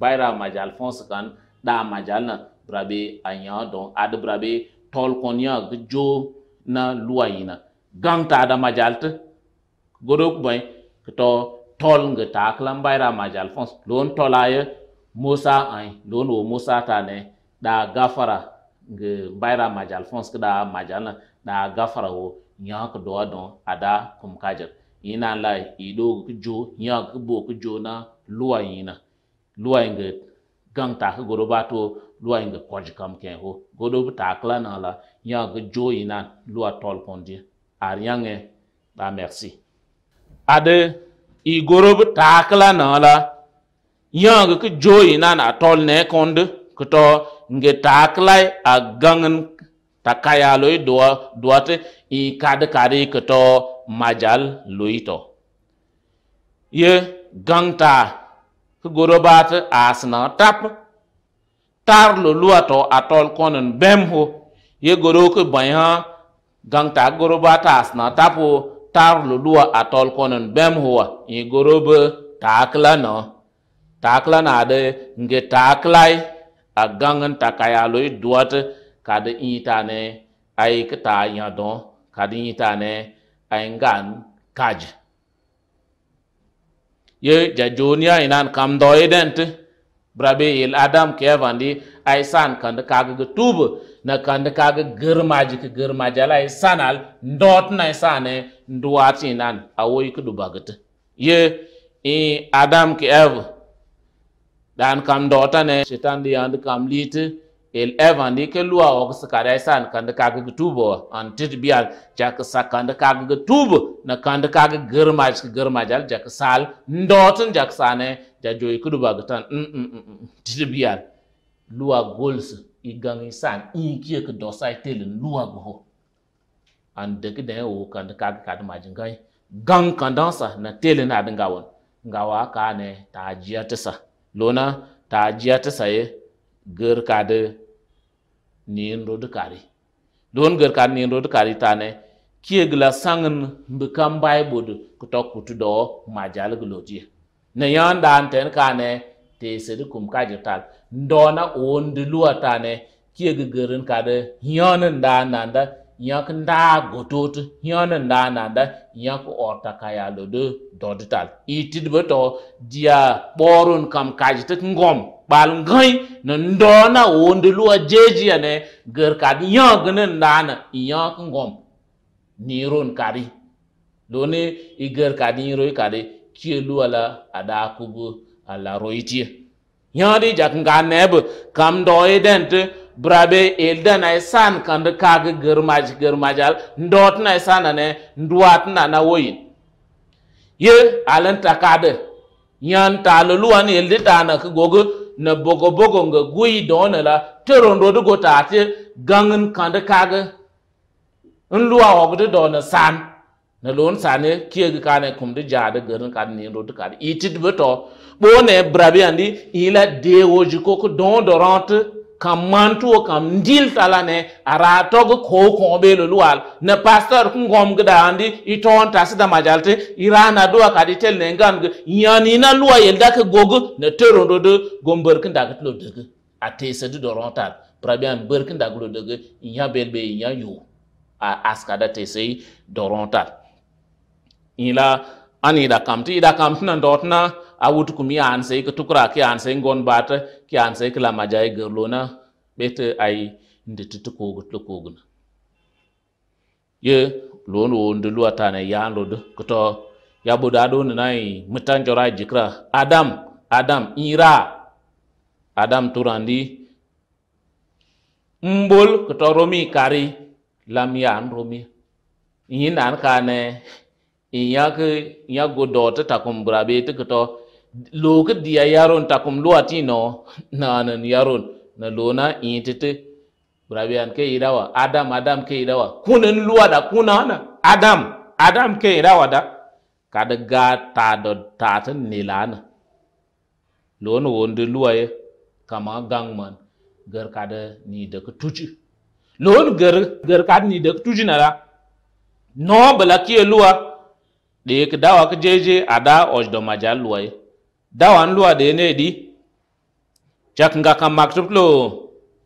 bayra maj alphonse kan da majal na brabe a nya don adi brabe tol konya jo na luwa yina gangtaɗa da tə goɗok boy kətɔ tɔl ngə taa kəlam bayra majal fons lon tɔlaye musa ai lon wo musa ta ne da gafara ngə bayra majal fons da ɗa majal na ɗa gafara wo nyang kə doa don ada kum kajir yina la ido kə jo nyang kə bo ko jo na luwa yina luwa ngə gangta kə goɗo ba to luwa ngə kɔj kam kɛn ho goɗo bə taa kəla na la nyang kə jo yina luwa tɔl kɔn dia ariyange eh, ba merci ade igorob takla na la yang ke joyi na na tol ne kond ko to nge takla e a gangen takaya loy e doa doate i kad kare ko to majal loito ye gangta ko gorobat asna tap tar lo luato atol konon bemho ye goro ko bayan gang ta goroba ta asna tapo tar lulua atol konon bem huwa i gorobe takla no takla na de nge taklai a gangan takaya loi duat kad itane ai kta yadon kad itane ai ngan kaj ye jajonia inan kam doident brabe il adam kevandi ai san Kande, Kagge, tubu na nakandi kagi girma ki girma jalai eh, sanal ndot na sane nduwati nan awoyi ki dubagiti ye i adam ki eve dan kam ndota ne eh, shetan di yandi kam liti il-eva andi ke luwa ok sikada san kandi kagi gitubo an tit bial jak sa kandi kagi gitubo na kandi kagi girma ki girmaji ala jak sal ndotin jak sane eh, jajoyi kudu dubagitan mm mm mm tit mm, mm, bial luwa golsi i isan san i ke dosa i tele luwa goho an deki da yawo kan da kaga kada majin gai gan na tele na dinga won ngawa ka ne ta jiya tsa lona ta jiya tsa ye ger kada ni ndo de kari don ger kada ni ndo de kari ta ne kiye gla sangin mbikam bible ko to kutu do majal gloji na yan dan ten ka ne te sedi kum kaji tal ndona ondi luwa tane kie gigirin kada hionin da nanda nyak nda gotot hionin da nanda nyak orta kaya lodo dodi tal itid beto dia borun kam kaji tek ngom bal ngai na ndona ondi luwa jeji ane gir kada nyaginin dana nyak ngom niron kari lone igir kadi niro kadi kie luwa la ada kubu ala roitie nyadi jak nga neb kam doi dente brabe elden ay san kand kag germaj germajal ndot na san ne nduat na na woyin ye alan takade nyan taluluan elde tana ko gogo na bogo bogo nga gui dona la terondo do gotate gangen kand kag nluwa ogde dona san na lon sane kiegi kane kumde jade gerin kad ni ndo kad itit beto ɓone brabe andi ila dewoji don dondorante kam mantuwo kam ndiltala ne ara togo ko koɓelo luwal ne pasteur ku gomgda andi i toon tasida majalte irana ɗowa kadi tel ne gange yanina luwa yeldake gogo ne terondode gomberke dagatlo dege a tesedi dorontal brabe an berke daglo dege iya belɓe iya yo a askada tesei dorontal ila ani ida kamti ida kamtina dotna awut kum ya anse ke ki ke anse ngon bata ke anse ke la majai gerlona bete ai ndi tutukugu tukuguna ye lon wo ndi luwa tane ya lodo kuto ya boda do nai mutan jora jikra adam adam ira adam turandi mbol kuto romi kari lam ya an romi yin an kane in ya ke ya godota takumbra bete kuto loka dia yaron takum luati no na nan yaron na lona intete brabian ke irawa adam adam ke irawa kunan luada na adam adam ke irawa da kada ga ta ta tatan nilana lona wonde luwaye kama gangman gar kada ni de tuci lon gar ger kada ni de tuci nara no bala lua luwa da dawa ke jeje ada ojdo majal ye. dawan luwa de ne di jak nga kam maktub lo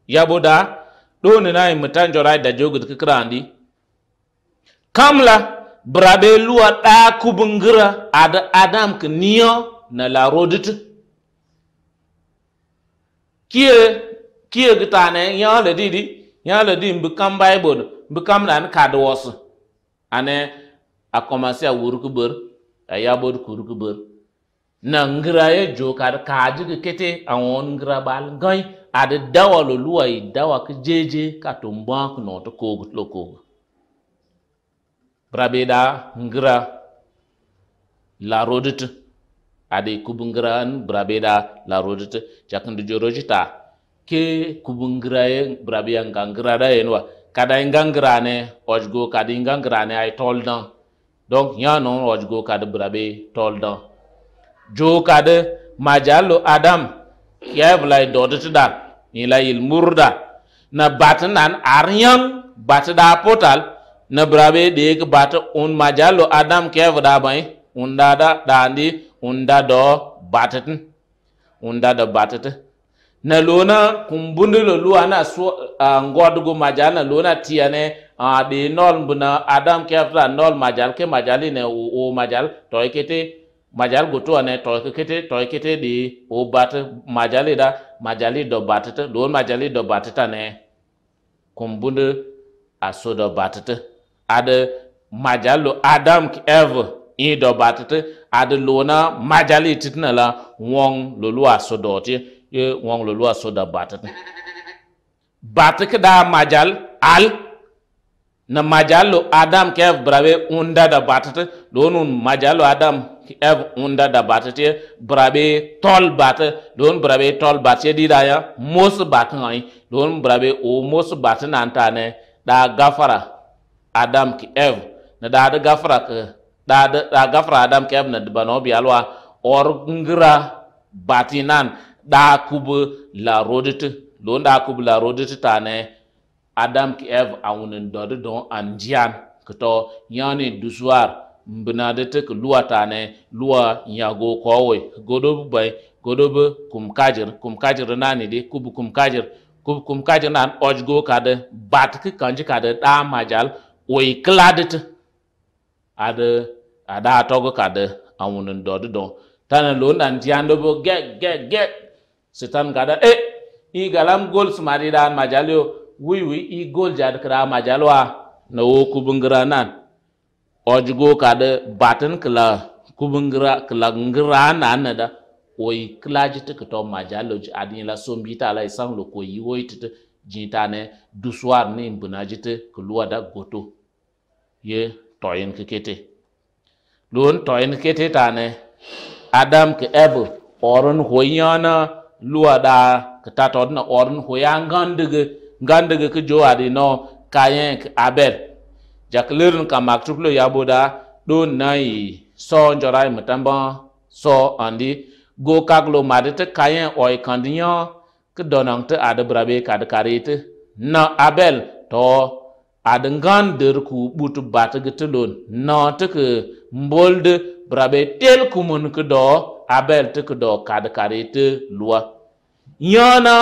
yaboda do ne na imtan jora da jogu kikrandi kamla brabe luwa da kubungira ada adam kniyo na la rodit kiye kiye gitane ya le didi ya le di mbikam bible kam na ka do wasu ane a commencer a wurku bur a yabod kurku na ngra ye jo kad kaajigi kete awon ngra bal goy ad dawa lo luwa i dawa ke jeje ka to mbank no to ko lo kogu brabeda ngira la rodet ade kubungran brabeda la rodit jakindi jorojita ke kubungira ye brabeya ngangira da yenwa kada ingangira ne ojgo kada ingangira ne ay toldan donc yano ojgo kada brabe toldan jokade majalo adam kevlai dodetida nila il murda na nan aryan da potal na brabe deg bat un majalo adam kevda bai unda da dandi unda do batatin unda da batata na lona kumbundo luana na so ngodugo majana lona tiane a de nol buna adam kevda nol majal ke majali ne o majal toykete majal tuwa ne toy kete toy kete di o bat majali da majali do batete do majali do batata ne kumbunde aso do batete ada majalo adam ki eve i do batete ada lona majali titna la wong lolu aso do ti ye wong lolu aso do batete batete da majal al na majalo adam ki eve brave unda da batete do nun majalo adam ev unda da bata te brabe tol bata don brabe tol bata di dida ya mos bata ngai don brabe o mos bata nan ta ne da gafara adam ki ev na da da gafara ke da da gafara adam ki ev na dibano bi alwa or ngira nan da kubu la rodite don da kubu la rodite ta ne adam ki ev awunin dodo don anjian kito yani dusuar mbinadetek luwa tane luwa nyago kowoy godobu bay godobu kajer na ne de kubu kumkajir kubu kajer nan ojgo bat batki kanji ka da majal oy kladit ada ada togo kada awunin dodu do tana lo nan tiando bo ge ge ge sitan kada e i galam gol smari dan majalio wi wi i gol jad kra majalwa na wo kubungra nan ojigo kada batin kula kubingira kila ngira na na da oyi kilaji ti kito majaloji adin la sombi ta la isan lo ko yi oyi ti jinta ne dusuar ni mbunaji te kiluwa da goto ye kete. don lon toyin kete ta ne adam ke ebu orun hoyana luwa da kitato na orun hoya ngandigi ngandigi ke jo adino kayen abel jaklerun kamak truplo yaboda do nai so jorai mutamba so andi go kaglo madete kayen oy kandinyo ke donang te ada brabe kad te na abel to ada ngan der ku butu bata getulun na te ke mbolde brabe tel kumun ke do abel te ke do kad te lua nyana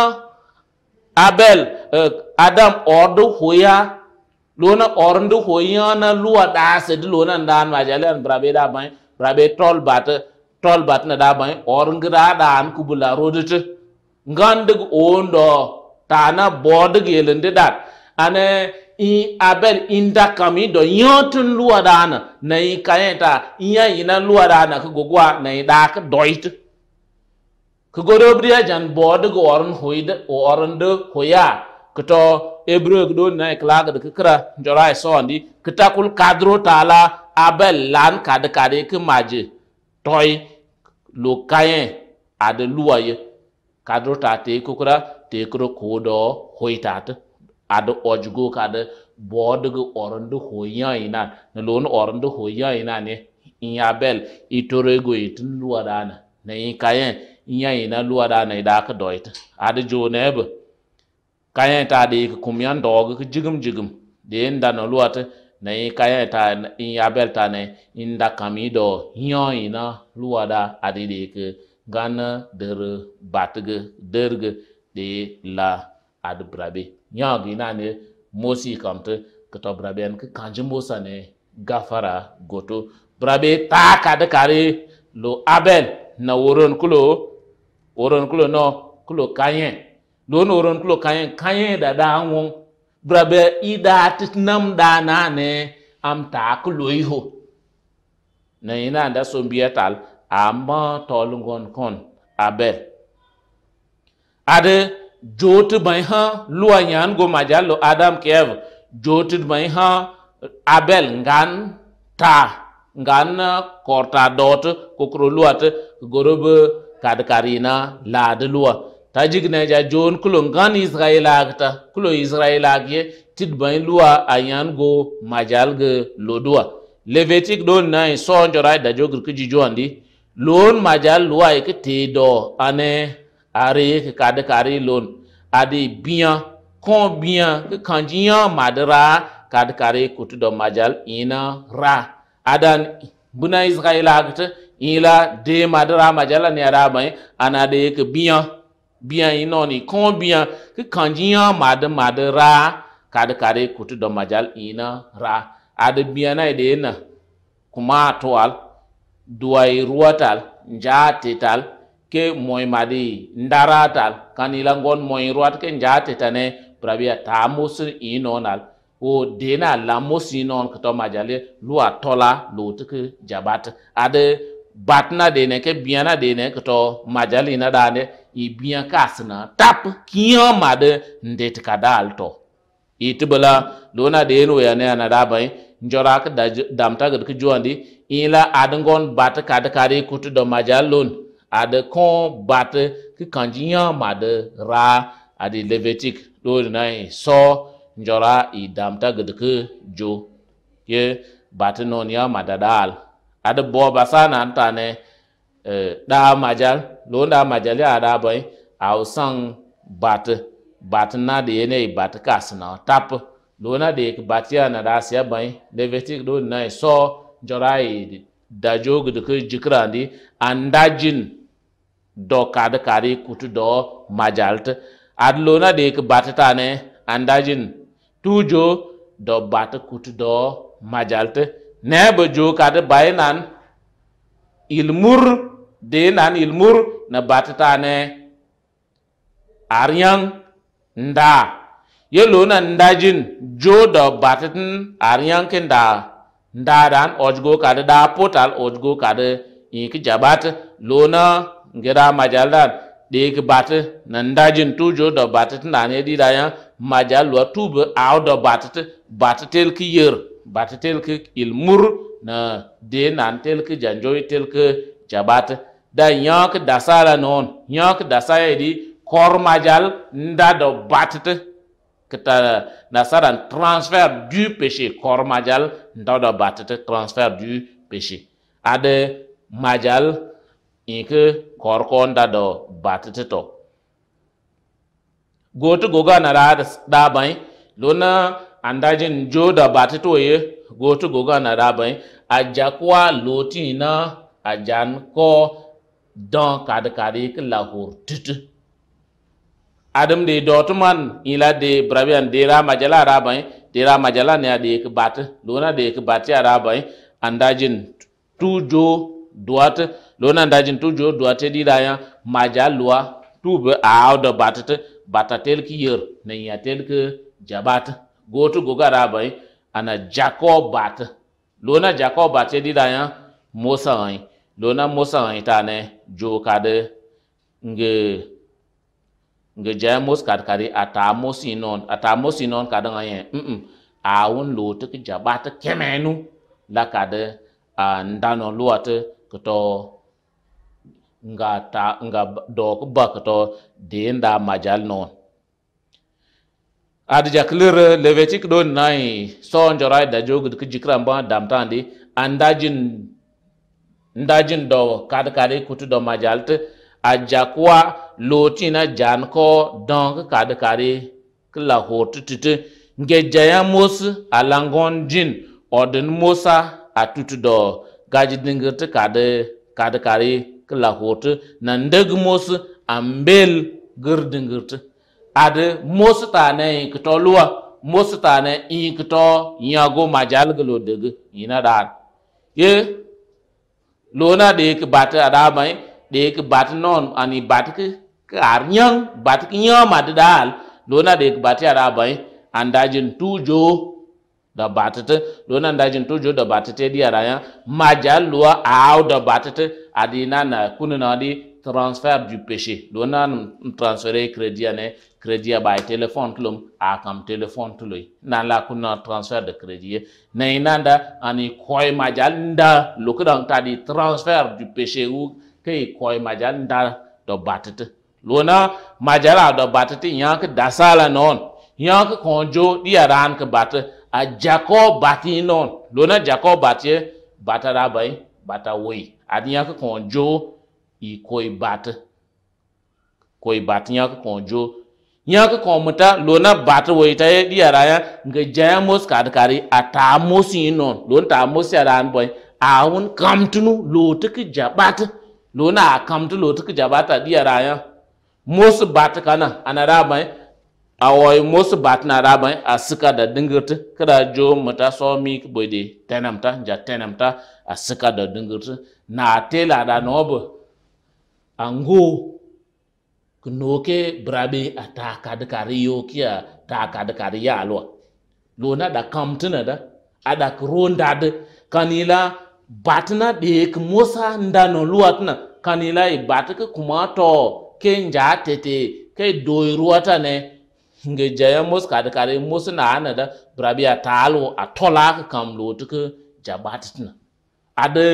abel eh, adam ordu hoya lona orndu hoyana lua da se lona dan ma an brabe da ban brabe tol bat tol bat na da ban orngra da an kubula rodit ngandig ondo tana bod gelende dat ane i abel inda kami do yotun lua dana na i kayeta iya ina lua dana ka gogwa na i da ka doit ka godobriya jan bod go orn hoyde orndu hoya kito ebrek do na klaga de kra njora so ndi kita kul kadro tala abel lan kad kade ke maje toy lo kayen ad luwaye kadro ta te kukra te kro kodo hoitat ad ojgo kad bod go orondo hoya ina na lon orondo hoya ina ne in abel itorego itin luwadana na in kayen in yayin na luwadana da ka doit ad jonebe kaya ta de ka kumyan dog ka jigim jigum de enda no na yi e kaya ta in ya belta ne inda kamido hiyo ina e luada adide ka gana der batge da yi la adbrabe nyagi na ne mosi kamte kato brabe an ka kanjimbo ne gafara goto brabe ta ka de kare lo abel na wurin kulo woron kulo no kulo don oron kulo kanye kanye da da anwụ brabe ida titinam da na ne am ta kulo iho na ina da so biya tal amma tolungon kon abe ade joti bai ha luwa nyan go majalo adam kev joti bai ha abel ngan ta ngan korta dot kokro luat gorobe kadkarina lad luwa tajik na ja jon kulo ngan israel akta kulo israel akye tit bain luwa ayan go majal ge lodua levetik don na so njora da jogir jiju andi lon majal luwa e ke te do ane are ke kade kare lon ade biya kon biya ke kanjiya madara kade kari kutu do majal ina ra adan buna israel akta ila de madara majala ne ara mai ana de ke biya biyan ino ni kon biyan ki kanjiyan madu madu raa kadi kadi kutu do majal ina ra adi biyan na ide na kuma tuwal duwai ruwatal njatital ke moy madi ndaratal kanila ngon moy ruwat ke ne njatitane prabia tamusir inonal o dena lamos inon kito majale lua tola lutuk jabat adi batna dene ke biyana dene kito majali na dane e bien e na tap kiyan made ndet kadalto itibala lona de eno ya ne na dabai eh, njora ka damta ga ki i e la adangon bat kad kare kutu do majalon ade kon bat ki kanjiyan made ra ade levetik do na eh, so njora i e damta ga ki jo ye batinon ya madadal ade bo ta ne eh, da majal londa majali ada boy a sang bat bat na de yene bat kas na tap lona de batia na da sia boy de vetik do na so jorai da jog de ke jikrandi andajin do kad kari kutu do majalt ad lona de ke batata ne andajin tujo do bat kutu do majalt ne bo jo kad nan ilmur denan ilmur na batatane aryan nda yelo na ndajin jo da batatin aryan kin da ndadan ojgo kada da portal ojgo kada ik jabat lona ngira majaldan dek bat na ndajin tu jo da batat na ne di da yan majalwa tubu aw da batat batatel ki yer batatel ki ilmur na de nan tel ki janjoy tel ki jabat da yãk dasala nyok yãk dasa kor majal nda do batte kɩ t'a nasara transfert du péché majal nda do batte transfert du péché ade majal kor ko nda do batɩt tɔ goto goga na da da bai lona andajin jo da to ye goto goga na da bai ajakwa loti na ajan ko dans kad kare ke lahor tut adam de dotman ila de brabian de ra majala ra bai de ra majala ne de ke bat lona de ke bat ya ra bai andajin tujo duat lona andajin tujo duate di raya majalwa tube a da batat batatel ki yer ne yatel ke jabat gotu gogara bai ana jacobat lona jacobat di raya mosa bai lona mosa ne jo kade nge nge jaya mos kad kari ata mosi non ata mosi non kada ngaye mm -mm. awun lo te ke jabata kemenu la kada uh, ndano luate kato nga ta nga dok ba kato denda majal non adja clear levetik don nai son jorai da jogud ke jikram ba damtandi andajin ndajin do kad kare kutu do majalt a jakwa lotina jan ko donc kad kare kla hotu tutu nge jaya mos alangon jin odin mosa a tutu do gaji dingirti kad kad kare kla hotu na ndeg mos ambel girdingirti ad mos ta ne kitoluwa mos ta ne in kito nyago majal gelo deg ina dar ye lona de ke bat ada mai de ke bat non ani bat ke ke arnyang bat ke nyang ma dal lona de ke bat ada mai andajin tujo da batete lona andajin tujo da batete di araya lua au da batete. adi nana kunu na di transfert du péché do nan transféré crédit ane crédit bay téléphone tulum a kam téléphone tuloy na la kunna transfert de crédit na inanda ani koy majal nda lokudan ta di transfert du péché ou kay koy majal nda do batata lona majala do batata yank dasala non yank konjo diaran ke batata a jako bati non lona jako batie batara bay bata woyi ti ko kon jo i koi bat koi bat nya kon jo nya ko kon muta lona bat wo ita ye di ara ya nga jaya mos kad kari ata mosi non lon ta mosi ara an boy awun kamtunu lo tik jabat lona kamtu lo tik a di ara ya mos bat kana anara bai awoi mosu batna rabai suka da dingirti kira jo mata so mi boide tenamta ja tenamta suka da dingirti na tela da nobu ango knoke brabe ataka da kariyo kia ta da kariya alwa lona da kamtuna da ada kronda da kanila batna de nda no luatna kanila i batka kuma to kenja tete kai doiruata ne nge jaya mos kad kare mos na ana da brabia talo atola kam lo tuke jabat tina ade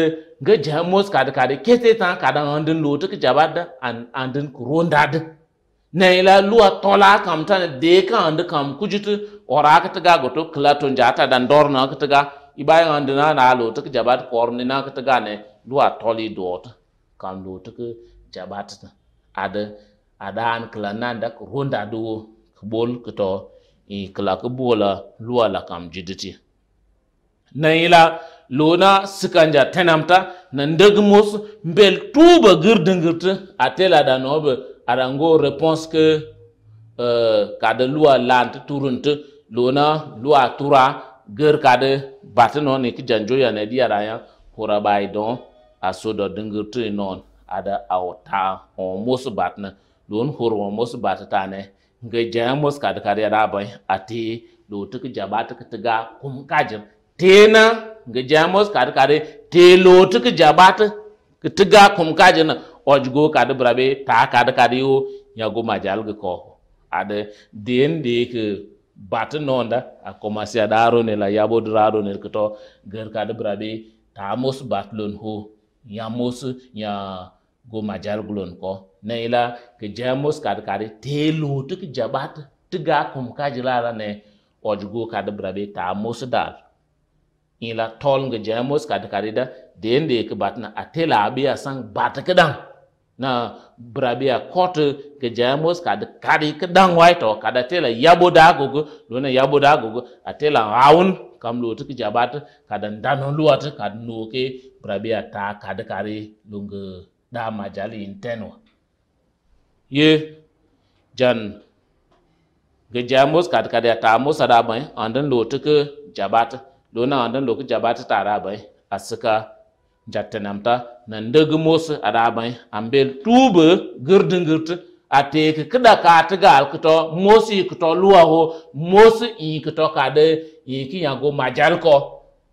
nge jaya mos kad kare kete tan kada andin lo tuke jabat da an andin kuronda da na ila luwa tola kam tan de ka and kam kujitu ora ka tiga goto klaton jata dan dor na ka tiga ibai andina na lo tuke jabat korni na ka tiga ne luwa toli dot kam lo tuke jabat tina ade adan klanan da kuronda duwo bol kito i e, kila ka bola luwa la kam jiditi na ila lona sikanja tenamta na ndeg mbel tuba girdingirt atela da nobe arango réponse ke kade luar luwa lant turunte lona luwa tura gir kade batin on ki janjo ya ne diara ya don asodo dingirti non ada awta on mos batna don hurwa mos batata ne gejemos kad kare rabai ati lotuk jabat ktiga kum na kajim tena gejemos kad kare te lotuk jabat ktiga kum kajin ojgo kad brabe ta kad kare yo nyago majal ko ade den de ke bat nonda a komasi adaro ne la yabo draro ne kto ger kad brabe tamos batlon ho yamos ya go majal glon ko na ila ke jamos kad kare telu tuk jabat tiga kum kajilara ne ka da brabe ta musdar ila tol nge jamos kad kare da dende ke batna atela abia san bat kedang na brabe a kot ke jamos kad kare kedang wai to kada tela yabo da gogo dona yabo da gogo atela raun kam lo tuk jabat ka kada ndano ka kad noke brabe ta kad kare lunga da majali intenwa ye jan ge jamos kat kat ya tamo sada bai andan lotu ke jabat lo na andan lotu ke jabat tara bai asuka jattanamta na ndeg mos ada bai ambel tube girdingirte ate ke kada ka tigal kito mosi kito luwa ho mosi i kito kade yi ki yango majar ko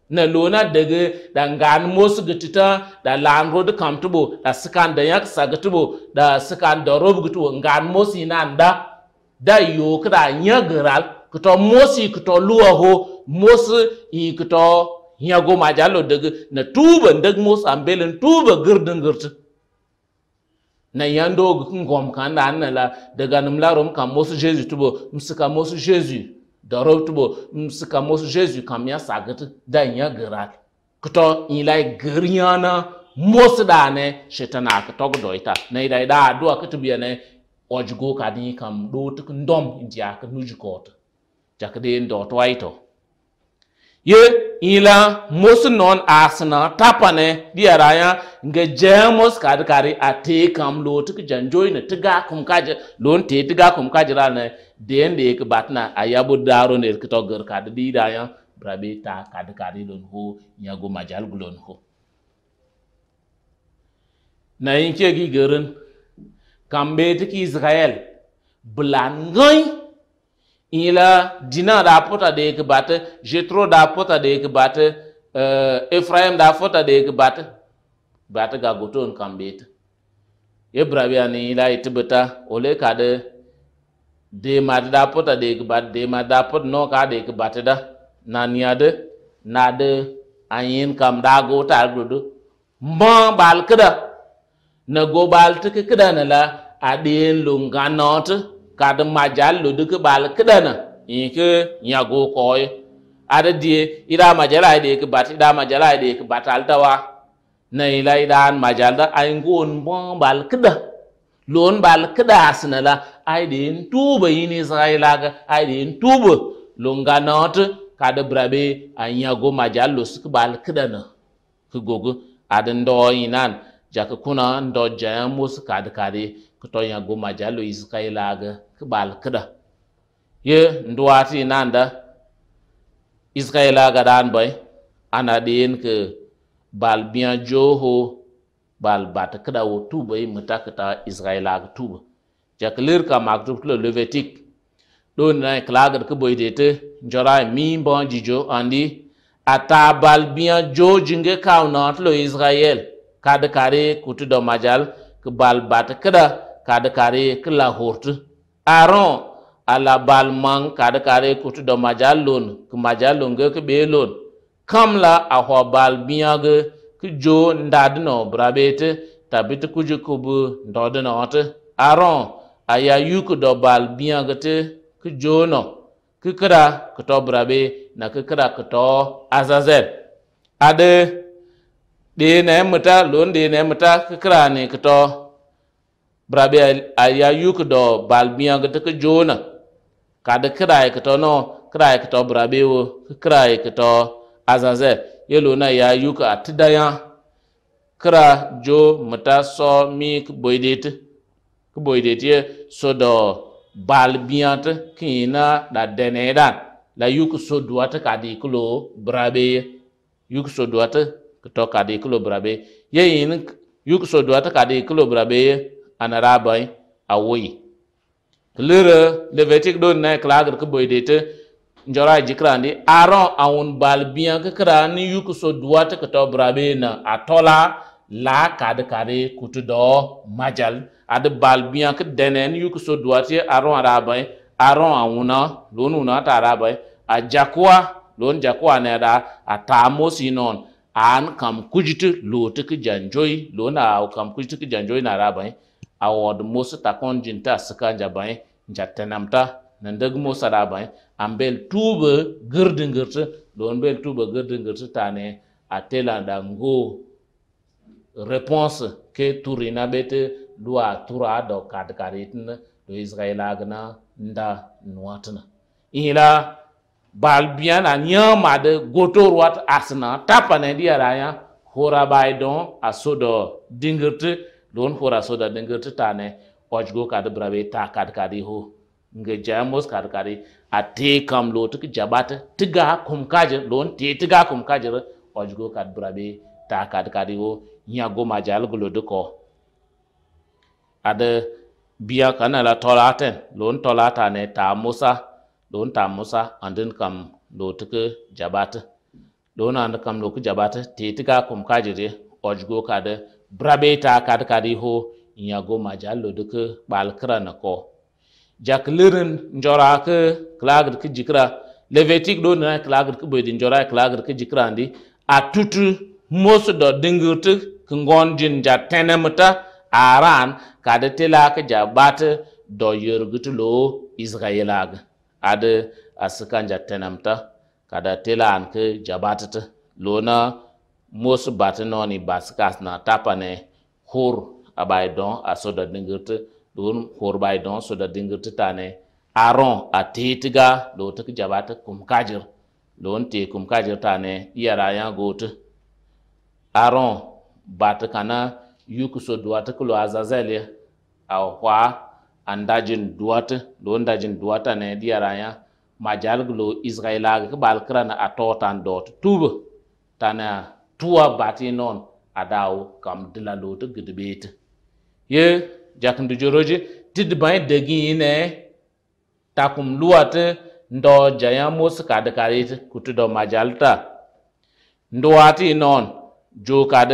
na lona daga da ngan mosu gitita da lanro da kamtubo da sukan da yak sagatubo da sukan da rob gitu ngan mosi nanda da yo kra nyagral kuto mosi kuto luwa ho mosu i kito nyago majalo daga na tuba ndag mos ambelen tuba girdin girtu na yando ngom kan da annala daga numlarom kan mosu jesu tubo msika mosu jesu da jesu kam ya Jésus kamya sagat danya gerat kto ilai geriana mos dane shetana ktok doita na da aduwa ida adua ktubiane ojgo ni kam do tuk ndom india knuji kot jakadin dotu waito ye ila mos non asna tapane diaraya nge jemos kad kari ate kam lo tik janjoy ne tiga kum kaje don te tiga kum kaje ra ne den de ek batna ayabu daro ne kito gar kad diaraya brabe ta kad kari lon ho nyago majal glon ho na yinke gi gerin kambe tiki israel blan ila dina da pota da yake bata jetro da pota da yake bata eh, ephraim da pota da yake bata bata ga goto in kambeta ibrahim ne ila itibata e ole ka da de ma da pota da yake bata de ma da pota no ka da yake bata da na niya na da anyin kam da gota gudu ma bal kada na go bal tike kada na la adiyen lunga nota kada majal lo duka bal kedana ike nyago koy ada die ida majala ide ke bat ida majala ide ke batal tawa na ila idan majal da ay ngon bon bal keda lon bal keda asnala ay de tuba yini zaila ga ay de tuba lunga not kada brabe anyago majal lo sik bal kedana ku gogo ada ndo inan jaka kuna ndo jaya musu kada kutonya goma jalo iska ilaga kbal kada ye nduwati nanda iska ilaga dan boy ana din ke bal bien joho bal bat kada wo tuba mutakata israila ga tuba jaklir ka maktub le levitique do na klagar ke boy dete njora mi bon jijo andi ata bal bien jo jinge kaunat lo israel kad kare kutu do majal ke bal bat kada kada kare kila hortu aron ala balman kada kare kutu da majalon ku majalon ga ku belon kamla a ho bal ga ku jo ndadno brabete tabit ku ju ku bu ndodno ot aron aya ku do bal ga te ku jo no ku kra ku to brabe na ku kra ku to azazel ade de ne muta lon de ne mata ku kra ne ku to brabe ya yuku do balmiya gata ta jona kada kira ka to no kira ka to brabe wo kira ka to azanze yelo na ya yuku atidaya kira jo mata so mi boydet boydete boydet ye so do balmiya ta kina da deneda la yuku so duwata kadi kulo brabe yuku so duwata to kadi kulo brabe yin yuku so duwata kadi kulo brabe an rabai awoyi lere levetik don na klagr ke boyde te njora jikrandi e aron awun balbian ke krani yuku so duwata ke to brabe na atola la kad kare kutu do majal ad balbian ke denen yuku so duwata aron rabai aron awuna lonu na ta rabai a jakwa lon jakwa ne da atamo sinon an kam kujitu lotu ke janjoy lona kam kujitu ki janjoy na rabai awod mosu takon jinta suka jabai jatte namta nandag mosa dabai ambel tuba girdingirta don bel tuba girdingirta tane atela da ngo réponse ke turina bete dua tura do kadkaritin do israela gna nda nuatna ila balbian a nyama de gotorwat asna tapane diaraya hora baydon asodo dingirte don hora so da dinga tutane ojgo kad brabe ta kad kadi ho nge jamos kad kadi a te kam lo tuk jabata tiga kum kaje don te tiga kum kaje ojgo kad brabe ta kad kadi ho nyago majal gulo de ko ada biya kana la tolaten don tolata ne ta musa don ta musa andin kam lo tuk jabata don an kam lo ku jabata te tiga kum kaje de ojgo kada brabeta kad ho nyago majallo deke balkra nako jak lirin njora ke klagr ke jikra levetik do na klagr ke boydi njora klagr ke jikra andi atutu mosu do ke ngon ngonjin ja tenemta aran kada tela ke jabat do yorgutu lo israelag ada asukan ja tenemta kada tela an ke jabatata lona mos bati noni baskas na tapane hur abay don soda dingirti dun hur bay don soda ta tane aron a tetiga do tuk jabata kum kajir don te kum kajir tane yara ya gote aron bat kana yukuso duwata kulo azazele a hwa andajin duwata don dajin duwata ne diyara ya majal glo israila ga bal krana atotan dot tuba tana tuwa bati non adaw kam dila lotu gidbet ye jakin dujoroje tid bay degi ne takum luwate ndo jaya mos kad karit kutudo majalta nduwati non jo kad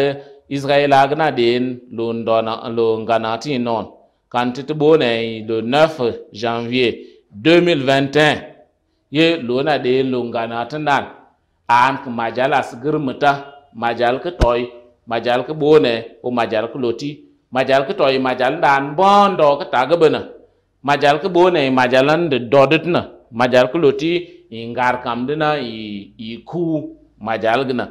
israel agna den lo ndona lo nganati non kan titbo ne le 9 janvier 2021 ye lo na de lo nganati nan an majala sigirmita majal ke toy majal ke bone o majal ke loti majal ke toy majal dan bondo do ke taga bana majal ke bone majalan de dodet na majal ke loti ingar kam de na i i ku majal gna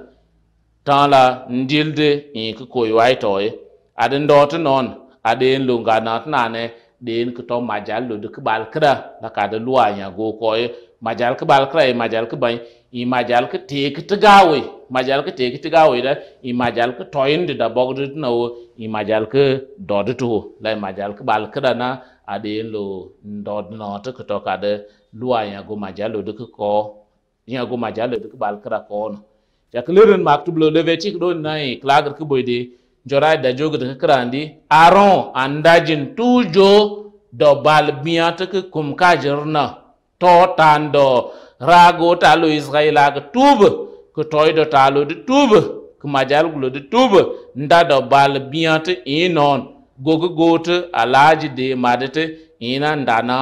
ta la ndilde i ke koy wai toy adin dot non adin lunga nat na ne den ke to majal lo de ke bal kra la ka de luanya go koy majal ke bal kra majal ke bai imajal ka te ka tigawe majal ka te ka tigawe da imajal ka toyindi da bogdi na wo imajal ka dodi to la imajal ka bal kada na ade lo dod no to ka to ka de luwa ya go majalo de ko ya go majalo de ka bal kada ko no ya klirin maktub lo leve chik do na e klagar ka boyde jora da jogo de ka krandi aron andajin tujo do bal biya to ka kum ka jirna to tando rago talo israila ke tuba ke toydo talo de tuba ke majal gulo de tuba nda do bal biante inon gogo gote alaji de madete ina ndana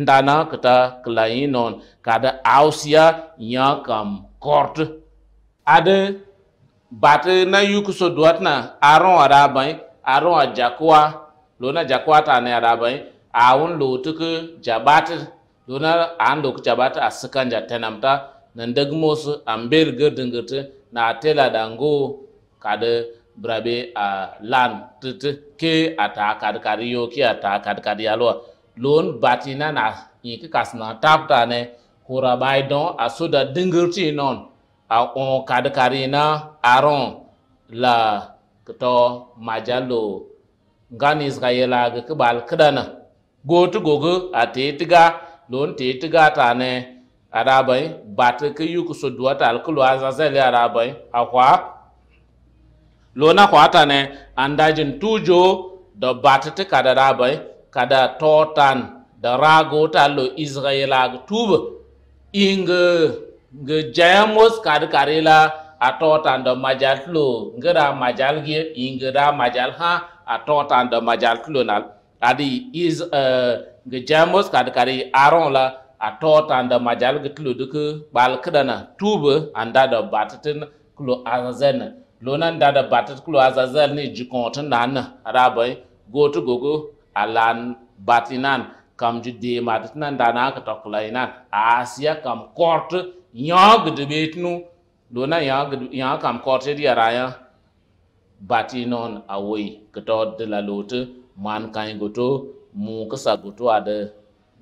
ndana kata kla inon kada ausia nya kam kort ade bate na yukuso na aron arabai aron ajakwa lona jakwa ta ne arabai awun lotuke jabate dona ando kuchabata asikanja tenamta nandagmos ambel gerdengerte na atela dango kada brabe a lan tete ke ata kad kariyo ke ata kad kadiyalo lon batina na yiki kasna tapta ne hura bai don asoda dengerti non a on kad karina aron la to majalo ngani israela ga kibal kidana gotu gogo ate tiga don te tiga ta ne rabai ba ta ka yi ku soduwa ta alkulu a a rabai a kwa lona kwa ta ne an dajin tujo da ba ta ta rabai ka da totan da rago ta lo israela tuba in ga jayamos kada karela a totan da majal lo ngada majal ge inga da majal ha a totan da majal tulo na kadi is uh, ga jamos kadi kadi aron la a tot anda majal ga tulu duk bal kdana tuba anda da batatin klo azazen lonan da da batat klo azazel ni jikontin nan rabai go to gogo alan batinan kam ju de matnan da na ka toklainan asiya kam kort nyog de betnu lona yag yag kam korte di araya batinon awoi kato de la lote man kan goto mu kasa goto ada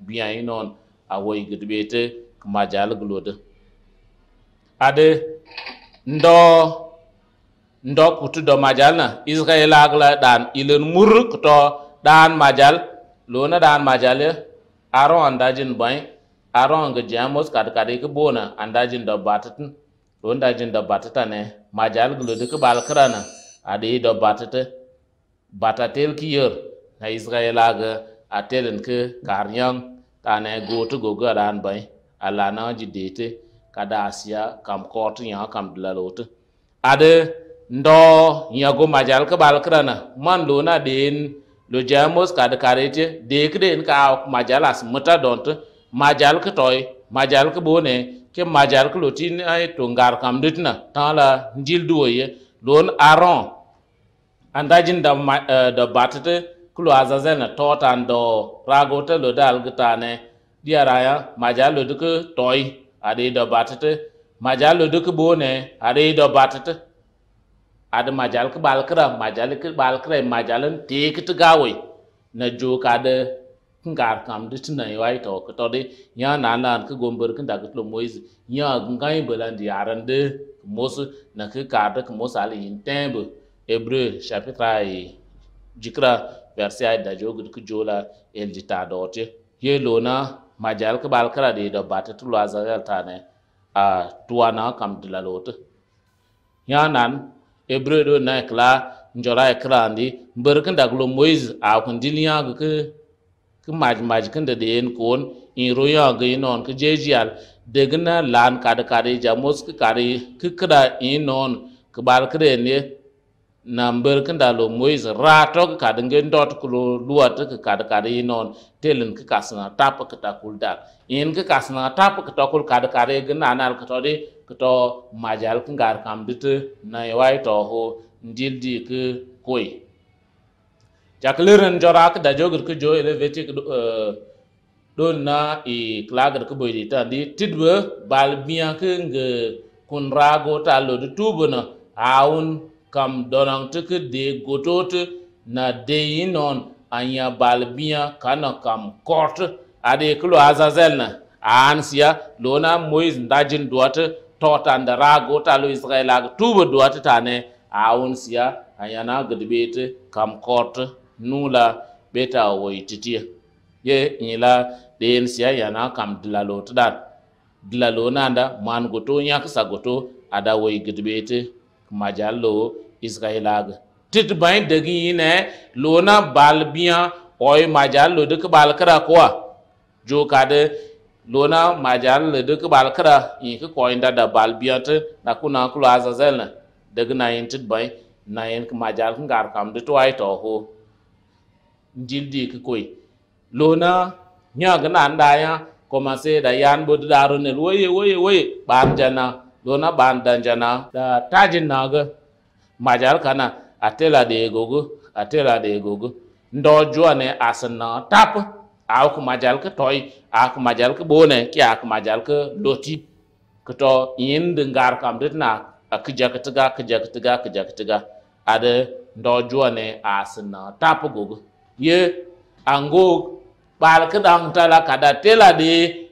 biyan non awoy gidbete kuma jal glode ade ndo ndo kutu do majal na israel agla dan ilen mur kuto dan majal lona dan majal aron andajin bai aron ga jamos kad kade ke bona andajin da batatin don dajin da batata ne majal glode ke balkrana ade do batata batatel ki yer na israelaga atelen ke karnyang tane goto gogo adan bay ala na jidete kada asia kam kort nya kam dlalot ade ndo nyago majal ke bal krana man lo na den lo jamos kada karete de kden ka majalas muta dont majal ke toy majal ka bone ke majal ka lotin ay to ngar kam ditna tala njil duoye don aron andajin da da uh, batata kulo azazel na totan do rago ta lo dal gutane diaraya majalo duk toy ade do batata majalo duk bone ade do batata ada majal ke balkra majal ke balkra majalan tik tu gawe na jo kada ngar kam dit na yai to ko to de nya na na ke gombor ke dagut lo moiz nya ngai belandi arande mos na ke kada ke mos ali intembe hebreu chapitre ay jikra verset ay da jogu ku jola el jita dote ye lona majal ka bal kara de da bata tu la zal ta ne a tuana kam dila lote nan hebreu do na e kla njora e kra ndi berkan da glo moiz a kun diliya ga ku maj maj kan da de en kon in roya ga inon ku jejial degna lan kada kada ja mos ka kare ku kra inon ku bal kre ne na mber kin e e da lo moise rato ka da ngen dot ku lo duwa ta ka da ka da yi non telin ka kasna tap ka ta kul da in ka kasna tap ka ta kul ka da ka da ga na na ka to de ka to majal kin gar kam dit na yawai to ho ndil di ka koi jaklirin jora ka da jogir ka jo ile veti ka e, na i klagar ka boy di ta di tidwe bal biya ka nge kun rago ta lo du tubuna aun kam dɔnaŋ de kɩ goto tɩ na deyi nɔn a nyɛ balbia kam kɔrt a dee kɩ na a ansia lo na mois n da jin doa tɩ gota lo ta ne a wunsia a nyɛ na kam kɔrt nuu la bee ye la deen yana kam dilalo dat dilalo naanda maan goto goto a da woi gd maja lo israelag tit bain dagi ine lo na bal biya oy maja duk bal kra kwa jo kade lo na duk bal kra in ka ko inda da bal biya ta na kuna kula azazel na yin tit bain na yin maja kan gar kam da to ai to ho jildi ka koi lo na nya ga da yan dona ban danjana da tajin naga majar kana atela de gogo atela de gogo ndo juane asna tap aku majal ka toy aku majal ka bone ki aku majal ka loti kato yin dengar kam ditna akija ketega akija ketega akija ketega ade ndo juane asna tap gogo ye ango bal ka tala kada tela de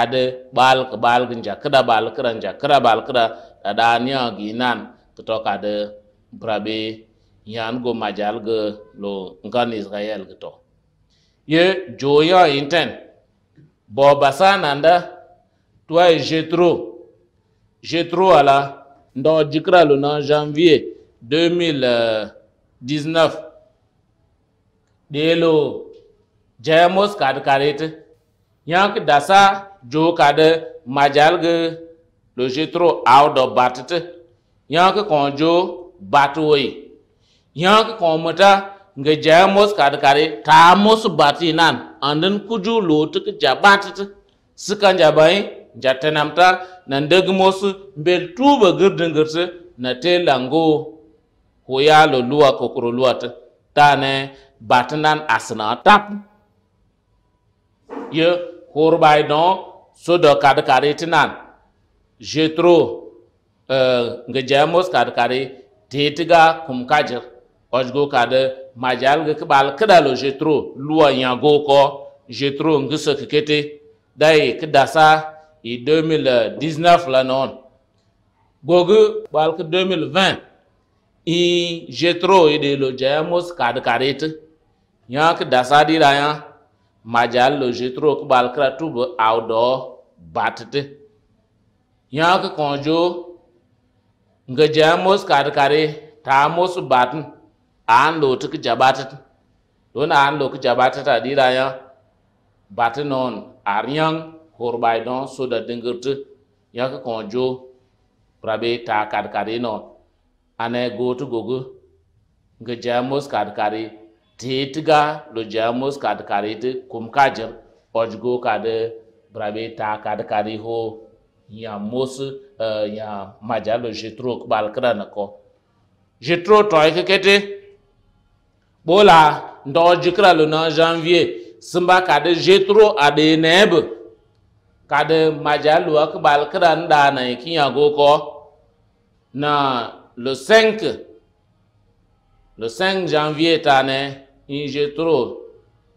ade bal ke bal ginja keda bal kera nja kera bal kera ada nia ginan ketok ade brabe yan go majal ge lo ngan Israel geto ye joya inten bo basan anda toi jetro jetro ala ndo jikra lo na janvier 2019 delo jamos kad karete yank dasa joka ɖe madjalge lojetro awdɔ batete yãke kõɔ jo batoyi yãke kõɔ meta nge jaya mos kade kade taa mos bati nan andin kuju lotu ke ja batete sikan ja bai ja tenamta nan deg mos bel tuba girdingirte na te lango hoya lo luwa kokoro luwa te tane batinan asna tap ye horbai don sodo kad kari tinan jetro eh, nge jamos kad kari tetiga kum kajir ojgo kad majal nge kibal kidalo jetro luwa nyago ko jetro nge so kikete dai kidasa i 2019 lanon non gogu bal ke 2020 i jetro ide lo jamos kad kari ti nyak dasa diraya majal lo jitro ko bal kra tu bo awdo batete yak konjo nga jamos kar kare mos batn an lo tuk jabatat don an lo jabatat adira ya batnon aryan horbay don so da dingirtu yak konjo prabe ta kar kare no ane gotu gogo nga jamos kar kare tetiga eh, lo jamos kad karete kum kajer ojgo kad brabe ta kad ho ya mos ya majalo jetro bal krana ko jetro toy kete bola ndo jikra lo na janvier simba kad jetro ade neb kad majalo ak bal krana da na kinya go ko na le 5 le 5 janvier tane inje tro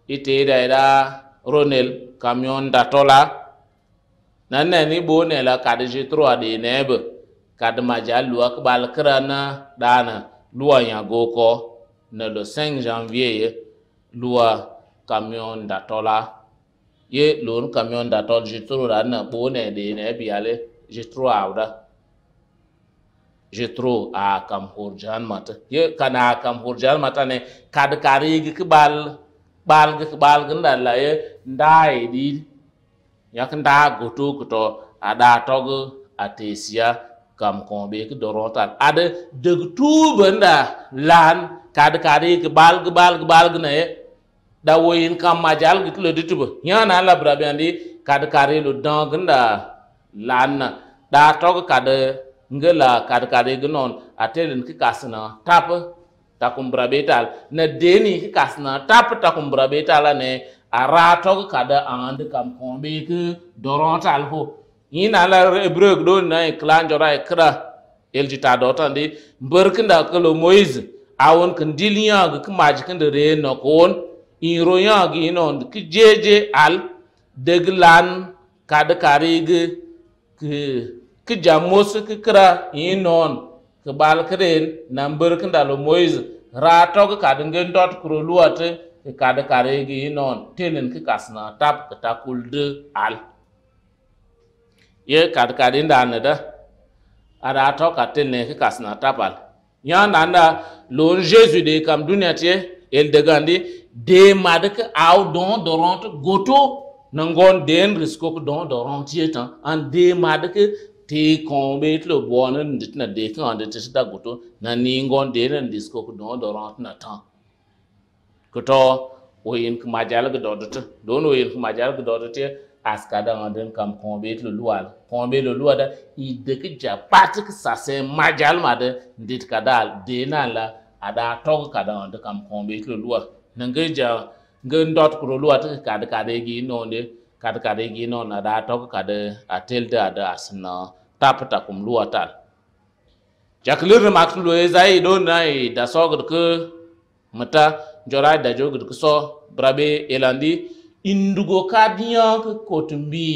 ite da ida ronel camion da tola nan ne ni bo ne la kad je tro ade ne be kad ma ja luwa kbal krana dana luwa ya goko na le 5 janvier lua camion da tola ye lon camion da tol je tro da na bo ne de ne biale je tro jetro a kam horjan mata ye kana kam horjan mata ne kad karigi ki bal bal gi bal gi nda la ye ndai di yak nda goto kuto ada tog atesia kam kombe ki dorotal ada deg tuba nda lan kad karigi bal gi bal gi bal gi ne da woyin kam majal gi tulo dituba nyana la brabi andi kad kare lo dang nda lan da tog kad ngela la kad kad e ga non atelin ki kasna tap takum brabetal na deni ki kasna tap takum brabetal ne arato kada and kam kombe ki dorontal ho ina la rebrek do na e klan jora e kra eljita dotande berkinda kelo moise awon kindiliya ga kumajikin da re na kon iroya ga inon ki jeje al deglan kad kare ki ki jamus ki kira yi non ki bal kirin nan bir ki ndalo moise rato ki kadi ngin dot kuro luwati ki kadi kare gi yi non tinin ki kasna tap ki takul de al ye kadi kadi ndane da ada to ka tinin ki kasna tap al nya nanda lon jesus de kam dunia tie el de gandi de madak aw don doront goto nangon den risko don doront tie tan an de madak tikõobe tɩ b waoond n dɩ tɩ na deek ãnde tɩ sɩ da goto na ningõn deed n dɩs kok dõo dorõ tɩ na tã kɩtɔ oyen kɩ majalg dɔdtɩ doon oyen kɩ majalg dɔdtɩ askada ãnde n kam kõobe tɩ lolual kõobe loluada y dɩk ja pat kɩ ma majal made n dɩt ka daal dee naan la a daa tɔg da ãnde kam kõobe tɩ lolua nengẽ ja ngẽ n dɔt kɩ lolua tɩ kɩ kad kade gɩ noonde kat kade gino na da tok kade atelda da asna tapta kum luatal jaklir mak lu ezai don nai da sogr ke mata jora da jogr ke so brabe elandi indugo kadiya ke kotumbi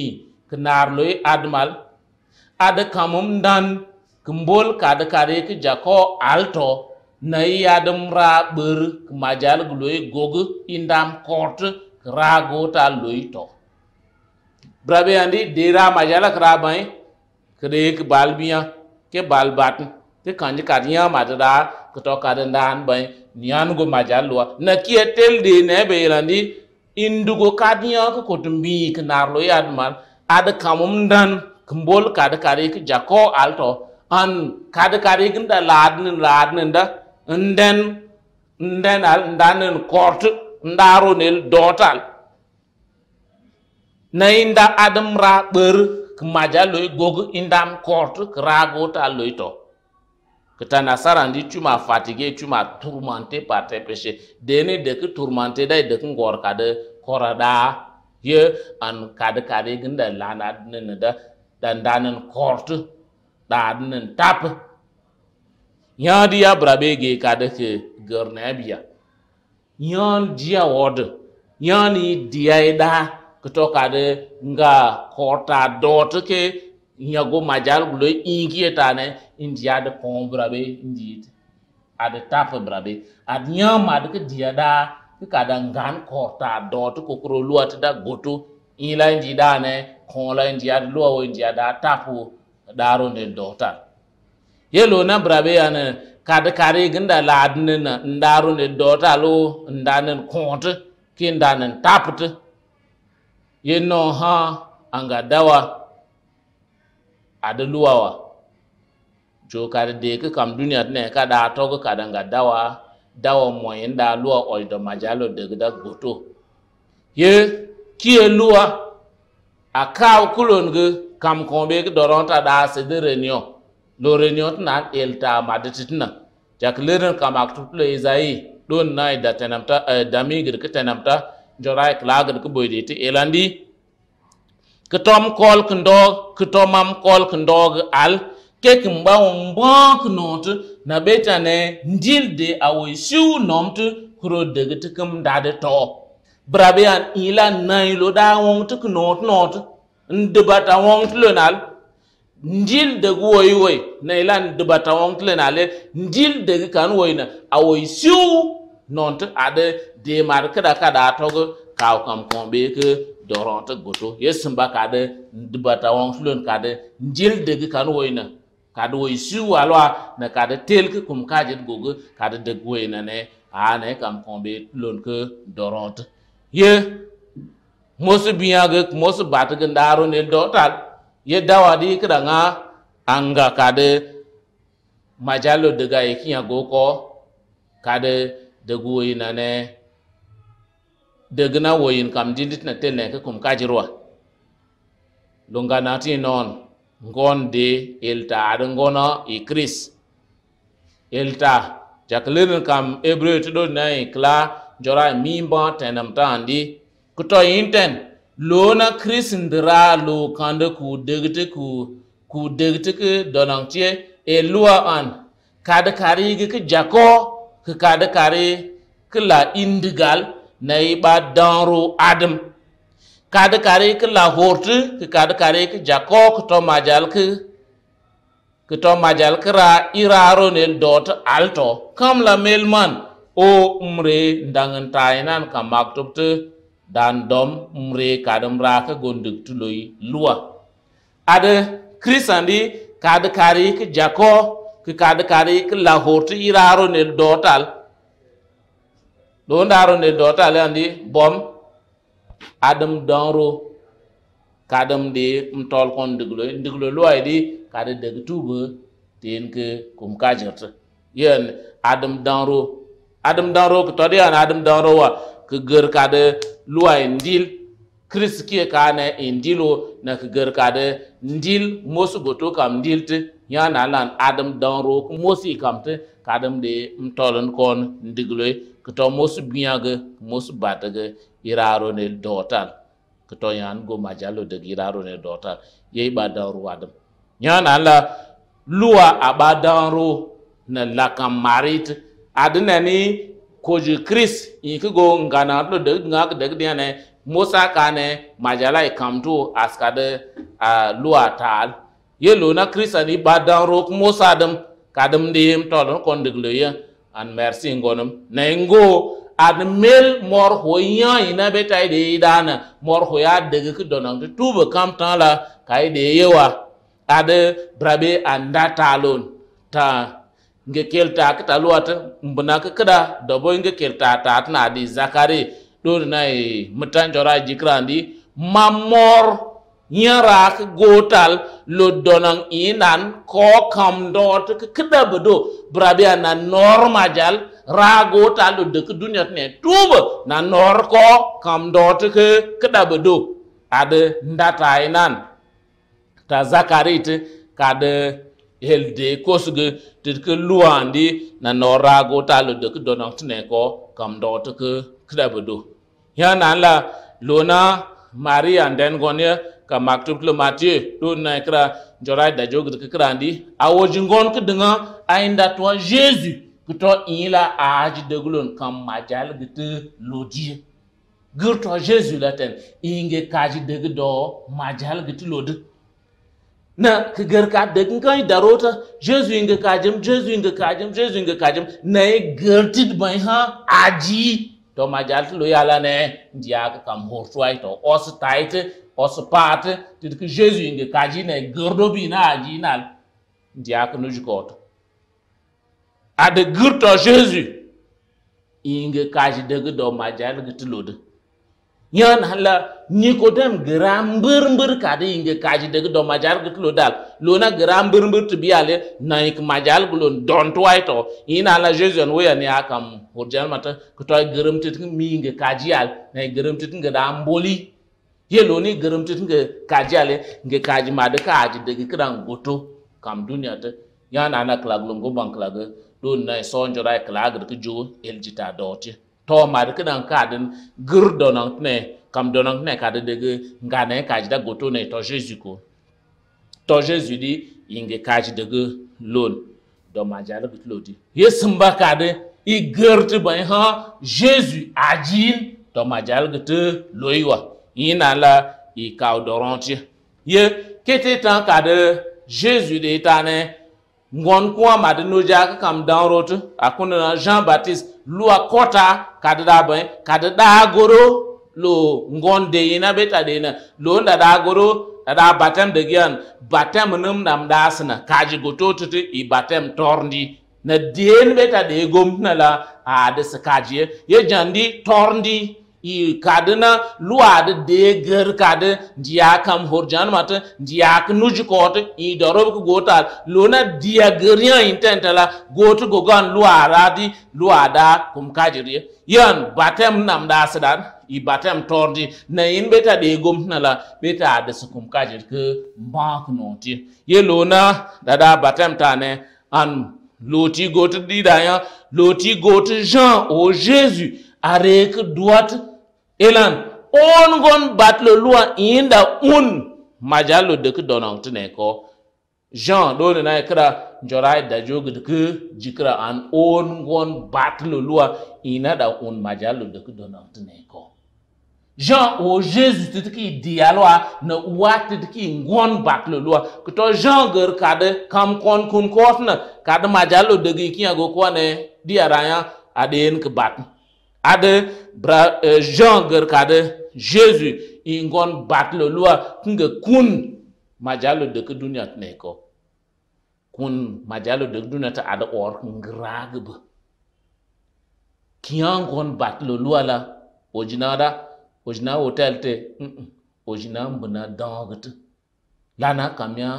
kenar lo admal ada kamum dan kembol kada kade ke jako alto na yadam ra ber kemajal gloy gog indam kort rago ta to ब्रबे आंदी डेरा म्हाज्या लाकरा बाय कडेक बालबियां ma बालबाट ते कांजे कारियां माजरा कटो कारन दान बाय नियान गो म्हाज्या लुआ ne Airtel indugo kadiya ko kotumbi ko yadman ada kamum dan kembol kada kare ko jako alto an kada kare ko da ladnin ladnin da nden nden al ndanen kort ndaro nel dotal na inda adam ra ber kemaja loy gog indam kort krago ta loy to nasaran di cuma fatigué cuma tourmenté par tes péchés deni de que tourmenté dai de ngor kade korada ye an kade kade ginda lana nen da dan danen kort da nen tap nyadi ya brabe ge kade ke gernabia nyan dia wod nyani dia da e kitoka de nga kota dot ke nyago majal gulo ingi etane india de pon brabe indeed ad tap brabe ad nyam ad ke dia da ka da ngan kota dot ko kro luat da goto ila indi da ne kon la indi ad luwa o indi da tapu daro ne dota yelo na brabe ane kad kare ginda ladne na ndaro ne dota lo ndanen kont kindanen tapte yeno ha anga dawa ada luwawa jokar deke kam duniya ne to togo kada nga dawa dawa yin da luwa oldo majalo da goto ye e luwa akaw kulonge kam kombe ronta da se de reunion lo reunion na elta madititina jak leren kam le izai don nai da eh, mi gir ke tanamta jorai klagad ko boyde te elandi ke tom kol ko ndo ke tomam kol ko ndo al ke ka mba mbok not na betane ndil de awo siu nomt kuro de te kum dade to brabian ila ila lo da won te not not ndibata won nal. ndil de woyi woyi na ila ndibata won tlenale ndil de kan woyi na awo siu nonta ade demar kada kada togo kaw kam kon be ke doron ta goto yesin ba kada dibata won flon kada njil de kan woina kada woy su walwa na kada tel ke kum kaje gogo kada de woina ne a ne kam kon be lon ke doron ye mosu biya biyaga mosu bataga ndaro ne dotal ye dawadi kada nga anga kada majalo daga yakin e ya goko kada da goyi na ne de gna woyin kam dindit na tel ne kum kajirwa lunga nati non ngon de ilta, ad ngono i kris elta jaklin kam ebre to do na i kla jora mimba tenam tandi kuto inten lona kris ndra lo kande ku degte ku ku degte ke donangtie e lua an kada kari ke jako ke kada kari ke la indigal nay ba danro adam kada kare ka lahortu ka kada kare ka jako ka to majal ka ka to majal ka ra iraro ne dot alto kam la melman o umre dangan tainan ka maktub tu dan dom umre kadam ra ka gonduk tuloy luwa ada krisandi kada kare ka jako ka kada kare ka lahortu iraro ne dotal ɗo ndaronde dota ale andi bom aɗum donro kaɗum ɗe m tol kon diglo diglo luwai ɗi kaɗa dagi tuɓe ten ke kum kajirta yen aɗum donro aɗum donro ko todi an aɗum donro wa ke gër kaɗa luwai ndil krist kie kane e ndilo na ke gër kaɗa ndil mosugo to kam ndil ndilte yana lan aɗum donro ko mosi kamte kadam de tolan kon ndigloy kto mosu biyaga mosu bataga ne dotal kto yan go majalo de ne dotal ye ba daru wadam nyana la luwa abadaru na lakam marit adne ni koji kris yiki go ngana lo de ngak de diane ka kane majala kamtu askade a luwa tal yelo na kristani badan rok musa dam kadum dim tolon kon digluya an merci ngonum nengo ad mel mor ho nya ina betai de dana mor ho ya de ke donang de tuba kam tan la kai de yewa Ade brabe anda talon ta nge kelta ka taluata mbuna ka kada dobo nge kelta ta na di zakari do na e, mutan jora jikrandi mamor yãra k gootal lodonong ĩ nan kookam dood k kda bdo brabia na noor majal raa gootal lode k dũniyã tɩ ne tʋʋba na noor koo kam dood k kda bdo ad n data y nan t'a zakari tɩ kad helde kosg tɩ k luaandi na noor raa gootal lode k donong tɩ ne koo kam dood k kda bdo yã nan la lona maria ndẽn gõn ye ka maktub le Matthieu do na kra jora da jog de krandi awo jingon ke dinga ainda to Jésus ke to ila aji de glon kam majal gete lodi gur to Jésus la ten inge kaji de do majal gete lodi na ka garka da kan darota Jésus inge kajim Jésus inge kajim Jésus inge kajim na gertit bai ha aji to majal lo yala ne ndiya kam hortuai to os taite os paate ki Jesu jésus nge kaji ne gerdo bi na aji na nal diak nu jikoto ade gerto jésus inge kaji dege do majal ge tulode yan hala nikodem gram bir bir kade inge kaji dege do majal ge tulodal lona gram bir bir tibiale naik majal gulon don't white ina la Jesu jesus on ni ne akam hojal mata ko toy gram tit mi inge kaji al ne gram tit nge da mboli yelo ni geremtit nge kaji ale nge kaji ma made kaji degi kran goto kam dunia te Ya na ana klaglo ngo ban klago do na so njora klagro ke jo eljita doti to made kran kadin gurdo nan ne kam donan ne ka kade degi ngane kaji da goto ne to jesu ko to jesu di inge kaji degi lon do majala bitlodi ka kade i gertu ban ha jesus ajin to te gete wa. yina la yi kaw doronti ye kete tan ka de jesu de tane ngon kuwa ma de noja ka kam dan rot akuna jean baptiste lua kota ka de da ben ka de da goro lo ngon de yina beta de na lo da da goro da da batem de gyan batem num nam da sna kaji goto tuti i batem torndi na den beta de gom na la a de sakaji ye jandi torndi i kadina luade de ger kade dia kam horjan mat dia knuj kot i dorob ko gotar lona dia gerian intentala gotu gogan luara di luada kum kajiri yan batem nam da sadan i batem tordi na in beta de gom nala beta da su kum kajir ke mark noti ye lona dada batem tane an loti gotu didaya loti gotu jean o jesus arek droite ilan on gon batlo luwa inda un majalo de ku donong tene ko jean ne na kira jorai da jog de ke jikra an on gon batlo luwa ina da un majalo de ku donong tene ko jean o jesus tɩ kɩ diyalwa na wat ki ngon ngõn baklo lwa kɩtɔ jean ger kade kam kon kũn kɔɔtnã kade majalo degi kẽago kɔne diyarãyã a deen kɩ batẽ bra e, jonger kaɗa jesu ingon batlo lua kunga kun majalo deke dunia neko kun majalo de dunia ta aɗa or ngragbe bat batlo lua la ojinada ojina hotel te ojina mbuna dogt lana kamya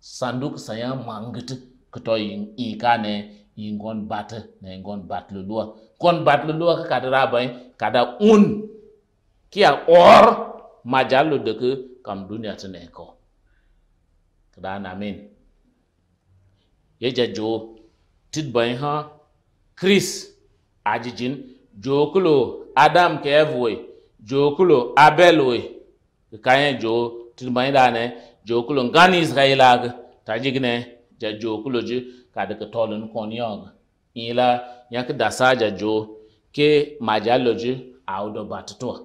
sanduk saya mangt ketoy ikane ingon bat na ingon batlo lua kon bat lu luwa ka da bai kada un kia or majalu de ke kam dunia tene ko kada namin ye jo tit bai ha chris ajijin jokulo adam ke evwe jokulo abelwe kayen jo tit bai da ne jokulo ngani israelag tajigne ja jokulo ji kada ka tolun kon yong ila da saja jo ke majaloji loji audo batutuwa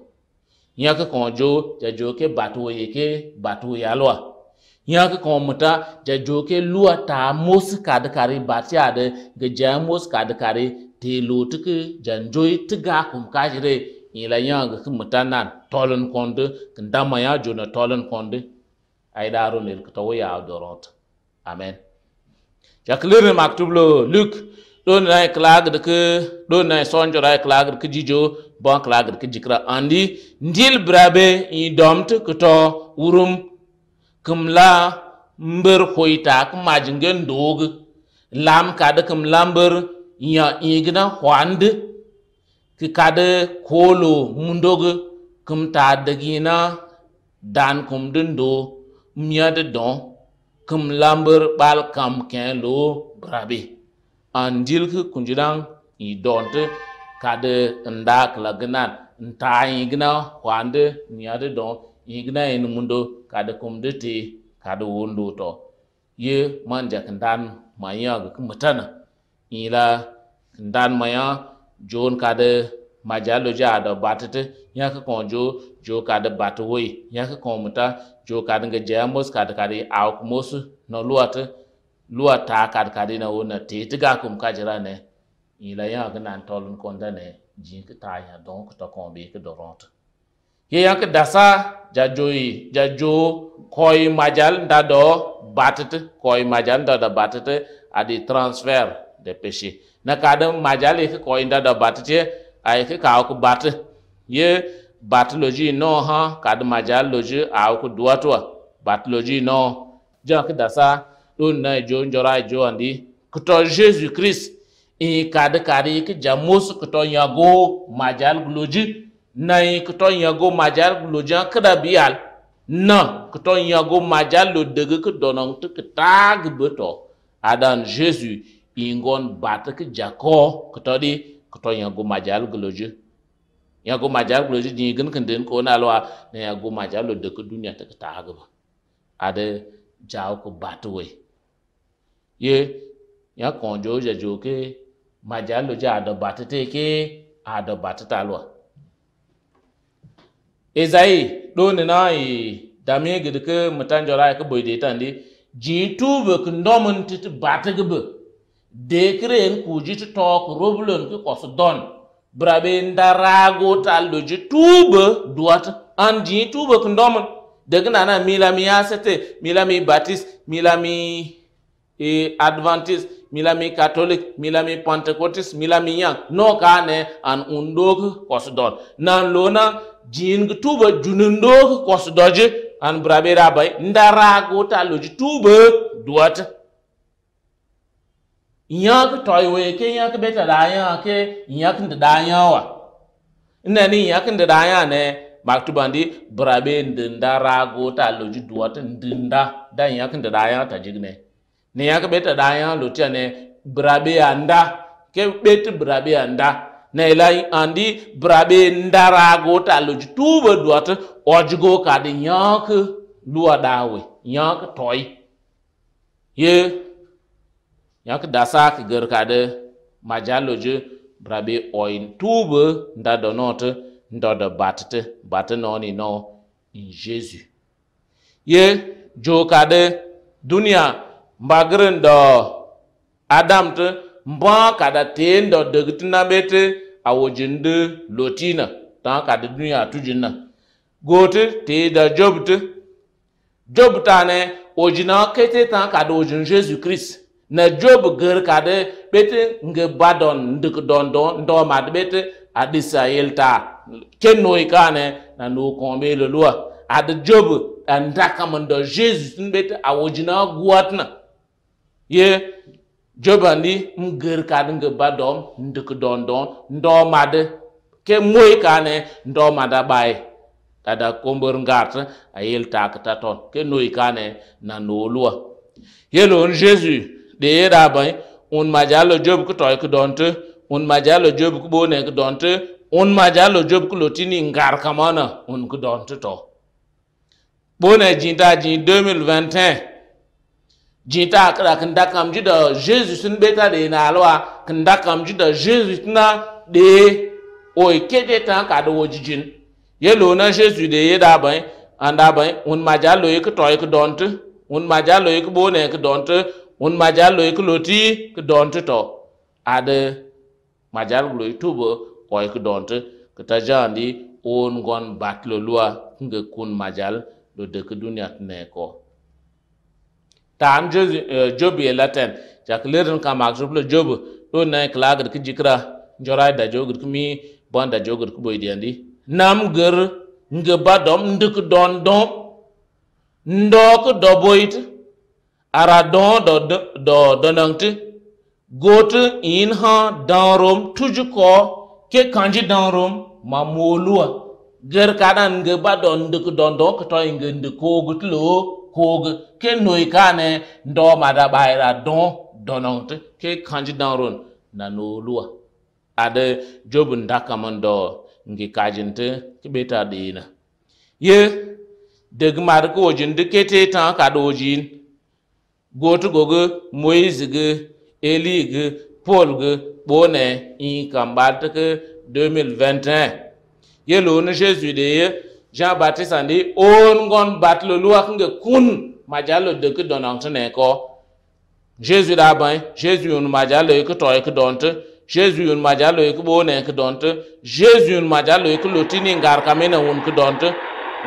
yãk kõ joo ja ke batuwo ye ke batuwo yalwa yãk kõ muta ja ke lua ta mos kad kari batiyaade ge ja mos kad kari tɩ loo tɩ k jan joy tɩ gaa kũm kajre yẽla yãng sẽn me tar nan tɔlen kõnd n dãmbã yã jona tɔlen kõnd a y daa rõnd yel kɩ amen jak lerne maktub lo ɗon na klagde ke ɗon na sonjora klagde ke jijo bon klagde ke jikra andi ndil brabe i domte ke to wurum kumla mber hoita ke majingen dog lam kade kum lamber ya igna hwand ke kade kolo mundog kum ta dagina dan kum dindo mya de don kum lamber bal kam ken lo brabe an andilk kunjidan i donte kade nda kla gnan nta igna kwande nyade don igna en mundo kade kumde te kade wundu to ye manja kandan maya ga kumtana ila kandan maya jon kade majalo ja da batata yaka kon jo jo kade batawoi yaka kon muta jo kade ga jamos kade kade awk na no luata lua taa na wona tɩ tɩ gaa kum kajra ne ila yãa k na n tɔl ne jin ki ta ya dõo k ta kõ bɩ k do rõt ye yã k dasa ja joyi ja joo majal da do batɩt kɔy majal da da dɔ a di transfer de péché na kaadẽ majal ye k kɔy da dɔ batɩt ye a ye ka kaao bat ye batɩ logi nɔɔ hã kaadẽ majal loji a k duatɩ wa batɩ logi nɔɔ jã k dasa ɗon na jo njora jo andi kuto jesu christ e kada kare ki jamus kuto yago majal guloji na kuto yago majal guloji kada biyal na kuto yago majal lo dege ki donon tu ki tag beto adan jesus ingon bata ki jako kuto di kuto yago majal guloji yago majal guloji ni gin kindin ko na alwa na yago majal lo dege duniya ta ki tag ba ada jawo ku bata wai ye ya konjo ja jo ke majalo ja ado batete ke ado batata lwa ezai do e e, ni na i e, dami gidi ke mutanjora ke boy de tandi ji tuba ke ndomun tit batagbe de kreen ku ji tok roblon ke kos don brabe ndarago talo ji tuba duat an ji tuba ke ndomun de gna na milami asete milami batis milami e adventiste milami catholique milami pentecôtiste milami yang no kane an undog kosdol nan lona jingu tuba junundog kosdoje an brabe rabai ndarago taloji tuba duwata yak toywe ke yak beta daya ke yak ndadaya wa nani yak ndadaya ne maktubandi brabe ndindarago taloji duwata ndinda dan yak ndadaya tajig ne ne ya yake da ya lotia ne brabe ya nda ke ɓeti brabe ya nda na ila andi brabe ndarago ta loji tuba duwata ojigo ka di yank luwa dawe yank toy ye nyak dasa ka gar ka de majaloji brabe oin tuba nda donota nda da batata batata noni no in jesus ye jo ka de duniya mbagrin do adam te mba kada ten do degtin na bete awojin de lotina ta kada duniya tujin na gote te da job te ta ne ojina kete ta kada ojin jesu christ na job ger kada bete nge badon ndik don don ndo mad bete adisa yelta kenno ikane na no kombe lo lua ad job andaka mando jesus bete awojina guatna ye jobandi ngir kad ngi badom ndik don don ndo mad ke moy kane ndo mada bay kada kombor ngat ayel tak taton ke noy kane na nolwa yelo jesus de da bay un majalo job ko toy ko donte un majalo job ko bone ko donte un majalo job ko lotini ngar kamana un ko donte to bone jinda jin 2021 Jita jeta kra kenda kamji da jesus n beta de na alwa kenda kamji da jesus na de o ikede ta ka da wojijin ye lo na jesus de ye da bai anda bai un maja lo ik to ik don't un maja lo ik bo ne ik don't un maja lo ik loti ik don't to ade maja lo ik tubo o ik don't ka ta jandi on gon batlo lua nge kun majal lo de ka dunia ne ko tam jo eh, jo bi laten jaklerin ka mak jublo job do na klagir ki jikra jorai da jogir ki mi bonda jogir ki boydi andi nam ger nge badom ndik don don ndok do boyt ara don do do donangt got in ha dan rom tuju ko ke kanji dan rom ma molua ger kadan nge badon ndik don don ko to nge ndiko gutlo kog ke noi kane ndo mada baira don donongt ke kanji danron na noluwa ada jobun dakaman do ngi kajinte ke beta dina ye deg mar ko jin de kete tan ka do jin gotu gogo moise ge eli ge paul ge bone in kambat ke 2021 ye lo ne jésus de ye Jean Baptiste andi on gon batlo luwa kunge kun majal de ku donant ne ko Jésus da ban Jésus un majalo ku to ku dont Jésus un majalo ku bo ne ku dont Jésus un majalo ku lotini ngar kamena wun ku donte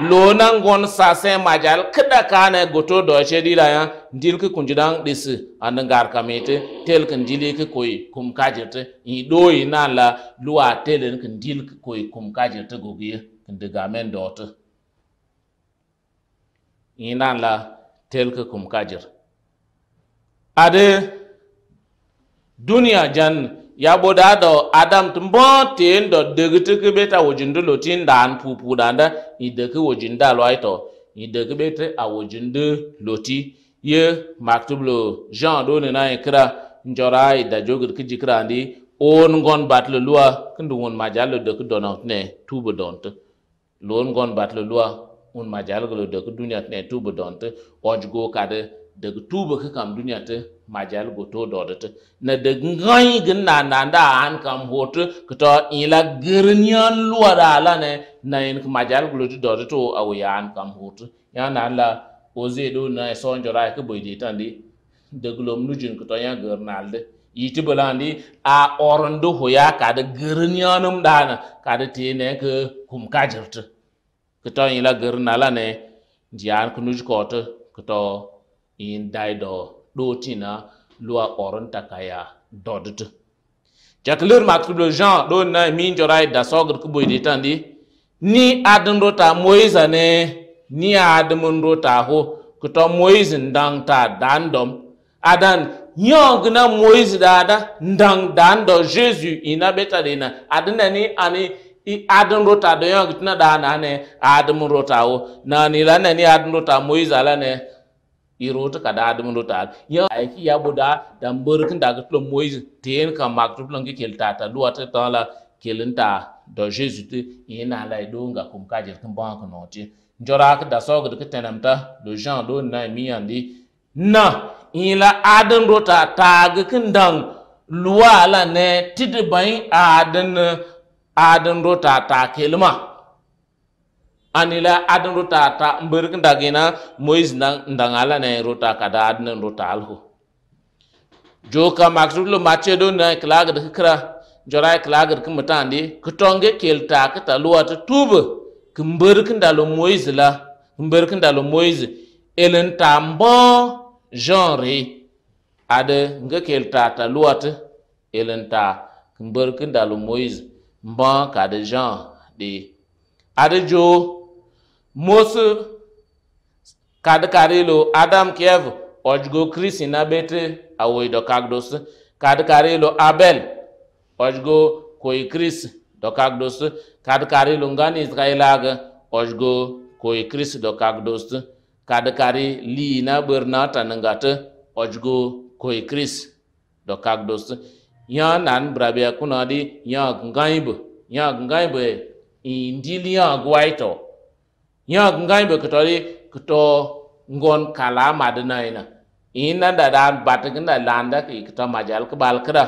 lo nan gon sa majal kada kana goto do che dira ya ndil ku kunjidan disi an ngar kamete tel kan dili ku koy kum kajirte i do ina la luwa telen kan dil ku koy kum kajirte gogiye ndigamen dootu yinan la telka kum kajir ade duniya jan ya boda do adam tumbo tin do degte ke beta wojindu lo tin dan pupu danda ide ke wojinda lo aito ide ke bete a wojindu loti ye maktub lo jean do ne na ikra e njora ida jogir ke jikra ndi on gon batlo lua kindu won majalo de ke donot ne tubo donte lon gon bat lo loi un ma jal golo de dunya ne tubu donte oj go kade de tubu ka kam dunya te ma jal go to dodete na de ngai gen na na da an kam te, ko to ila gernyan da la ne na en ma jal golo to dodete o aw ya an kam te. ya na la oze do na e so njora ka boy de di de glom nu jun ko to ya um ti yiti bulandi a oron do hoya kada gernyanum dana kada tene ke kum kajirte kito yin la gir na ne dian ku nuj ko yin kito in dai lua oron takaya dodut jakler maktuble jean do na min jorai da sogr ku boy ditandi ni adin rota moiza ne ni adin rota ho kito moize ndang ta dandom adan nyong na moize da da ndang dando jesus ina betadina adinani ani i adam rota da yong tina da na ne adam rota wo na ni la ne ni adam rota moiza la ne i rota ka da adam rota ya aiki ya buda da mburkin da gutlo moiza ten ka maktub lon ke kelta ta duwa ta ta la kelinta do jesus te ina la do nga kum ka jer kin ban ko noti njora ka da so gudu kitenam ta do jean do na mi andi na ila adam rota ta ga dan luwa la ne tidbain adan adan rota ta kelma anila adan rota ta mbirkin dagina moiz na ndangala ne rota kada adan rota alhu joka maksudlo machedo na klag de kra jora klag kin mutande kutonge kelta ka taluwa ta tuba kimbirkin dalo moiz la kimbirkin dalo moiz elen tambo genre ade ngekelta taluwa ta elen ta kimbirkin dalo moiz mbon kadi jan ɗi adi jo mosu kadi kari lo adam kiev ojgo krisi na bete awoyi do kagdos kadi kari abel ojgo koyi krisi do kagdos kadi kari lo ngani israelag ojgo koyi krisi do kagdos kadi kari li na ɓerna taningati ojgo koyi krisi do kagdos yã nan brabia kuna di yã gãib yã gãib ndil yã guai to yã gãib kto di kto ngon kala madnaina ina da da batgin da landa ki kto majal ki balkra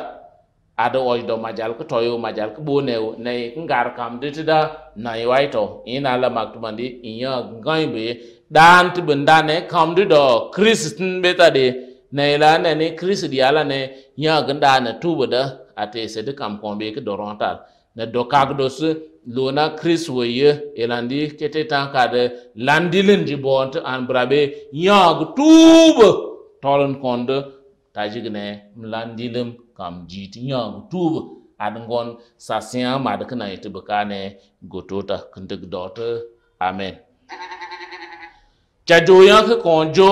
ada oj do majal ki toyo majal ki bonew ne ngar kam ditida na yai to ina la maktumandi yã gãib e, dan tibin dane kam dido kristin betade na ila na ne di ala ne nya ganda na tubu da ate se de kam kombe ke doron tal na dokak do su lona chris waye elandi kete tanka de landilin ji bont an brabe nyag tubu tolon konde tajigne landilim kam jiti nyag tubu adngon sasiya madkna ite bukane gotota kindik dot amen jajo yank konjo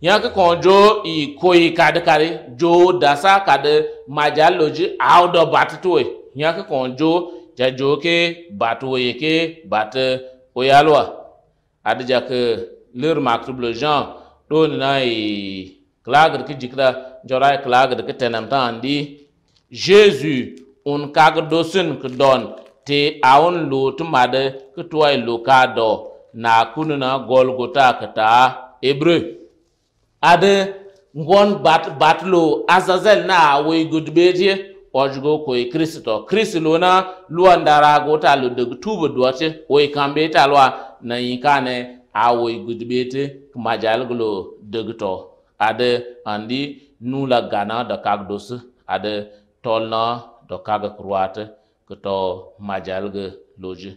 yãk kõo joo y koy kad kare joo dasa kad majal loji aodo bat tuwe yãk kõo joo ja joo ke bat woye ke bat eh, oyalwa ad jak lir maktub le jean ɗoni na y klagr ki jikra jora y klagr ki tenem ta andi jesu un kag dosin ki don te aun lo ti mad ki tuwa y lo ka dɔ na kunu na golgota ki ta hébreu ade ngon bat batlo azazel na we gudbeje ojugo ko kristo kristo na luandara go ta lu de tubu duwace we kambe ta lwa na yinkane a we gudbete majal glo degto ade andi nula gana da kagdos ade tolna do kaga kruate kto majal loje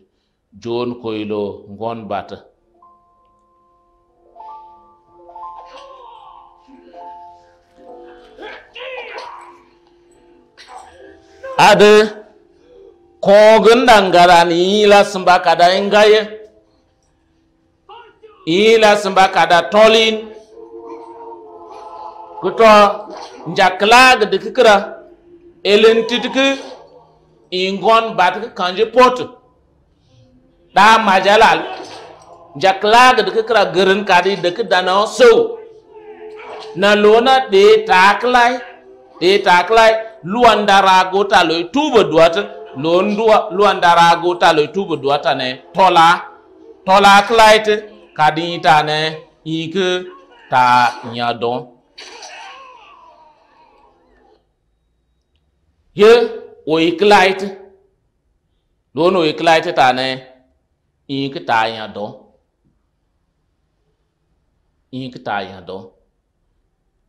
jon koylo ngon bata ade kogin dangarani ila simba kada ingaye ila simba kada tolin kuto njaklag dikikra elen titiki ingon batik kanji pot da majalal njaklag dikikra gerin kadi dik dano so na lona de taklai etaklai luandaragota loi tuba duata londua luandaragota loi tuba duata ne tola tola klait kadita ne ike ta nyadon ye o iklait lono iklait ta ne ike ta nyadon ike ta nyadon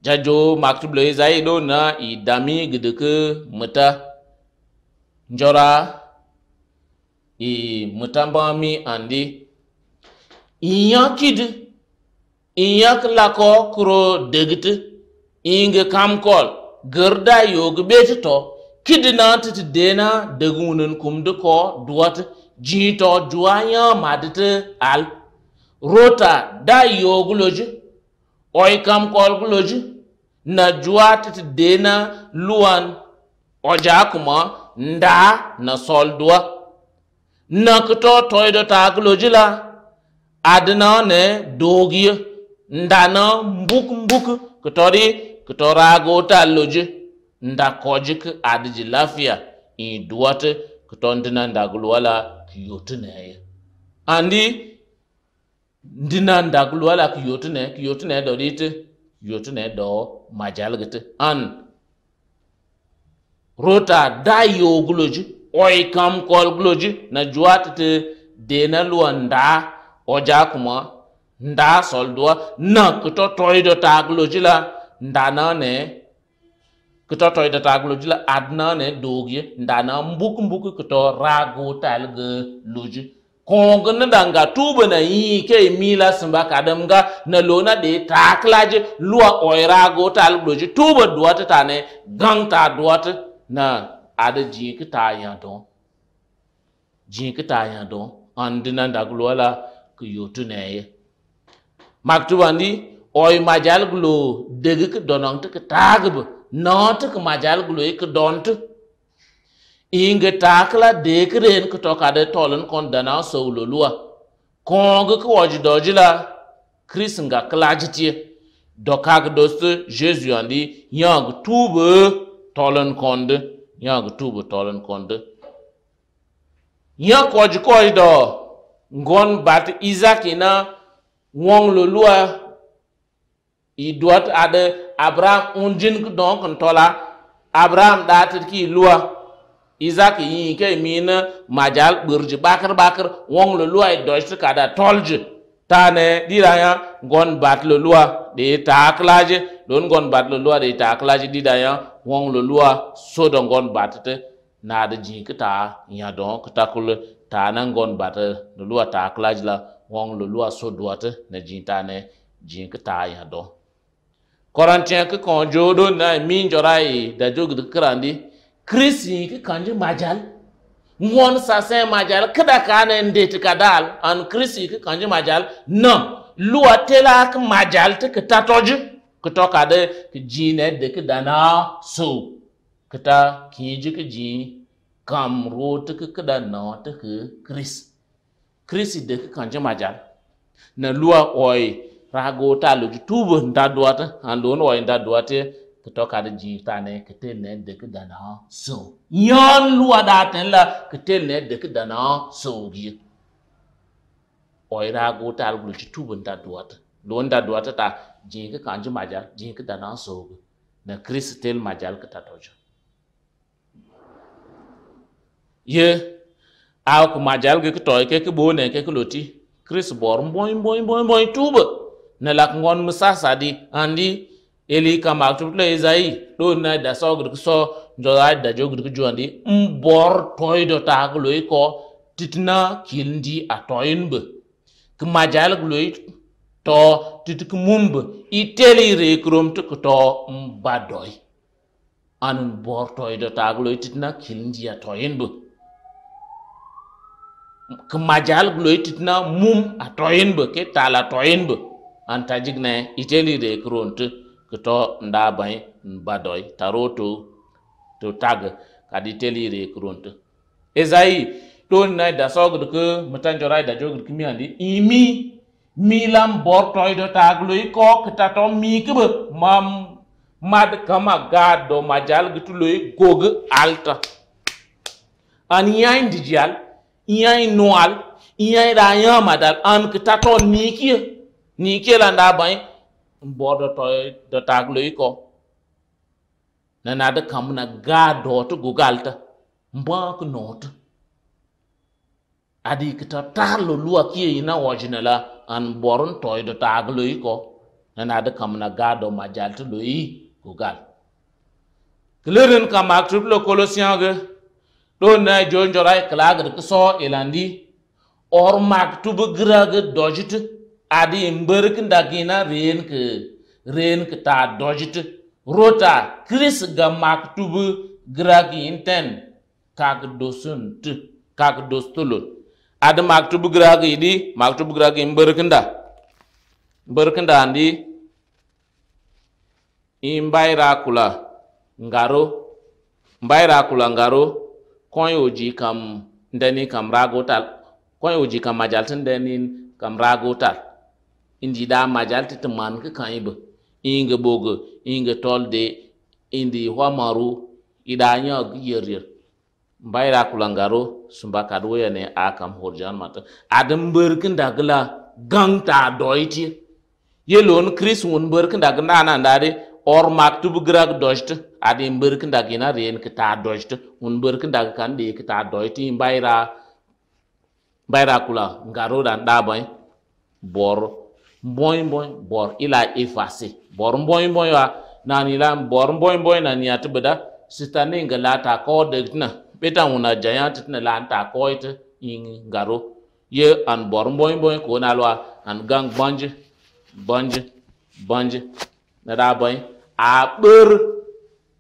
jajo maktublo do na idami gidike muta njora i mutambami andi iya kid iya lako kuro degit inge kol gerda yog beti to kid na titi dena degunin kumdi ko duwat jito juanya maditi al rota da yoguloji oi kam kol kluj na juat ti dena luan oja kuma nda na sol dua na kto toy do ta kluj la adna ne dogi nda na mbuk mbuk ktori ktora go ta luj nda kojik adji lafia i duat kton dina nda gulwala kiyotne andi ndi nan dak luala ki yotne ki yotne do dit yotne do majal git an rota da yo guloji oy kol guloji na juat te de na luanda oja kuma nda sol do na kto toy do ta guloji la nda na ne kto toy ta guloji la adna ne dogye nda na mbuk mbuk kto rago talge loji hongne danga tuba na yi ke mila simba kadamga na lona de taklaje lua oirago talbloje tuba duwata tane ta duwata na ada jinki ta yadon jinki ta yadon andina daglola ku yotu na neye maktubandi oy majal glo degi ki donon ti ki tagib non ti ki majal glo ki donti inga takla dekren ko tokade tolen kon dana sowlo luwa kongo ko waji dojila kris nga klajiti dokag dostu jesu andi yang tube tolen konde yang tube tolen konde yang koji koji do ngon bat isaac ina wong lo luwa i doit ade abraham unjin donc tola abraham datir ki luwa izak yin ke mina majal burji bakar bakar wong lo luwa deutsche kada tolje tane diraya gon bat lo luwa de taklaje don gon bat lo luwa de taklaje didaya wong lo luwa so don gon batete na da ji kita nya don kita kul tanan gon bat lo luwa taklaje la wong lo luwa so duwate na ji ne ji kita nya don Corinthians ke konjo don na min jorai da jog de krandi kristi ki kanji majal mon sase majal kada kana ndeti kadal an krisi ki kanji majal no luwa tela ki majal ti ka tatoji ki ka de ki jine de ki dana so ki ta kinji ki ji kamro ti ki kada no ti ki kris krisi de ki kanji majal na luwa oi rago ta loji tubu nda duwata an lono oy nda duwata ketoka de jiita ne kete ne de ke dana so yon luwa da ten la kete ne de ke dana so gi oira go tal gul chi tu bunda duat don da duat ta jin ke kanji majal jin ke dana so gi na kris tel majal ke ta tojo ye a ku majal gi ke toy ke ke bo ne ke loti kris bor mboy mboy mboy mboy tuba na lak ngon musasa di andi ele kama akutupula ezai do na da so gudu so njoda da da jo gudu juandi mbor toy do ta glo iko titna kilndi atoyinbe kuma jal glo to titik mumbe iteli re krom to to mbadoy anun bor toy do ta glo titna kilndi atoyinbe kuma jal glo titna mum atoyinbe ke tala atoyinbe anta jigne iteli re tu. kto nda bai badoy taroto to tag kadi telire kronto ezai ton na da sogd ke mutan jorai da jogd kimi andi imi milam bortoy do tagloi ko kta to mi kebe mam mad kama gado majal gituloi gog alta an yain dijal yain noal yain da yamadal an kta to niki niki la nda bai mboɗo to do tagloyi ko nanada kamna ga doto gugalta mbak not adi kita talo lua kiye ina wajinala an boron toy do tagloyi ko nanada kamna ga do majalta loyi gugal klirin kamak triplo kolosian ge do na jonjorai klagr kso ilandi e or maktub grag dojit adi imber kindagina ren ke ren ke ta dojit rota kris ga maktub gragi inten kag dosun t kag dostulun adi maktub gragi di maktub gragi imber kinda andi imbaira kula ngaro mbaira kula ngaro konyoji kam ndani kam ragotal kam majaltin ndani kam ragotal indi da majal ti man ka kan ibe inga boga inga tolde indi hwa maru ida nya gyer bayra kulangaro sumba kadwo ya ne akam horjan mata adam berkin dagla gang ta doiti yelon chris won berkin dagna nan dare or maktub grag doist adi berkin dagina ren ta doist un berkin dag kan de ta doiti bayra bayra kula ngaro dan dabai bor boy boy bor ila efase bor boy boy wa na ni la bor boy boy na ni sita ni ngala ta ko de na beta una giant na la ta ko it in garo ye an bor boy boy ko na lo an gang banje banje banje na da boy a ber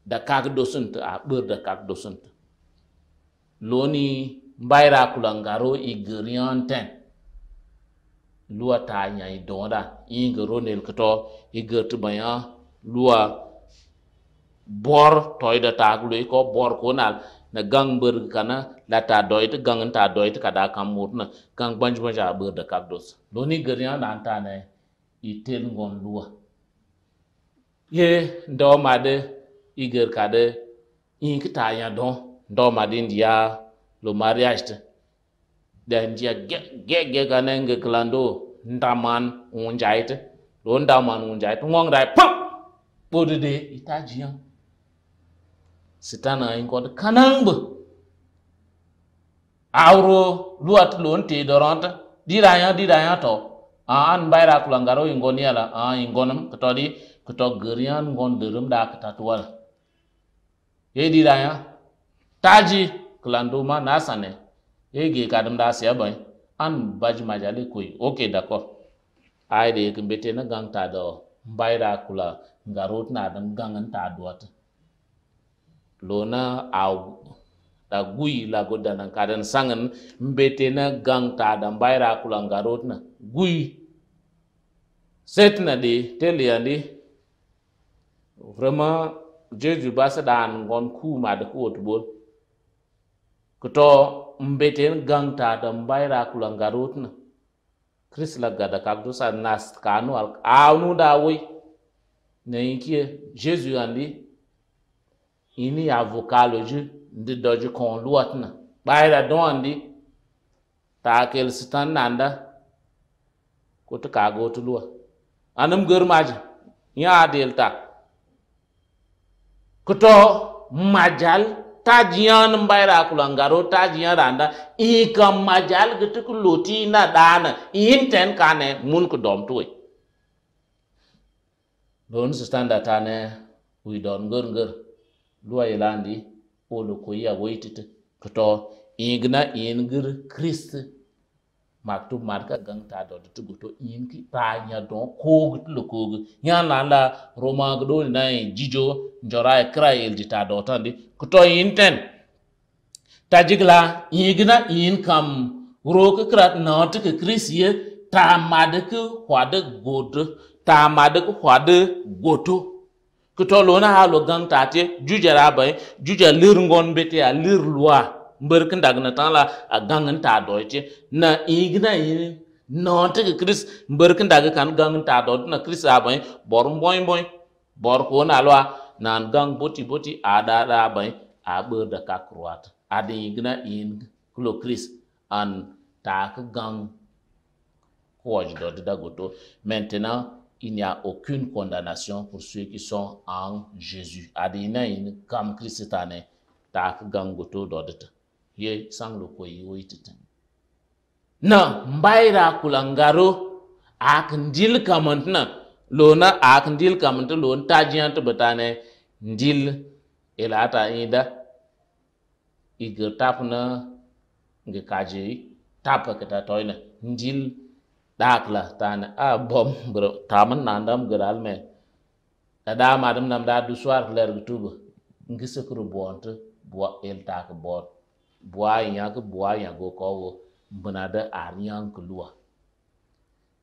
da kak dosunt a ber da kak dosunt loni mbayra kulangaro igrianten luwa ta nyai donda inga ronel kato igert baya luwa bor toyda taglu ko bor konal na gang ber kana la ta doyta gang ta doyta kada kamur na gang banj banja ber da kagdos doni gernya na anta ne itel ngon luwa ye ndo made iger kade in ta ya don ndo made india lo mariage den jia ge ge ga ne nge klando ndaman unjait lo ndaman unjait ngong dai pa! bodu de itaji yang sitana in kod kanang bu auro luat lon ti dorant diraya diraya to ah, an bayra kulangaro ingon yala a ah, ingonam katodi kato gerian ngon durum da katatual ye diraya taji kelanduma nasane ege dum da siya bai an baji majali koi ok dako ai de ke bete na gang ta da bayra kula ngarot na dan an ta duwata lona au da gui la goda ka kadan sangen bete na gang ta da bayra kula ngarot na gui set na de tele ande vraiment jeju basa dan gon ku ma da ko to bol ko to mbeten ganta da mbaira kula ngarutna krisla gada kagdusa nas kanu al anu da wai ne inkie jesu andi ini avokaloji ndi doji kon luatna baira don andi ta kel sitan nanda kutu kago tulua anam gormaji ya delta kuto majal tajiyan mbaira kulangaro tajiyan randa ika majal gitu ku loti na dana in ten kane mun ku dom tuwe don su standa tane wi don ngor ngor duwa yelandi olo ko ya woitite to igna ingir krist mak tu marka gang ta do tu go to in ki pa nya do ko tu lo ko nya la la roma do na jijo njora e kra el jita do tandi ko to in ten tajigla igna in kam ro ko kra na tu ke kris ye ta ma de ko hwa ta ma de ko hwa de go to ko to lo na ha lo gang ta te jujara ba jujara lir ngon bete a lir loi mbirkin dag na tangla a gangan ta doje na igna na non ga kris mbirkin dag kan gangan ta do na kris a bai bor boy boy bor ko na lwa nan gang boti boti a da da bai a bər da ka kruat a de igna yi klo kris an ta ka gang ko do da goto maintenant il n'y a aucune condamnation pour ceux qui sont en Jésus. Adina in kam Christane tak gangoto dodata. ye sanglo ko yiwoy titan na mbayra kulangaro ak ndil kamantna lona ak ndil kamanta lon tajiant batane ndil elata ida iga tapna nge kaje tapa kata toyna ndil dakla tane a bom bro taman nandam gral me da madam nam da du soir ler tuba ngi sekru bonte bo el tak bot ya bua nyaga bua nyago kowo bunada arnyan kulua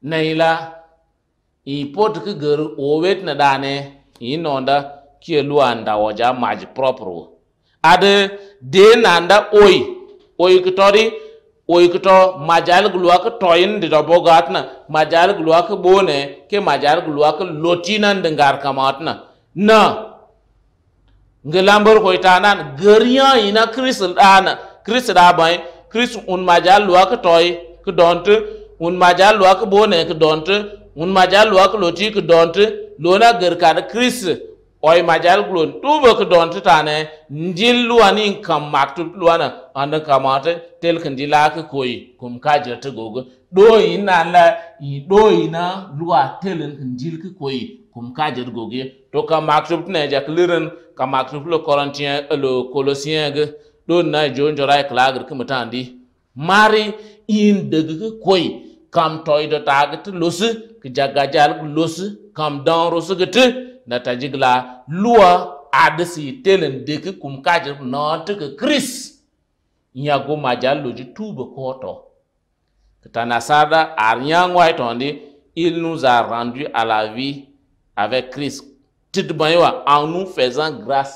naila import ke ger owet na dane inonda kie luanda waja maj propro ade de nda oi oi kitori oi kito majal gulwa ke toyin de bogatna majal gulwa ke bone ke majal gulwa ke lotina ndengar kamatna na ngelambar koitanan gariya ina krisil dana kris da bai kris un majal ja lua ka toy ka don't un majal ja bone ka donte un majal ja loti ka donte lona gar ka da kris oy ma ja glon tu ba ka don't ta ne njil lua ni kam maktub lua na anda kamata tel kan dila ka koi kum ka je ta gogo do ina la i do ina lua tel kan jil ka koi kum ka je gogo to ka maktub ne ja kliran ka maktub lo korantien lo kolosien ga ɗon na jon jorai e klagir ki mutan di mari in daga ki koi kam toy do tagit losi ki jaga jal losi kam dan rosi git na tajigla luwa adisi telen deki kum kajir na tuka kris nya go majal loji tuba ta tana sada arnyang wai e tondi il nous a rendu à la vie avec Christ tit en nous faisant grâce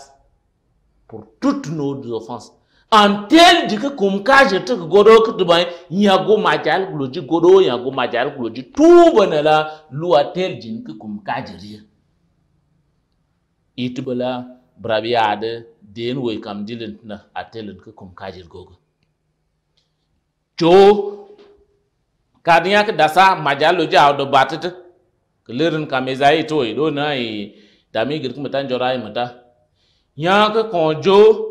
pour toutes nos offenses antel jika kum kaje tuk godo kudubay nyago majal gloji godo nyago majal gloji tuba nala luwa tel jin ka kum kaje riya itubala de den way kam dilin na atelin ka kum kaje gogo jo kadiya ka dasa majal loji awdo batata klirin kamezai toy do na i dami girkum tan jorai mata nyaka konjo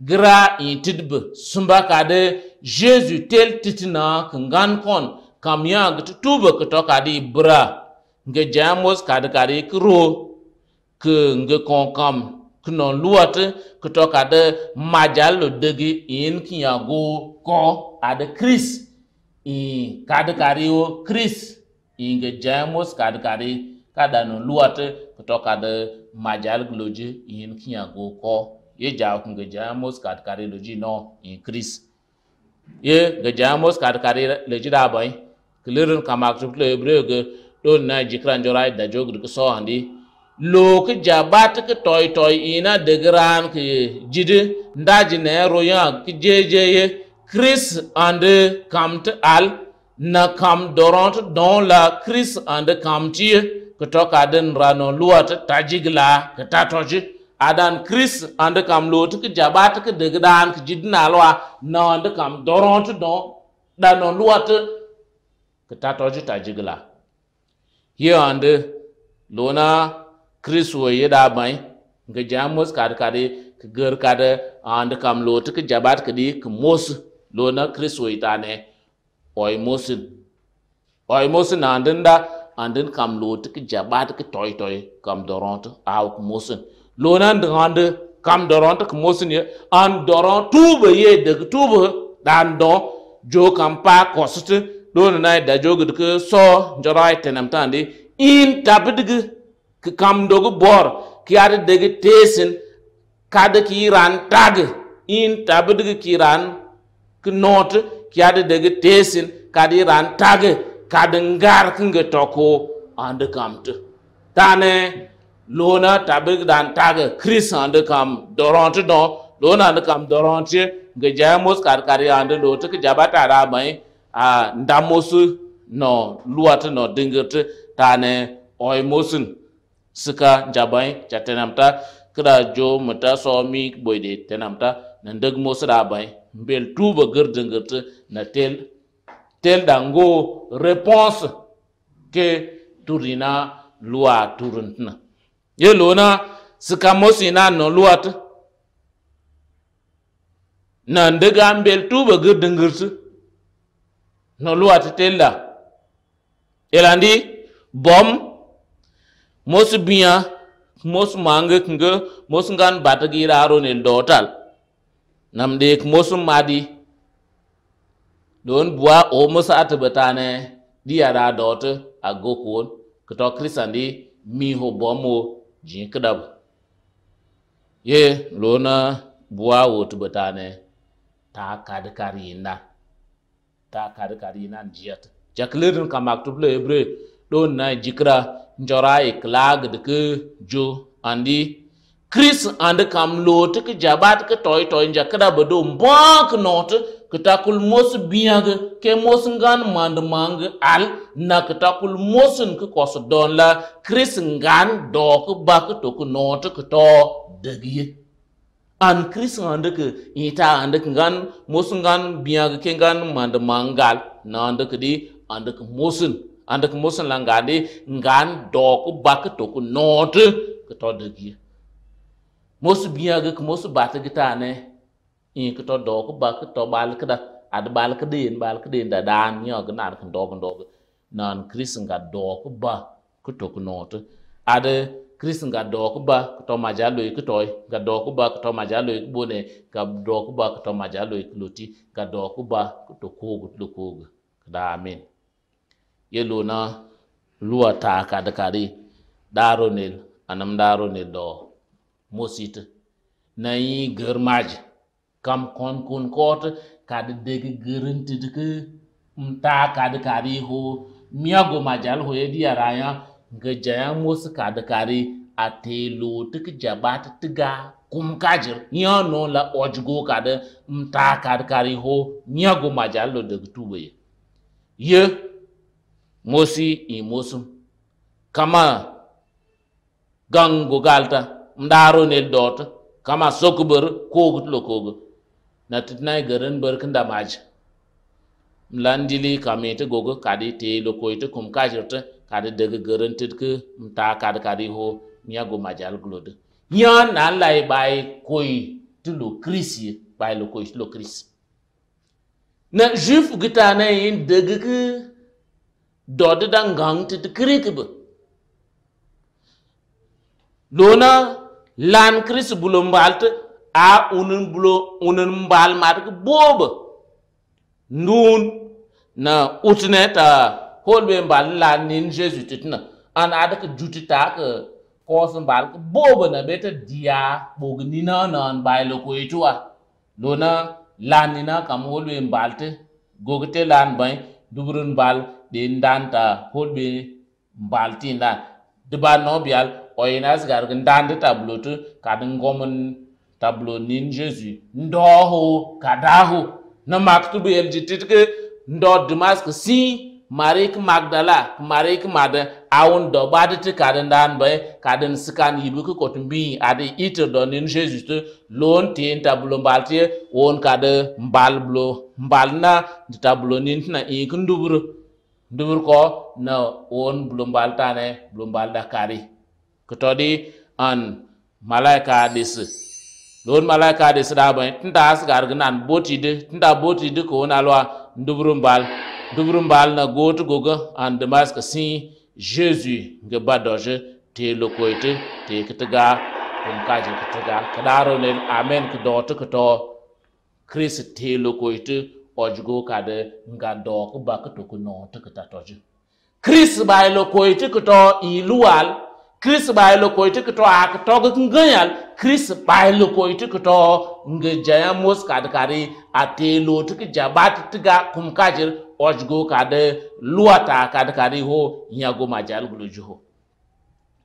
gra yitidbe sumba kade Jesu tel titina kangan kon kamya gitu tuba kito kade bra nge jamos kade kade kro ke nge konkam kno luwate kito kade majal lo degi in kinyago ko ade Chris in kade kade o Chris in nge jamos kade kade kada no luwate kito kade majal gloje in kinyago ko ye ja kun ga ja mos kat ye mos kat da na jikran Yi da jog lo ka ja ba ta ina da gran ka jidi ndaji na ro ya ka jeje ye chris al na kam la ka ta tajigla ka ta adan kris ande kam lo tu ke jaba tu ke deg dan ke jid na lo na ande kam doron tu don da no lo tu ke ta to ju ta jigla ye ande lo kris wo ye da bai ke jamus kad kade ke ger kade ande kam lo tu ke jaba tu ke di ke mos lo kris wo ita ne oi mosin oi mosin na ande da ande kam lo tu ke jaba ke toy toy kam doron tu a mosin lonan dengande kam doron tak mosin ye an doron tuba ye deg tuba dan do jo kam pa kosutu don na da jo gud ke so jorai tenam tande in tabdig ke kam dogu bor ki ar deg tesin kad ki ran tag in tabdig ki ran ke not ki ar deg tesin kad ran tag kad ngar ke toko and kamte tane lona tabik dan taga kris ande kam doronti don lona ande kam nge doronti ga jamos karkari ande do tik jabata ra bai a ndamosu no luwata no dingirti tane oy mosun suka jabai chatenamta kra jo muta so mi boyde tenamta nandag mosra bai bel tuba girdingirti na tel tel dango réponse ke turina loi turuntina ye lo na sika na no luat na ndega ambel tuba ba ge dengirsu no luat tella elandi bom mosu biya mosu mange kinga mosu ngan batagi raro ne dotal namde mosu madi don buwa o musu atibatane diya da dotu a gokuwon kito krisandi miho bomo jii kidab ye lona buwa wotu batane ta kad kar yinna ta kad kar yinna jiyat jaklerin kamak tuple ebre don na jikra njora iklag de ke jo andi Chris and kam lot ke jabat ke toy toy njakra bodo mbok not kitakul mos biyage ke mos ngan mand mang al na kitakul mosin ke kos don la kris ngan do ke bak to ku not ke to degiye an kris ande ke ita ande ke ngan mos ngan biyage ke ngan mand mangal na ande ke di ande ke mosin ande ke mosin la ngade ngan do ke bak to ku not ke to degiye mos biyage ke mos bat gitane in ka to do ba kito to bal ka da ad bal ka den bal ka den da dan ni og nar kan do kan nan krisin nga do ka ba kito to ka not ad krisin ga do ba kito to ma ja lo ka to ga do ba kito to ma ja lo bone ga do ka ba kito to ma ja lo ka loti ga do ba ka to ko ga to ko da amen yelo na luwa ta ka da kare daro ne anam daro ne do musit na yi garmaji kam kon kon kot kad deg gerenti dik mta kad kari ho miago majal ho yedi araya ga jaya mos kad kari atelo tik jabat tiga kum kajir nya no la ojgo kad mta kad kari ho miago majal lo deg tube ye mosi imosum kama gango galta mdaro nel dot kama sokubur kogut lo kogut na titinai e garin barkin da maj mlandili kamete gogo kadi te lokoite kum kajirte kadi daga garin tidke mta kadi kadi ho nya go majal glod nya na lai e bai koi tulo krisi bai lokoi lo krisi na juif gita na yin daga ke dodo dan gang tidkiri ke ba lona lan krisi bulombalte a unun bulo unun mbal mat ko boba ndun na utne ta holbe mbal la nin jesus titna an ada ko jutita ko kosan bal ko boba na beta dia bog ni na nan bailo ko itwa lona lan ni na kam holbe mbalte gogte lan bay dubrun bal de ndanta holbe mbalti nda diba no bial oyina zgar ndan de tablotu kadin gomun tablonin Jésus ndị ọhụụ kada ahụ na maktubu yeljitirke ndo Damascus si marik magdala marik mada awun do baditi kadin dan bay kadin sikan yibu ko kotun bi adi ite do nin jesus to lon tin tablo balti won kada mbal blo mbalna di tablo nin na e ndubur ndubur ko na won blo baltane blo balda kari ko todi an malaika disi don malaka de sdaba tinda asgar gnan boti de tinda boti de ko na lwa ndubrum bal ndubrum bal na goto goga and damask si jesus ge badoje te lokoti te kitaga kun kaje kitaga kadaro ne amen ko do to ko christ te lokoite ojgo kade nga do ba ko to ko no to ka toje christ ba e lokoite ko to Chris bailo koitu kito akto ngayal Chris bailo koitu kito ngejaya mos kadkari atelo tuki jabat tiga kumkajir ojgo kade luata kadkari ho nyago majal gulujuho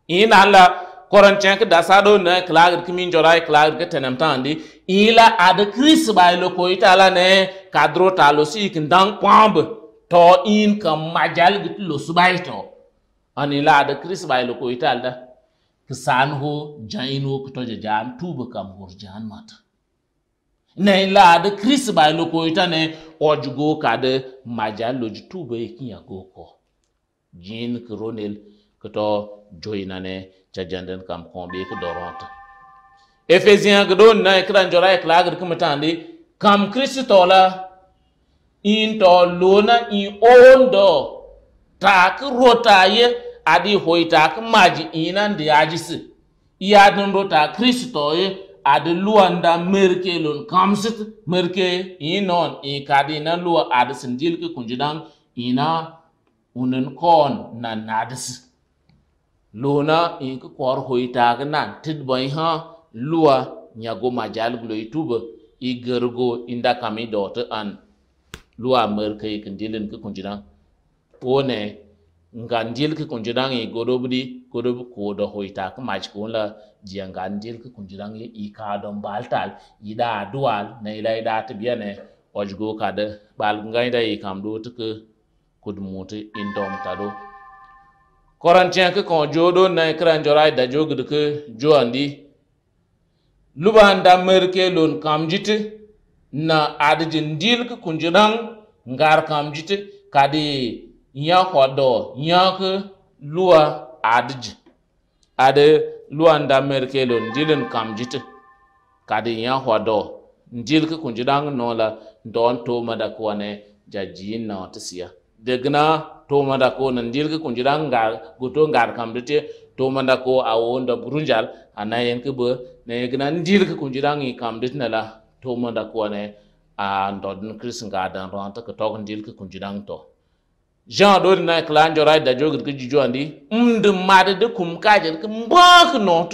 in alla koranchen ke dasado ne klagir kimin jorai klagir ke tenemtandi ila ad Chris bailo koitu ala ne kadro talosi kindang pamb to in kam majal gitu lo subaito ani la laada krisbaylo ko italda ko sanho jaino ko toje jan tuba kam hor jan mata ne laada krisbaylo ko itane ojugo kade majaloji tuba e kinya goko jin ko ronel ko to joinane jajanden kam kombe ko doronta ephesien ko ɗon na ekran jora e klagre ko mitande kam kristola in to lona in ondo. taaki rotaye adi hoi taaki maji inandi ajisi iyadin rota kristoye adi luwanda merke lon kamsit merke inon ikadi na luwa adi sindilki kunjidan ina unin kon na nadisi lona inki kor hoi taaki nan tidbai ha luwa nyago majal gulo ituba igergo inda kami dote an luwa merke ikindilin ki kunjidan wone ngan dil ki kunjudangi godobdi godob ko do hoita ka mach ko la jiya ngan dil ki kunjudangi i ka don baltal ida dual na ila ida tibiyane ojgo ka de bal ngai da i kam do tuk kudmuti indom tado korantiyan ki kon jodo na kran jorai da jogd ki joandi luban da merke lon kam kamjiti na adjin dil ki kunjudang ngar kam kamjiti kadi yakwado yanku luwa adji ade luwa nda merkelo ndilin kamjiti kadi yakwado ndil ku kunjidang nola don to mada kuwane jajiin na watisiya degna to mada ko ndil ku kunjidang ngar guto ngar kamjiti to manda ko a wonda burunjal ana yanku bu na yagna ndil ku kunjidang ne la, to manda kuwane a ndodin kris ngadan ronta ku ke ndil ku kunjidang to jean ɗo na klan jora da jogir ki jijo andi mdu made de kum kaje ki mbok not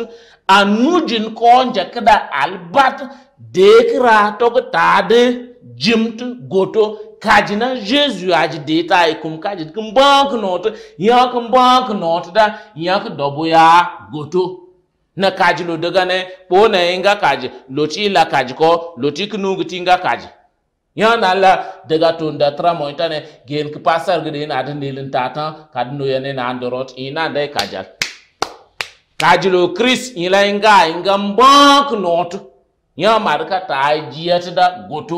anujin konja kada albat dekra to tade jimt goto kajina jesu aji deta ai kum kaje ki mbok not ya mbok not da ya dobo ya goto na kaji lo daga ne inga kaji loti la kaji ko loti knugu tinga kaji yan na la daga tun da tra mo itane gen ki pasar gede na adin dilin tata kadin no yene na andorot ina dai kajal kajilo chris ila inga inga mbok not yan marka ta jiyat da goto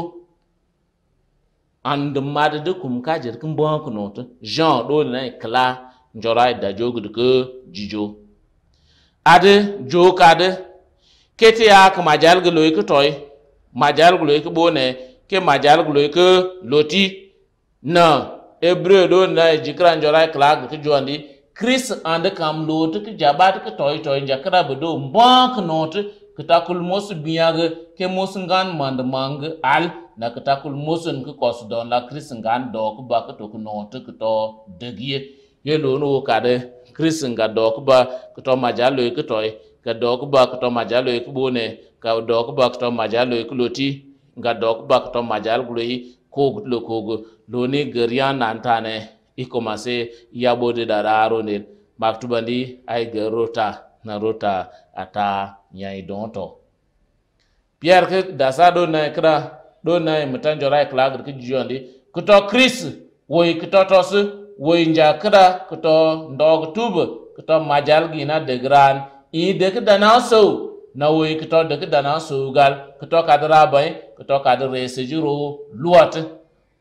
and mad de kum kajir kum mbok not jean do na kla njora da jogu de ko jijo ade jokade kete ya kamajal gelo ikitoy majal gelo ikbone ke majal gulo ke loti na ebre lo na e jikran jora klag ke jondi chris and kam lot ke jabat ke toy toy jakra bodo bank note ke takul mos biag ke mos ngan mand mang al na ke takul mosun ke kos don la chris ngan dok ba ke ke to degie ye lo no kade nga ba ke to majal lo ke toy ba ke to majal lo ke bone ka ba ke to majal lo ke loti Nga gadok bak to majal guloi kog lo kog loni gerian nantane ikomase yabode dararo ne maktubandi ay gerota na rota ata nyai donto pierre ke dasa do na kra do na mutanjora klag ke jiondi kuto chris woy kuto tos woy nja kra kuto ndog tub kuto majal gina de gran i de dana so na nawoyi kito da kida na sugal kito da rabai kito rese jiro luwat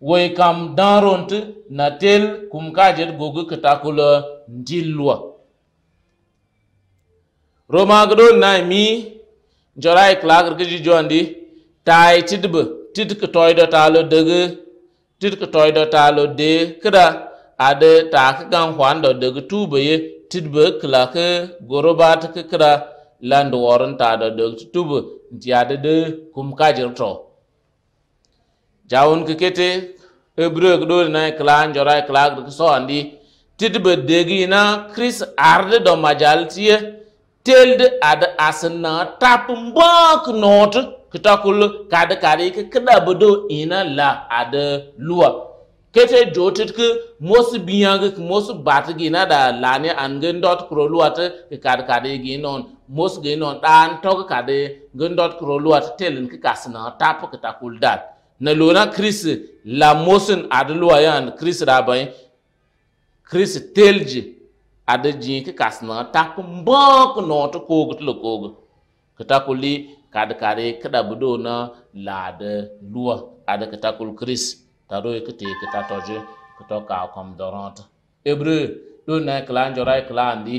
woy kam danront na tel kum jet gogu kita kula ndilwa roma gdo na mi jorai klagr gji jondi tai tidb tid kitoy do talo de tid da do talo de kada ade ta ka gan hwan do de tubaye tidb klak gorobat kada land warren ta da da tubu ya da da kum kajir to jawun kete ebrek do na klan jora klak so andi tidbe degi na chris arde do majaltie telde ad asna tap mbok not kitakul kad kari ke kada bodo ina la ad luwa kete dotit ke mos biyang ke mos bat gina da lani an gen dot kroluat ke kad kade ginon mos ginon dan tok kade gen dot kroluat telen ke kasna tap ke takul dat na lona kris la mosen adluwa yan kris rabai kris telji adaji ke kasna tap mbok not kog tlo kog ke takuli kad kade kada budo na lade luwa ada ke takul kris. taro e kete ke ta toje ke to ka kom dorant ebre do na klan jora klan di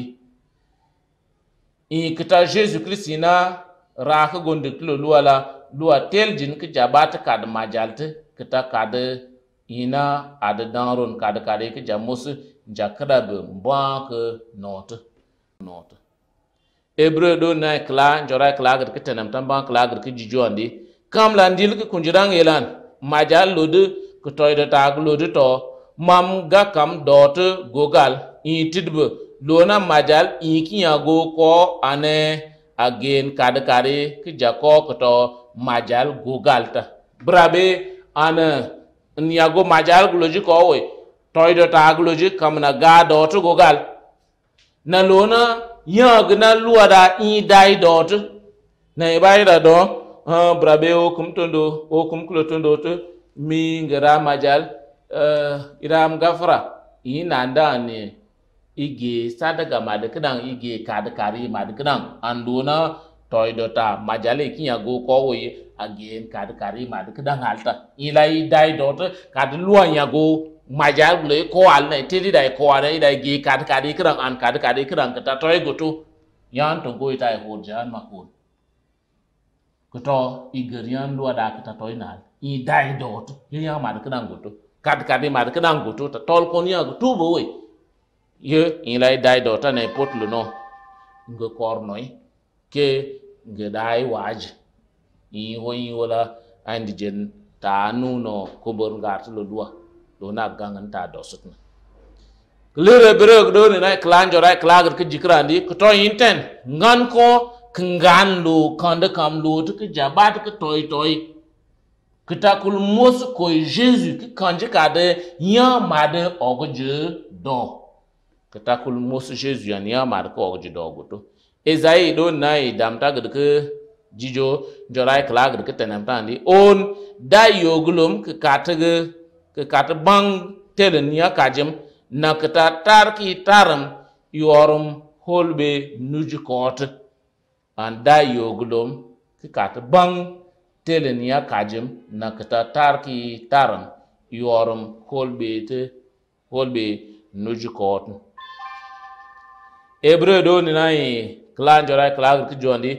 in kita jesus christ na ra ka gonde kilo luwala luwa tel jin ke jabata kad majalte kita kad ina ad danron kad kad ke jamus jakra be mbwa ke not not ebre do na klan jora klan ke tanam tan ban klan ke jijondi kam landil ke kunjirang elan majal lode ketoyda taag lodi to mam gakam doote gogal ĩi tidbe Lona majal ĩi kĩyago ko ane agen kadkare kə ja ko kəto majal gogalta brabe ane n yago majal guloji ko we toydo kam na ga doote gogal na loona yãg na luwada ĩi dai doote na ɩ e bayra dõ brabe okum tondo okum kulo tondo tə mi ngira majal eh, iram gafra ina ndani ige sadaga madikidan ige kadikari madikidan anduna toydota majale kinya go kowoye again kadikari madikidan halta ila i dai dot kadiluwa nya go majal le ko alna tedi dai ko ara ida ge kadikari kiran an kari kiran kata toy goto yan to go ita ho jan makon kuto igerian luwa da kata toy nal i dai do to ye ya mar kan go to kad kad mar kan go ta tol kon ya go tu bo we ye i lai dai do ta ne pot lu no ngo kor noi ke nge dai waj i ho i wala andigen ta nu no ko bor ngar lo dua do na gangan ta do sut na lere bereg do ne na klan jo rai klag ke jikra ndi ko to inten ngan ko kangan lu kande kam lu to ke jabat ke toy toy kitakul mos ko jesu ki kanji kade nya made ogje e do kitakul mos Jésus yan yan made ko ogje do goto Ezayi do nai dam ta gud ke jijo jorai kla ke tenem on da yogulum ke katige ke kat bang telen ya kajem na kita tar ki taram yorum holbe nuji kot an da yogulum ke kat bang telen ya kajim na kita tarki taran yorum kolbe te kolbe nuji kotun ebre do ni na nai klan jora klan ki jondi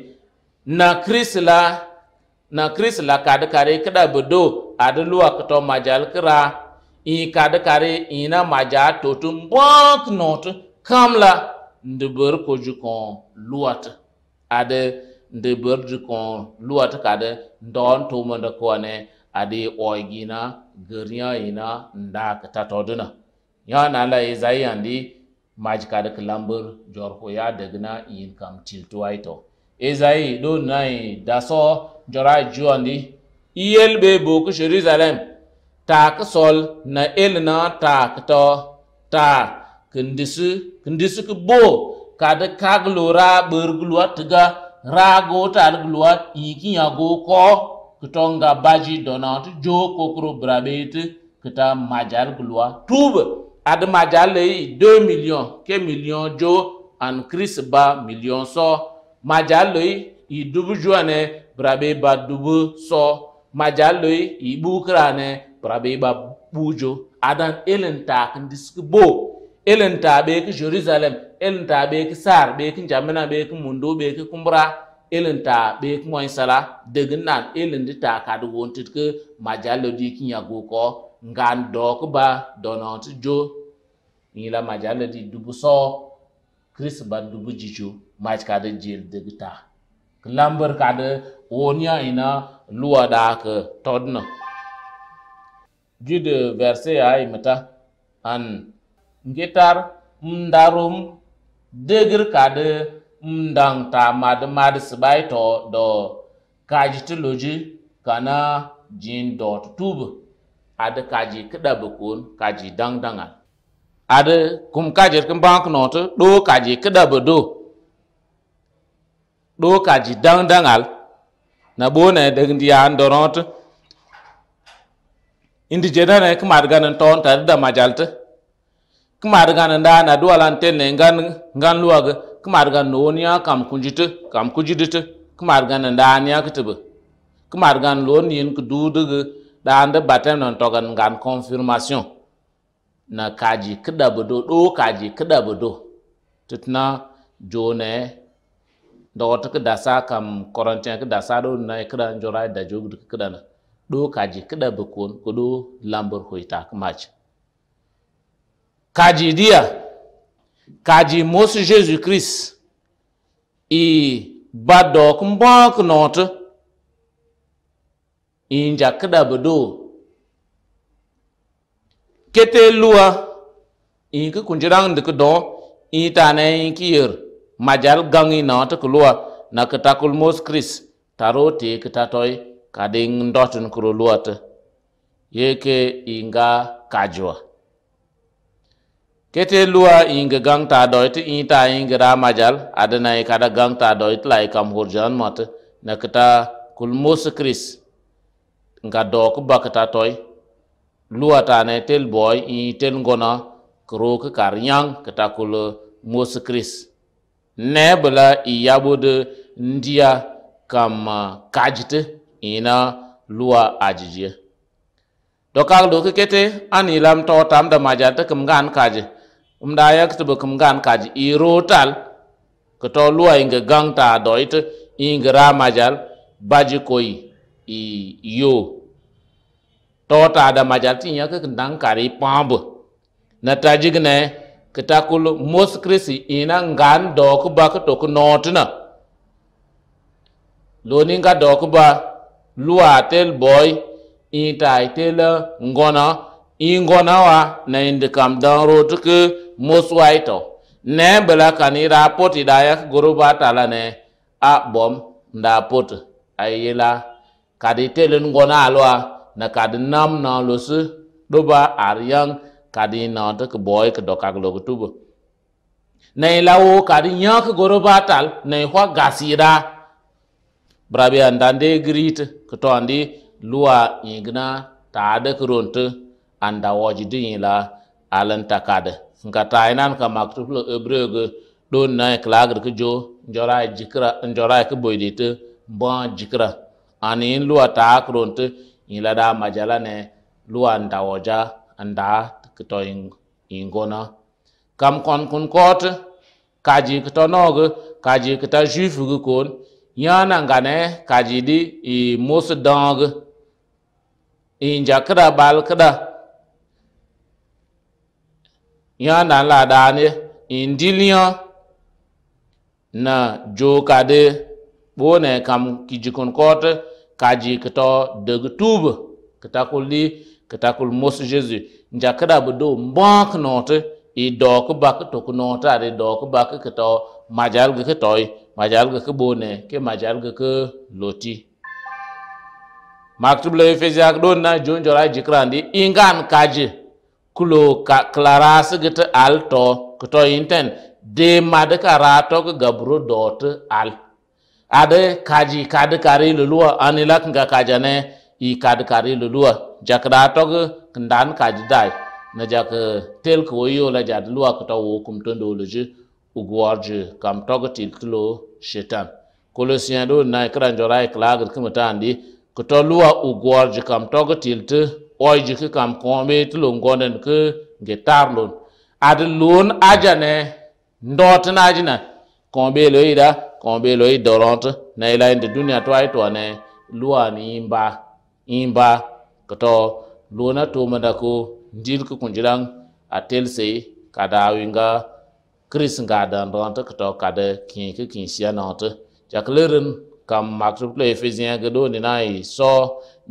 na krisla na krisla kada kare kada bodo adluwa kto majal kra i kada kare ina maja totum bank note kamla ndubur ko jukon luat ade nde berdi ko luwata kade ndon tumanda kone adi oigina gernya ina nda ya e e na la izai andi maji da kalambur jorho ya dagna yin kam tiltu aito izai do nai daso jora juandi be boku jerusalem ka sol na elna ta to ta kindisu kindisu bo kada kaglora berglua tiga rago tal glua iki yago ko kutonga baji donant jo kokro brabet kuta majal glua tub ad majal le 2 millions ke millions jo an chris ba millions so majal le i dubu juane brabe ba dubu so majal le i bukrane brabe ba bujo adan elen tak ndisk bo elen ta be ki jerusalem elen ta be ki sar be ki jamina be ki mundo be ki kumbra elen ta be ki moy sala degin nan elen di ta ka du wontit ke majalo di ki nyago ko ngan do ko ba donot jo ni la majalo di dubu so kris ba dubu jichu maj ka de jel degi ta lambar ka de wonya ina luwa da ka todna jide verse ay mata an ngitar mdarum degir kade mdang ta mad mad sibai to do kajiti loji kana jin dot tub ad kaji kida kun kaji dang dangal ad kum kaji kum bank not do kaji kida do do kaji dang dangal na bone degndi an dorot indi jedane kumadganan ton ta da majalte kmar gan da na duwa lan ten ne gan gan luwa ga kmar gan no ni kam kunjite kam kujidite kmar gan da ni akitibe kmar gan lo ni en ku duduga da ande batem non to gan gan na kaji kida bodo do kaji kida bodo tutna jone da ke kada kam quarantine ke sa do na e kada jora da jogu kada na do kaji kada bukun kudu lambar hoita kmaci Car diria, car de moço Jesus Cristo, e badoc um banco nota, inja e kada bado, kete lua, inka e kunjirang de kado, intane inkir, majal gangi e nota kulua, na katakul mos Chris, tarote katatoy, kading ndotin te yeke inga kajwa. kete luwa inga gang ta doit inta inga ramajal adana e kada gang ta doit lai e kam hurjan mat nakata kulmus kris nga dok bakata toy luwa ta ne tel boy in tel ngona krok karyang kata kul mus kris ne bla iyabud ndia kam uh, kajite ina luwa ajije dokal doke kete an ilam to tam da majata kam gan kaje umda yaktubu kum gan kaj i rotal kto luwa inge gangta doit inge ramajal baji koi i yo tota da majal tin yak ndang kari pambu na ne tajigne kitakul mos krisi ina ngan dok ba to ko notna loni nga dok ba luwa tel boy ita tel ngona ingona wa na indikam dan ke. moswaito ne bela kanira poti idayak guru batala ne a bom nda pot ayela kadi telin ngona alwa na kadi nam na losu doba aryan kadi na ta boy ka dokak logo tubo ne lawo kadi nyak guru batal na hwa gasira brabe andande grit ke to andi luwa igna ta da kronte anda wajidin la alanta kada nka tainan ka maktuflo eh, ebreu ge don na klagr ke jo njora e jikra njora e ke boydite bon jikra ani lua ta akronte ila da majala ne luwa ndawoja nda kito ingona kam kon kun kot kaji kito nog kaji kita juifu ge kon yana ngane kaji di i mos dang inja kra bal kra yan na la da ne indilion na jokade bone kam ki kijikon kote kaji kito deg tube kuli li kitakul mos jesu nja kada budo mbok note i dok bak ku note ari dok bak kito majal ge kitoy majal ge ke bone ke majal ge ke loti maktub le feziak don na jonjora jikrandi ingan kaji kulo ka klarasi gete al to kito inten de mad karato ke gabru dot al ade kaji kad kari lulua anila nga kajane i kad kari lulua jakrato ke ndan kaji dai na jak eh, tel ko yo la jad lua kuto wo kum tondo loji ugwarje kam togo til kilo shetan kolosien do na e kranjora iklag e kumta andi kito lua ugwarje kam togo tilte oy jiki kam kombe ti lo ngonen ke nge tar lon ad lon ne, ndot na ajina kombe lo da, kombe lo idoront na ila inde dunia to ay to ne luani imba imba kato lona to manda ko ndil ko kunjirang atel sei kada winga kris nga dan don to kato kada kin ki kin sia na to jaklerin kam maksup le efezien gado do ni nai so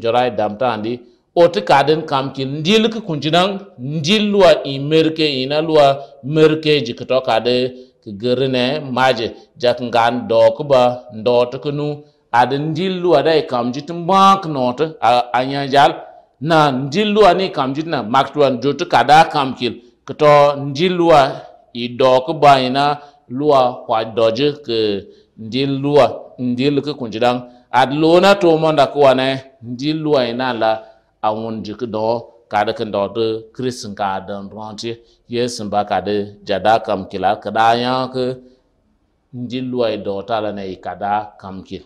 jorai damta andi oti kadin kamki ndil ki kunjinan ndil luwa i merke ina luwa merke jikito kade ki girine maje jak ngan doku ba ndotu kunu adi ndil luwa da i kamjit a not anyanjal na ndil luwa ni kamjit na maktuan jotu kada kamkil kito ndil luwa i doku ba ina luwa kwa doji ki ndil luwa ndil ki kunjinan ad lona to monda kuwane ndil luwa ina la a wun jiki do kada kan do de krisin ka dan ranti yesin ba ka de jada kam kila kada ya ke njilwa do tala na ikada kam kil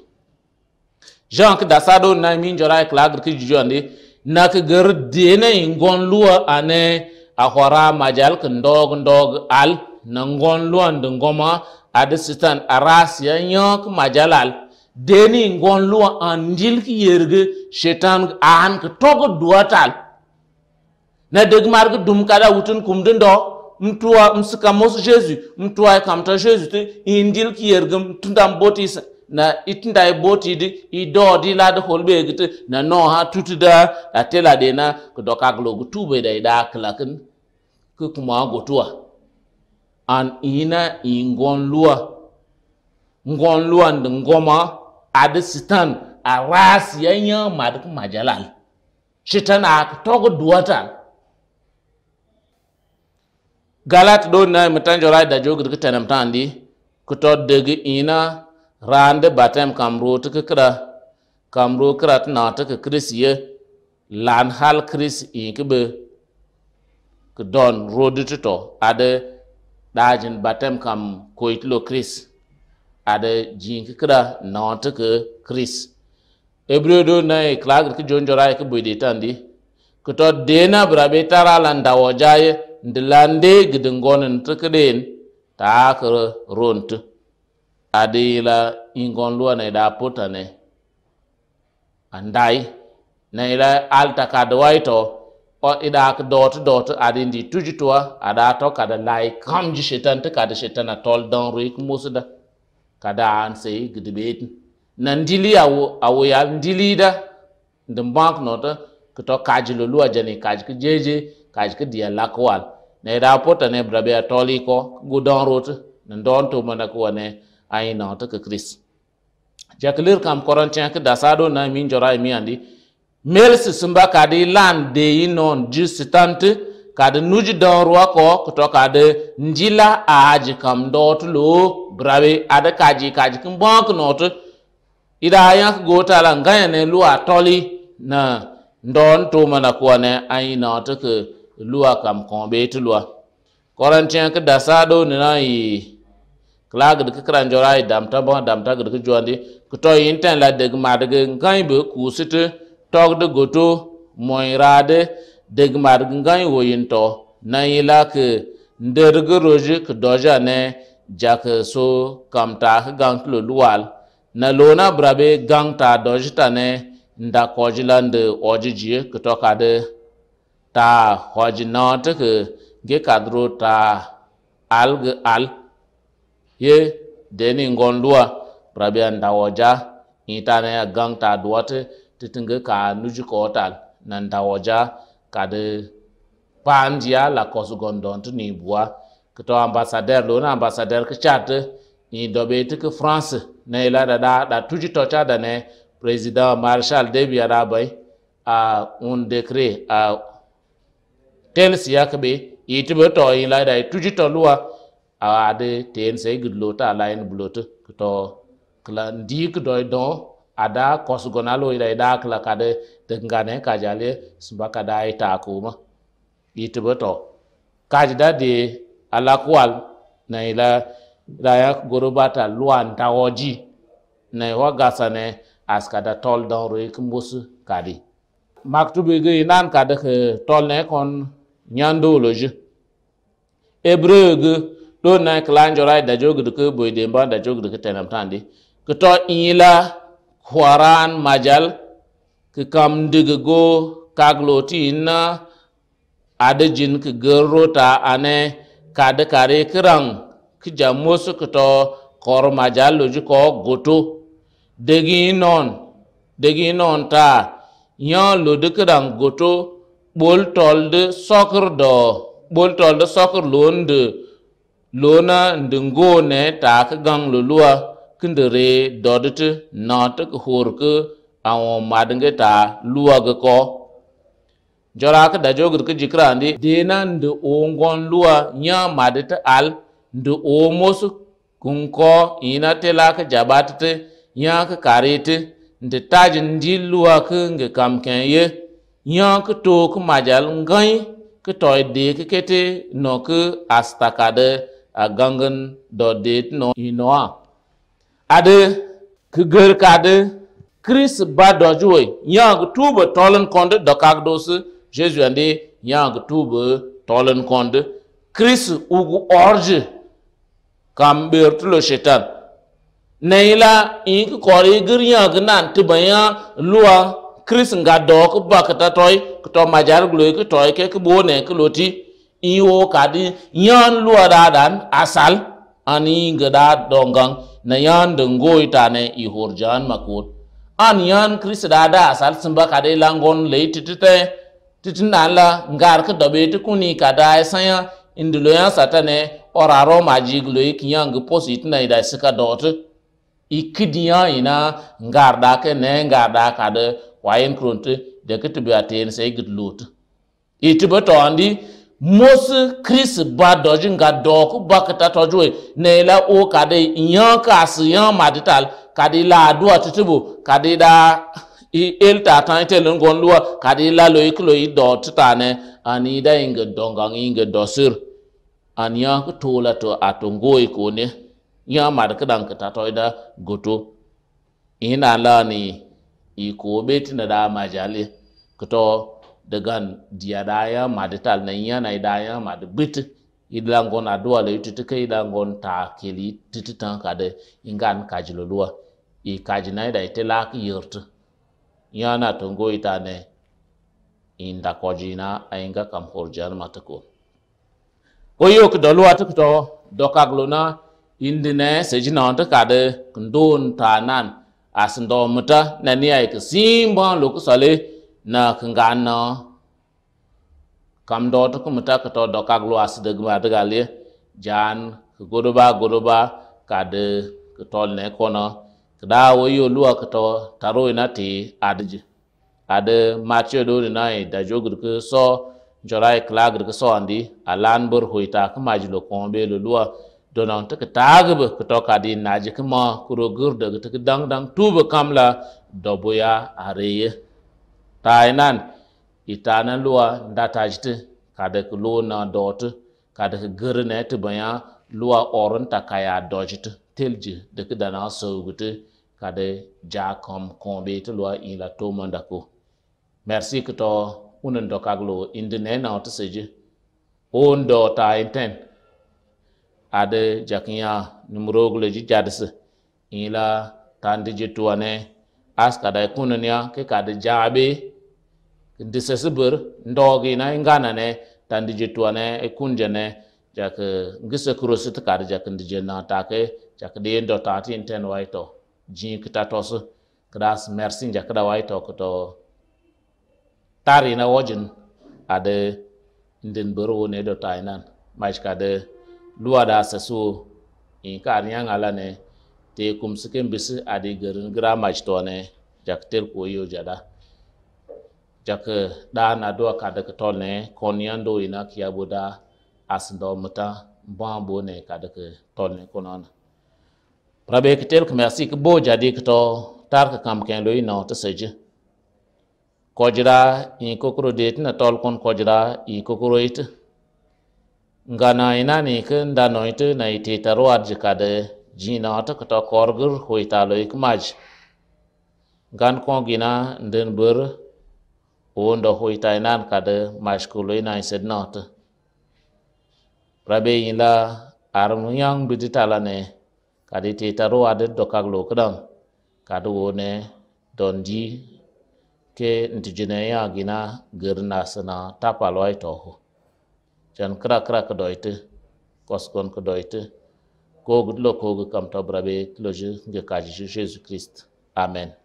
jean ke dasado na min jora klag ke jujande na ke gar de na ingon luwa ane a hora majal ke ndog ndog al na ngon luwa ndongoma adisitan arasiya nyok majalal deni ngon luwa an ki yergi shetan an ka togo duwatal na deg marga dum kada wutun kumdin do mtuwa msika mosu jesu mtuwa e kamta jesu te indil ki yerge mtundam botisa na itinda boti di i do di la de holbe gite na no ha tutu da la tela de na ko doka glo gu tube da da klakin ku kuma go tuwa an ina ingon luwa ngon luwa ngoma adisitan a rasiyan madik majalal shi tana togo duwata galat do na mitan jora da jogi da tanam tandi kuto daga ina rande batem kamro tuka kira kamro kira tana tuka kris lan hal kris in kibe don rodu ade dajin batem kam koitlo kris ada jin kikra na ta ke kris ebro do na e klag ke jon jora ke bu de tandi de na brabe tara landa wajaye ndilande gidingonin tikidin ta akar ront adila ingon luwa na e da puta andai na ila e alta kadwaito e o ida ak dot dot adindi tujitwa ada to kada lai kamji shetan ta kada shetan don ruik musuda kada an sei gedebeten na ndili awo awo ya ndili da the bank nota kito kaj lo lu ajani kaj ke jeje kaj ke dia lakwal ne rapota ne brabe atoli ko gudon rot na don to mana ko ne ai nota ka kris jaklir kam korantian ke dasado na min jora e mi andi mel sisumba kadi lan de yinon jusitante kada nuji don ruwa ko kuto kada njila a haji kam do tulo brabe ada kaji kaji kin bonk not ida yan go la, ngaya ne luwa toli na don to na kuwa ne ai na to ke luwa kam kon be tuwa korantien ke dasa do ne na yi kla gidi ke kran yi damta bon damta gidi ke juandi kuto yin ten la de ma de ngai be kusite tok de goto moirade deg mar ngan woyin to na yila ke nderg roje doja ne jak so kamta ke gang lo na lona brabe gang ta dojta ne nda kojiland ojiji ke to ta hojnot ke ge kadro ta alg al ye deni ngon lua brabe anda oja itana a gang ta duwate titinge ka nuji kotal na nda oja kadi paam dia la kosu gondon tu ni bua kito ambasader lo na ambassadeur ke chat ni dobe tu ke France ne la da da da tuji to cha da ne président Marshal Debi Arabai a un décret a tel siya ke be yitibe to yi la da tuji to luwa a de ten se gudlo ta la en blote kito klan dik doy don ada kosgonalo ila ida kla kade dengane kajale sumba kada ita kuma itiboto kajda de alakwal na ila daya gorobata luan tawoji na ho gasane askada tol don roi kumbus kadi maktubi gi nan kada ke tol ne kon nyandoloji ebreu ge do na klanjora da jogdu ke boyde ba da jogdu ke tanamtandi ke to ila hwaran majal ki kam digigo kagloti na adijin ki gerrota ane kadi kare kirang ki jamusu kito kor majal loji ko goto degi non degi non ta yan lodi kirang goto bol tolde sokr do bol tolde sokr londe lona ndingo ne ta ki gang luluwa kindere dodete na te ke hor ke madenge ta luwa ko jora ke da jogur ke jikra ndi dena nde ongon luwa nya madet al nde o mosu kunko ina te la ke jabatete nya ke karete nde taji ndi luwa ke nge kamken ye nya ke to ke majal ngai ke toy de ke kete no ke astakade a gangan do no inoa Adi ade keger kade Chris badojuwe yang tuba tolen konde dokak dosi Jesu ande yang tuba tolen konde Chris ugu orje kam bertulo shetan neila ink kori girya gnan tibaya luwa Chris nga dok bakata toy to majar gloy ko toy ke ko ne ko loti iwo kadi yan luwa dadan asal ani gedat donggang na yan dengoi tane ihor jan makut an yan kris dada asal semba kade langgon le titite titin la ngar ke dobe ti kuni kada saya induloyan satane oraro majiglo ikiyan ge posit na ida sika dot ikidiya ina ngar da ne ngar da wayen krunte de kitibiaten sai gitlut itibato andi mosu kristi ba dɔji ga dɔɔku ba kita tɔjuwe na ila o ka de yan kaasi yan madital ka la aduwa titibu ka de da il ta tan ite lin kadi ka de la lo ikilo yi dɔ tita ne ani da inga dɔngang inga dɔsir ani yan ku tola to ato yi ko ne yan madikidan kita tɔj e da goto ina la ni ko beti na da majali kito diya dia daya ma da tal na yana daya ma da bit ilangon adua le tutike idangon ta keli ka kade ingan kajilo lua i kajina ida itelak yurt yana ita ne inda kojina inga kam horjan matako ko yok dolu atukto dokaglona indine sejina onta kade ndon tanan asindo muta nani ay kisimba lokusale na kanga no kam do to kum ta to do ka glo as de gma de gale jan godoba ka de to ne kono da wo yo luwa ka to taro na ti adji ade macho do na e da jogur ko so jorai klagr ko so andi alan bor hoita ka majlo ko be lo luwa donon ta ka tagb ka to ka di naji kuma kuro gur da ta ka dang dang tuba kamla doboya nan, tainan itanan lua datashti kadaka luwa na doti kadaka ta tibanya lua orin takaya dojiti telji daki dana sowguti kada jakom kombe luwa lua la to ko merci kito unen dokaglo ne na ji on do ta ten? inten ade jakinya numrogle ji jadse ila tandije tuane askada kunanya ke kada jabe disesibir ndogi na ingana ne ta Ndije tuane e kunje ne jak eh, ngise kurosi tikar jak ndije na take jak de ndo tati inten waito jin kita tos kras merci jak da waito to tari na wojin ade ndin buru ne do tainan mach kade luwa da sasu in ka aryan ala ne te kum mbisi bisi ade garin gra mach to ne jak tel ko yo jada Jaka da na do ka de to ne konyando ina da asinda asindo muta bambo ne ka de to ne konona prabe ke tel kme asik bo jadi kito, to tar ka kam ken loi no to seje kojra in kokro det na tol kon kojra i kokro it ngana ina ni ke nda no it na ite taro arj ka de jina to ko to korgur hoita loi kmaj gan kongina nden bur uunda hui tainan kada maskului na inset nota rabe yila arum yang bidi talane kadi ti taru adet dokak lo kedang kadi wone donji ke ntijine ya gina gerna sana tapaloi toho jan kra kra kedoite koskon kedoite ko gudlo ko kam to brabe tloje ge kaji Jesu Christ amen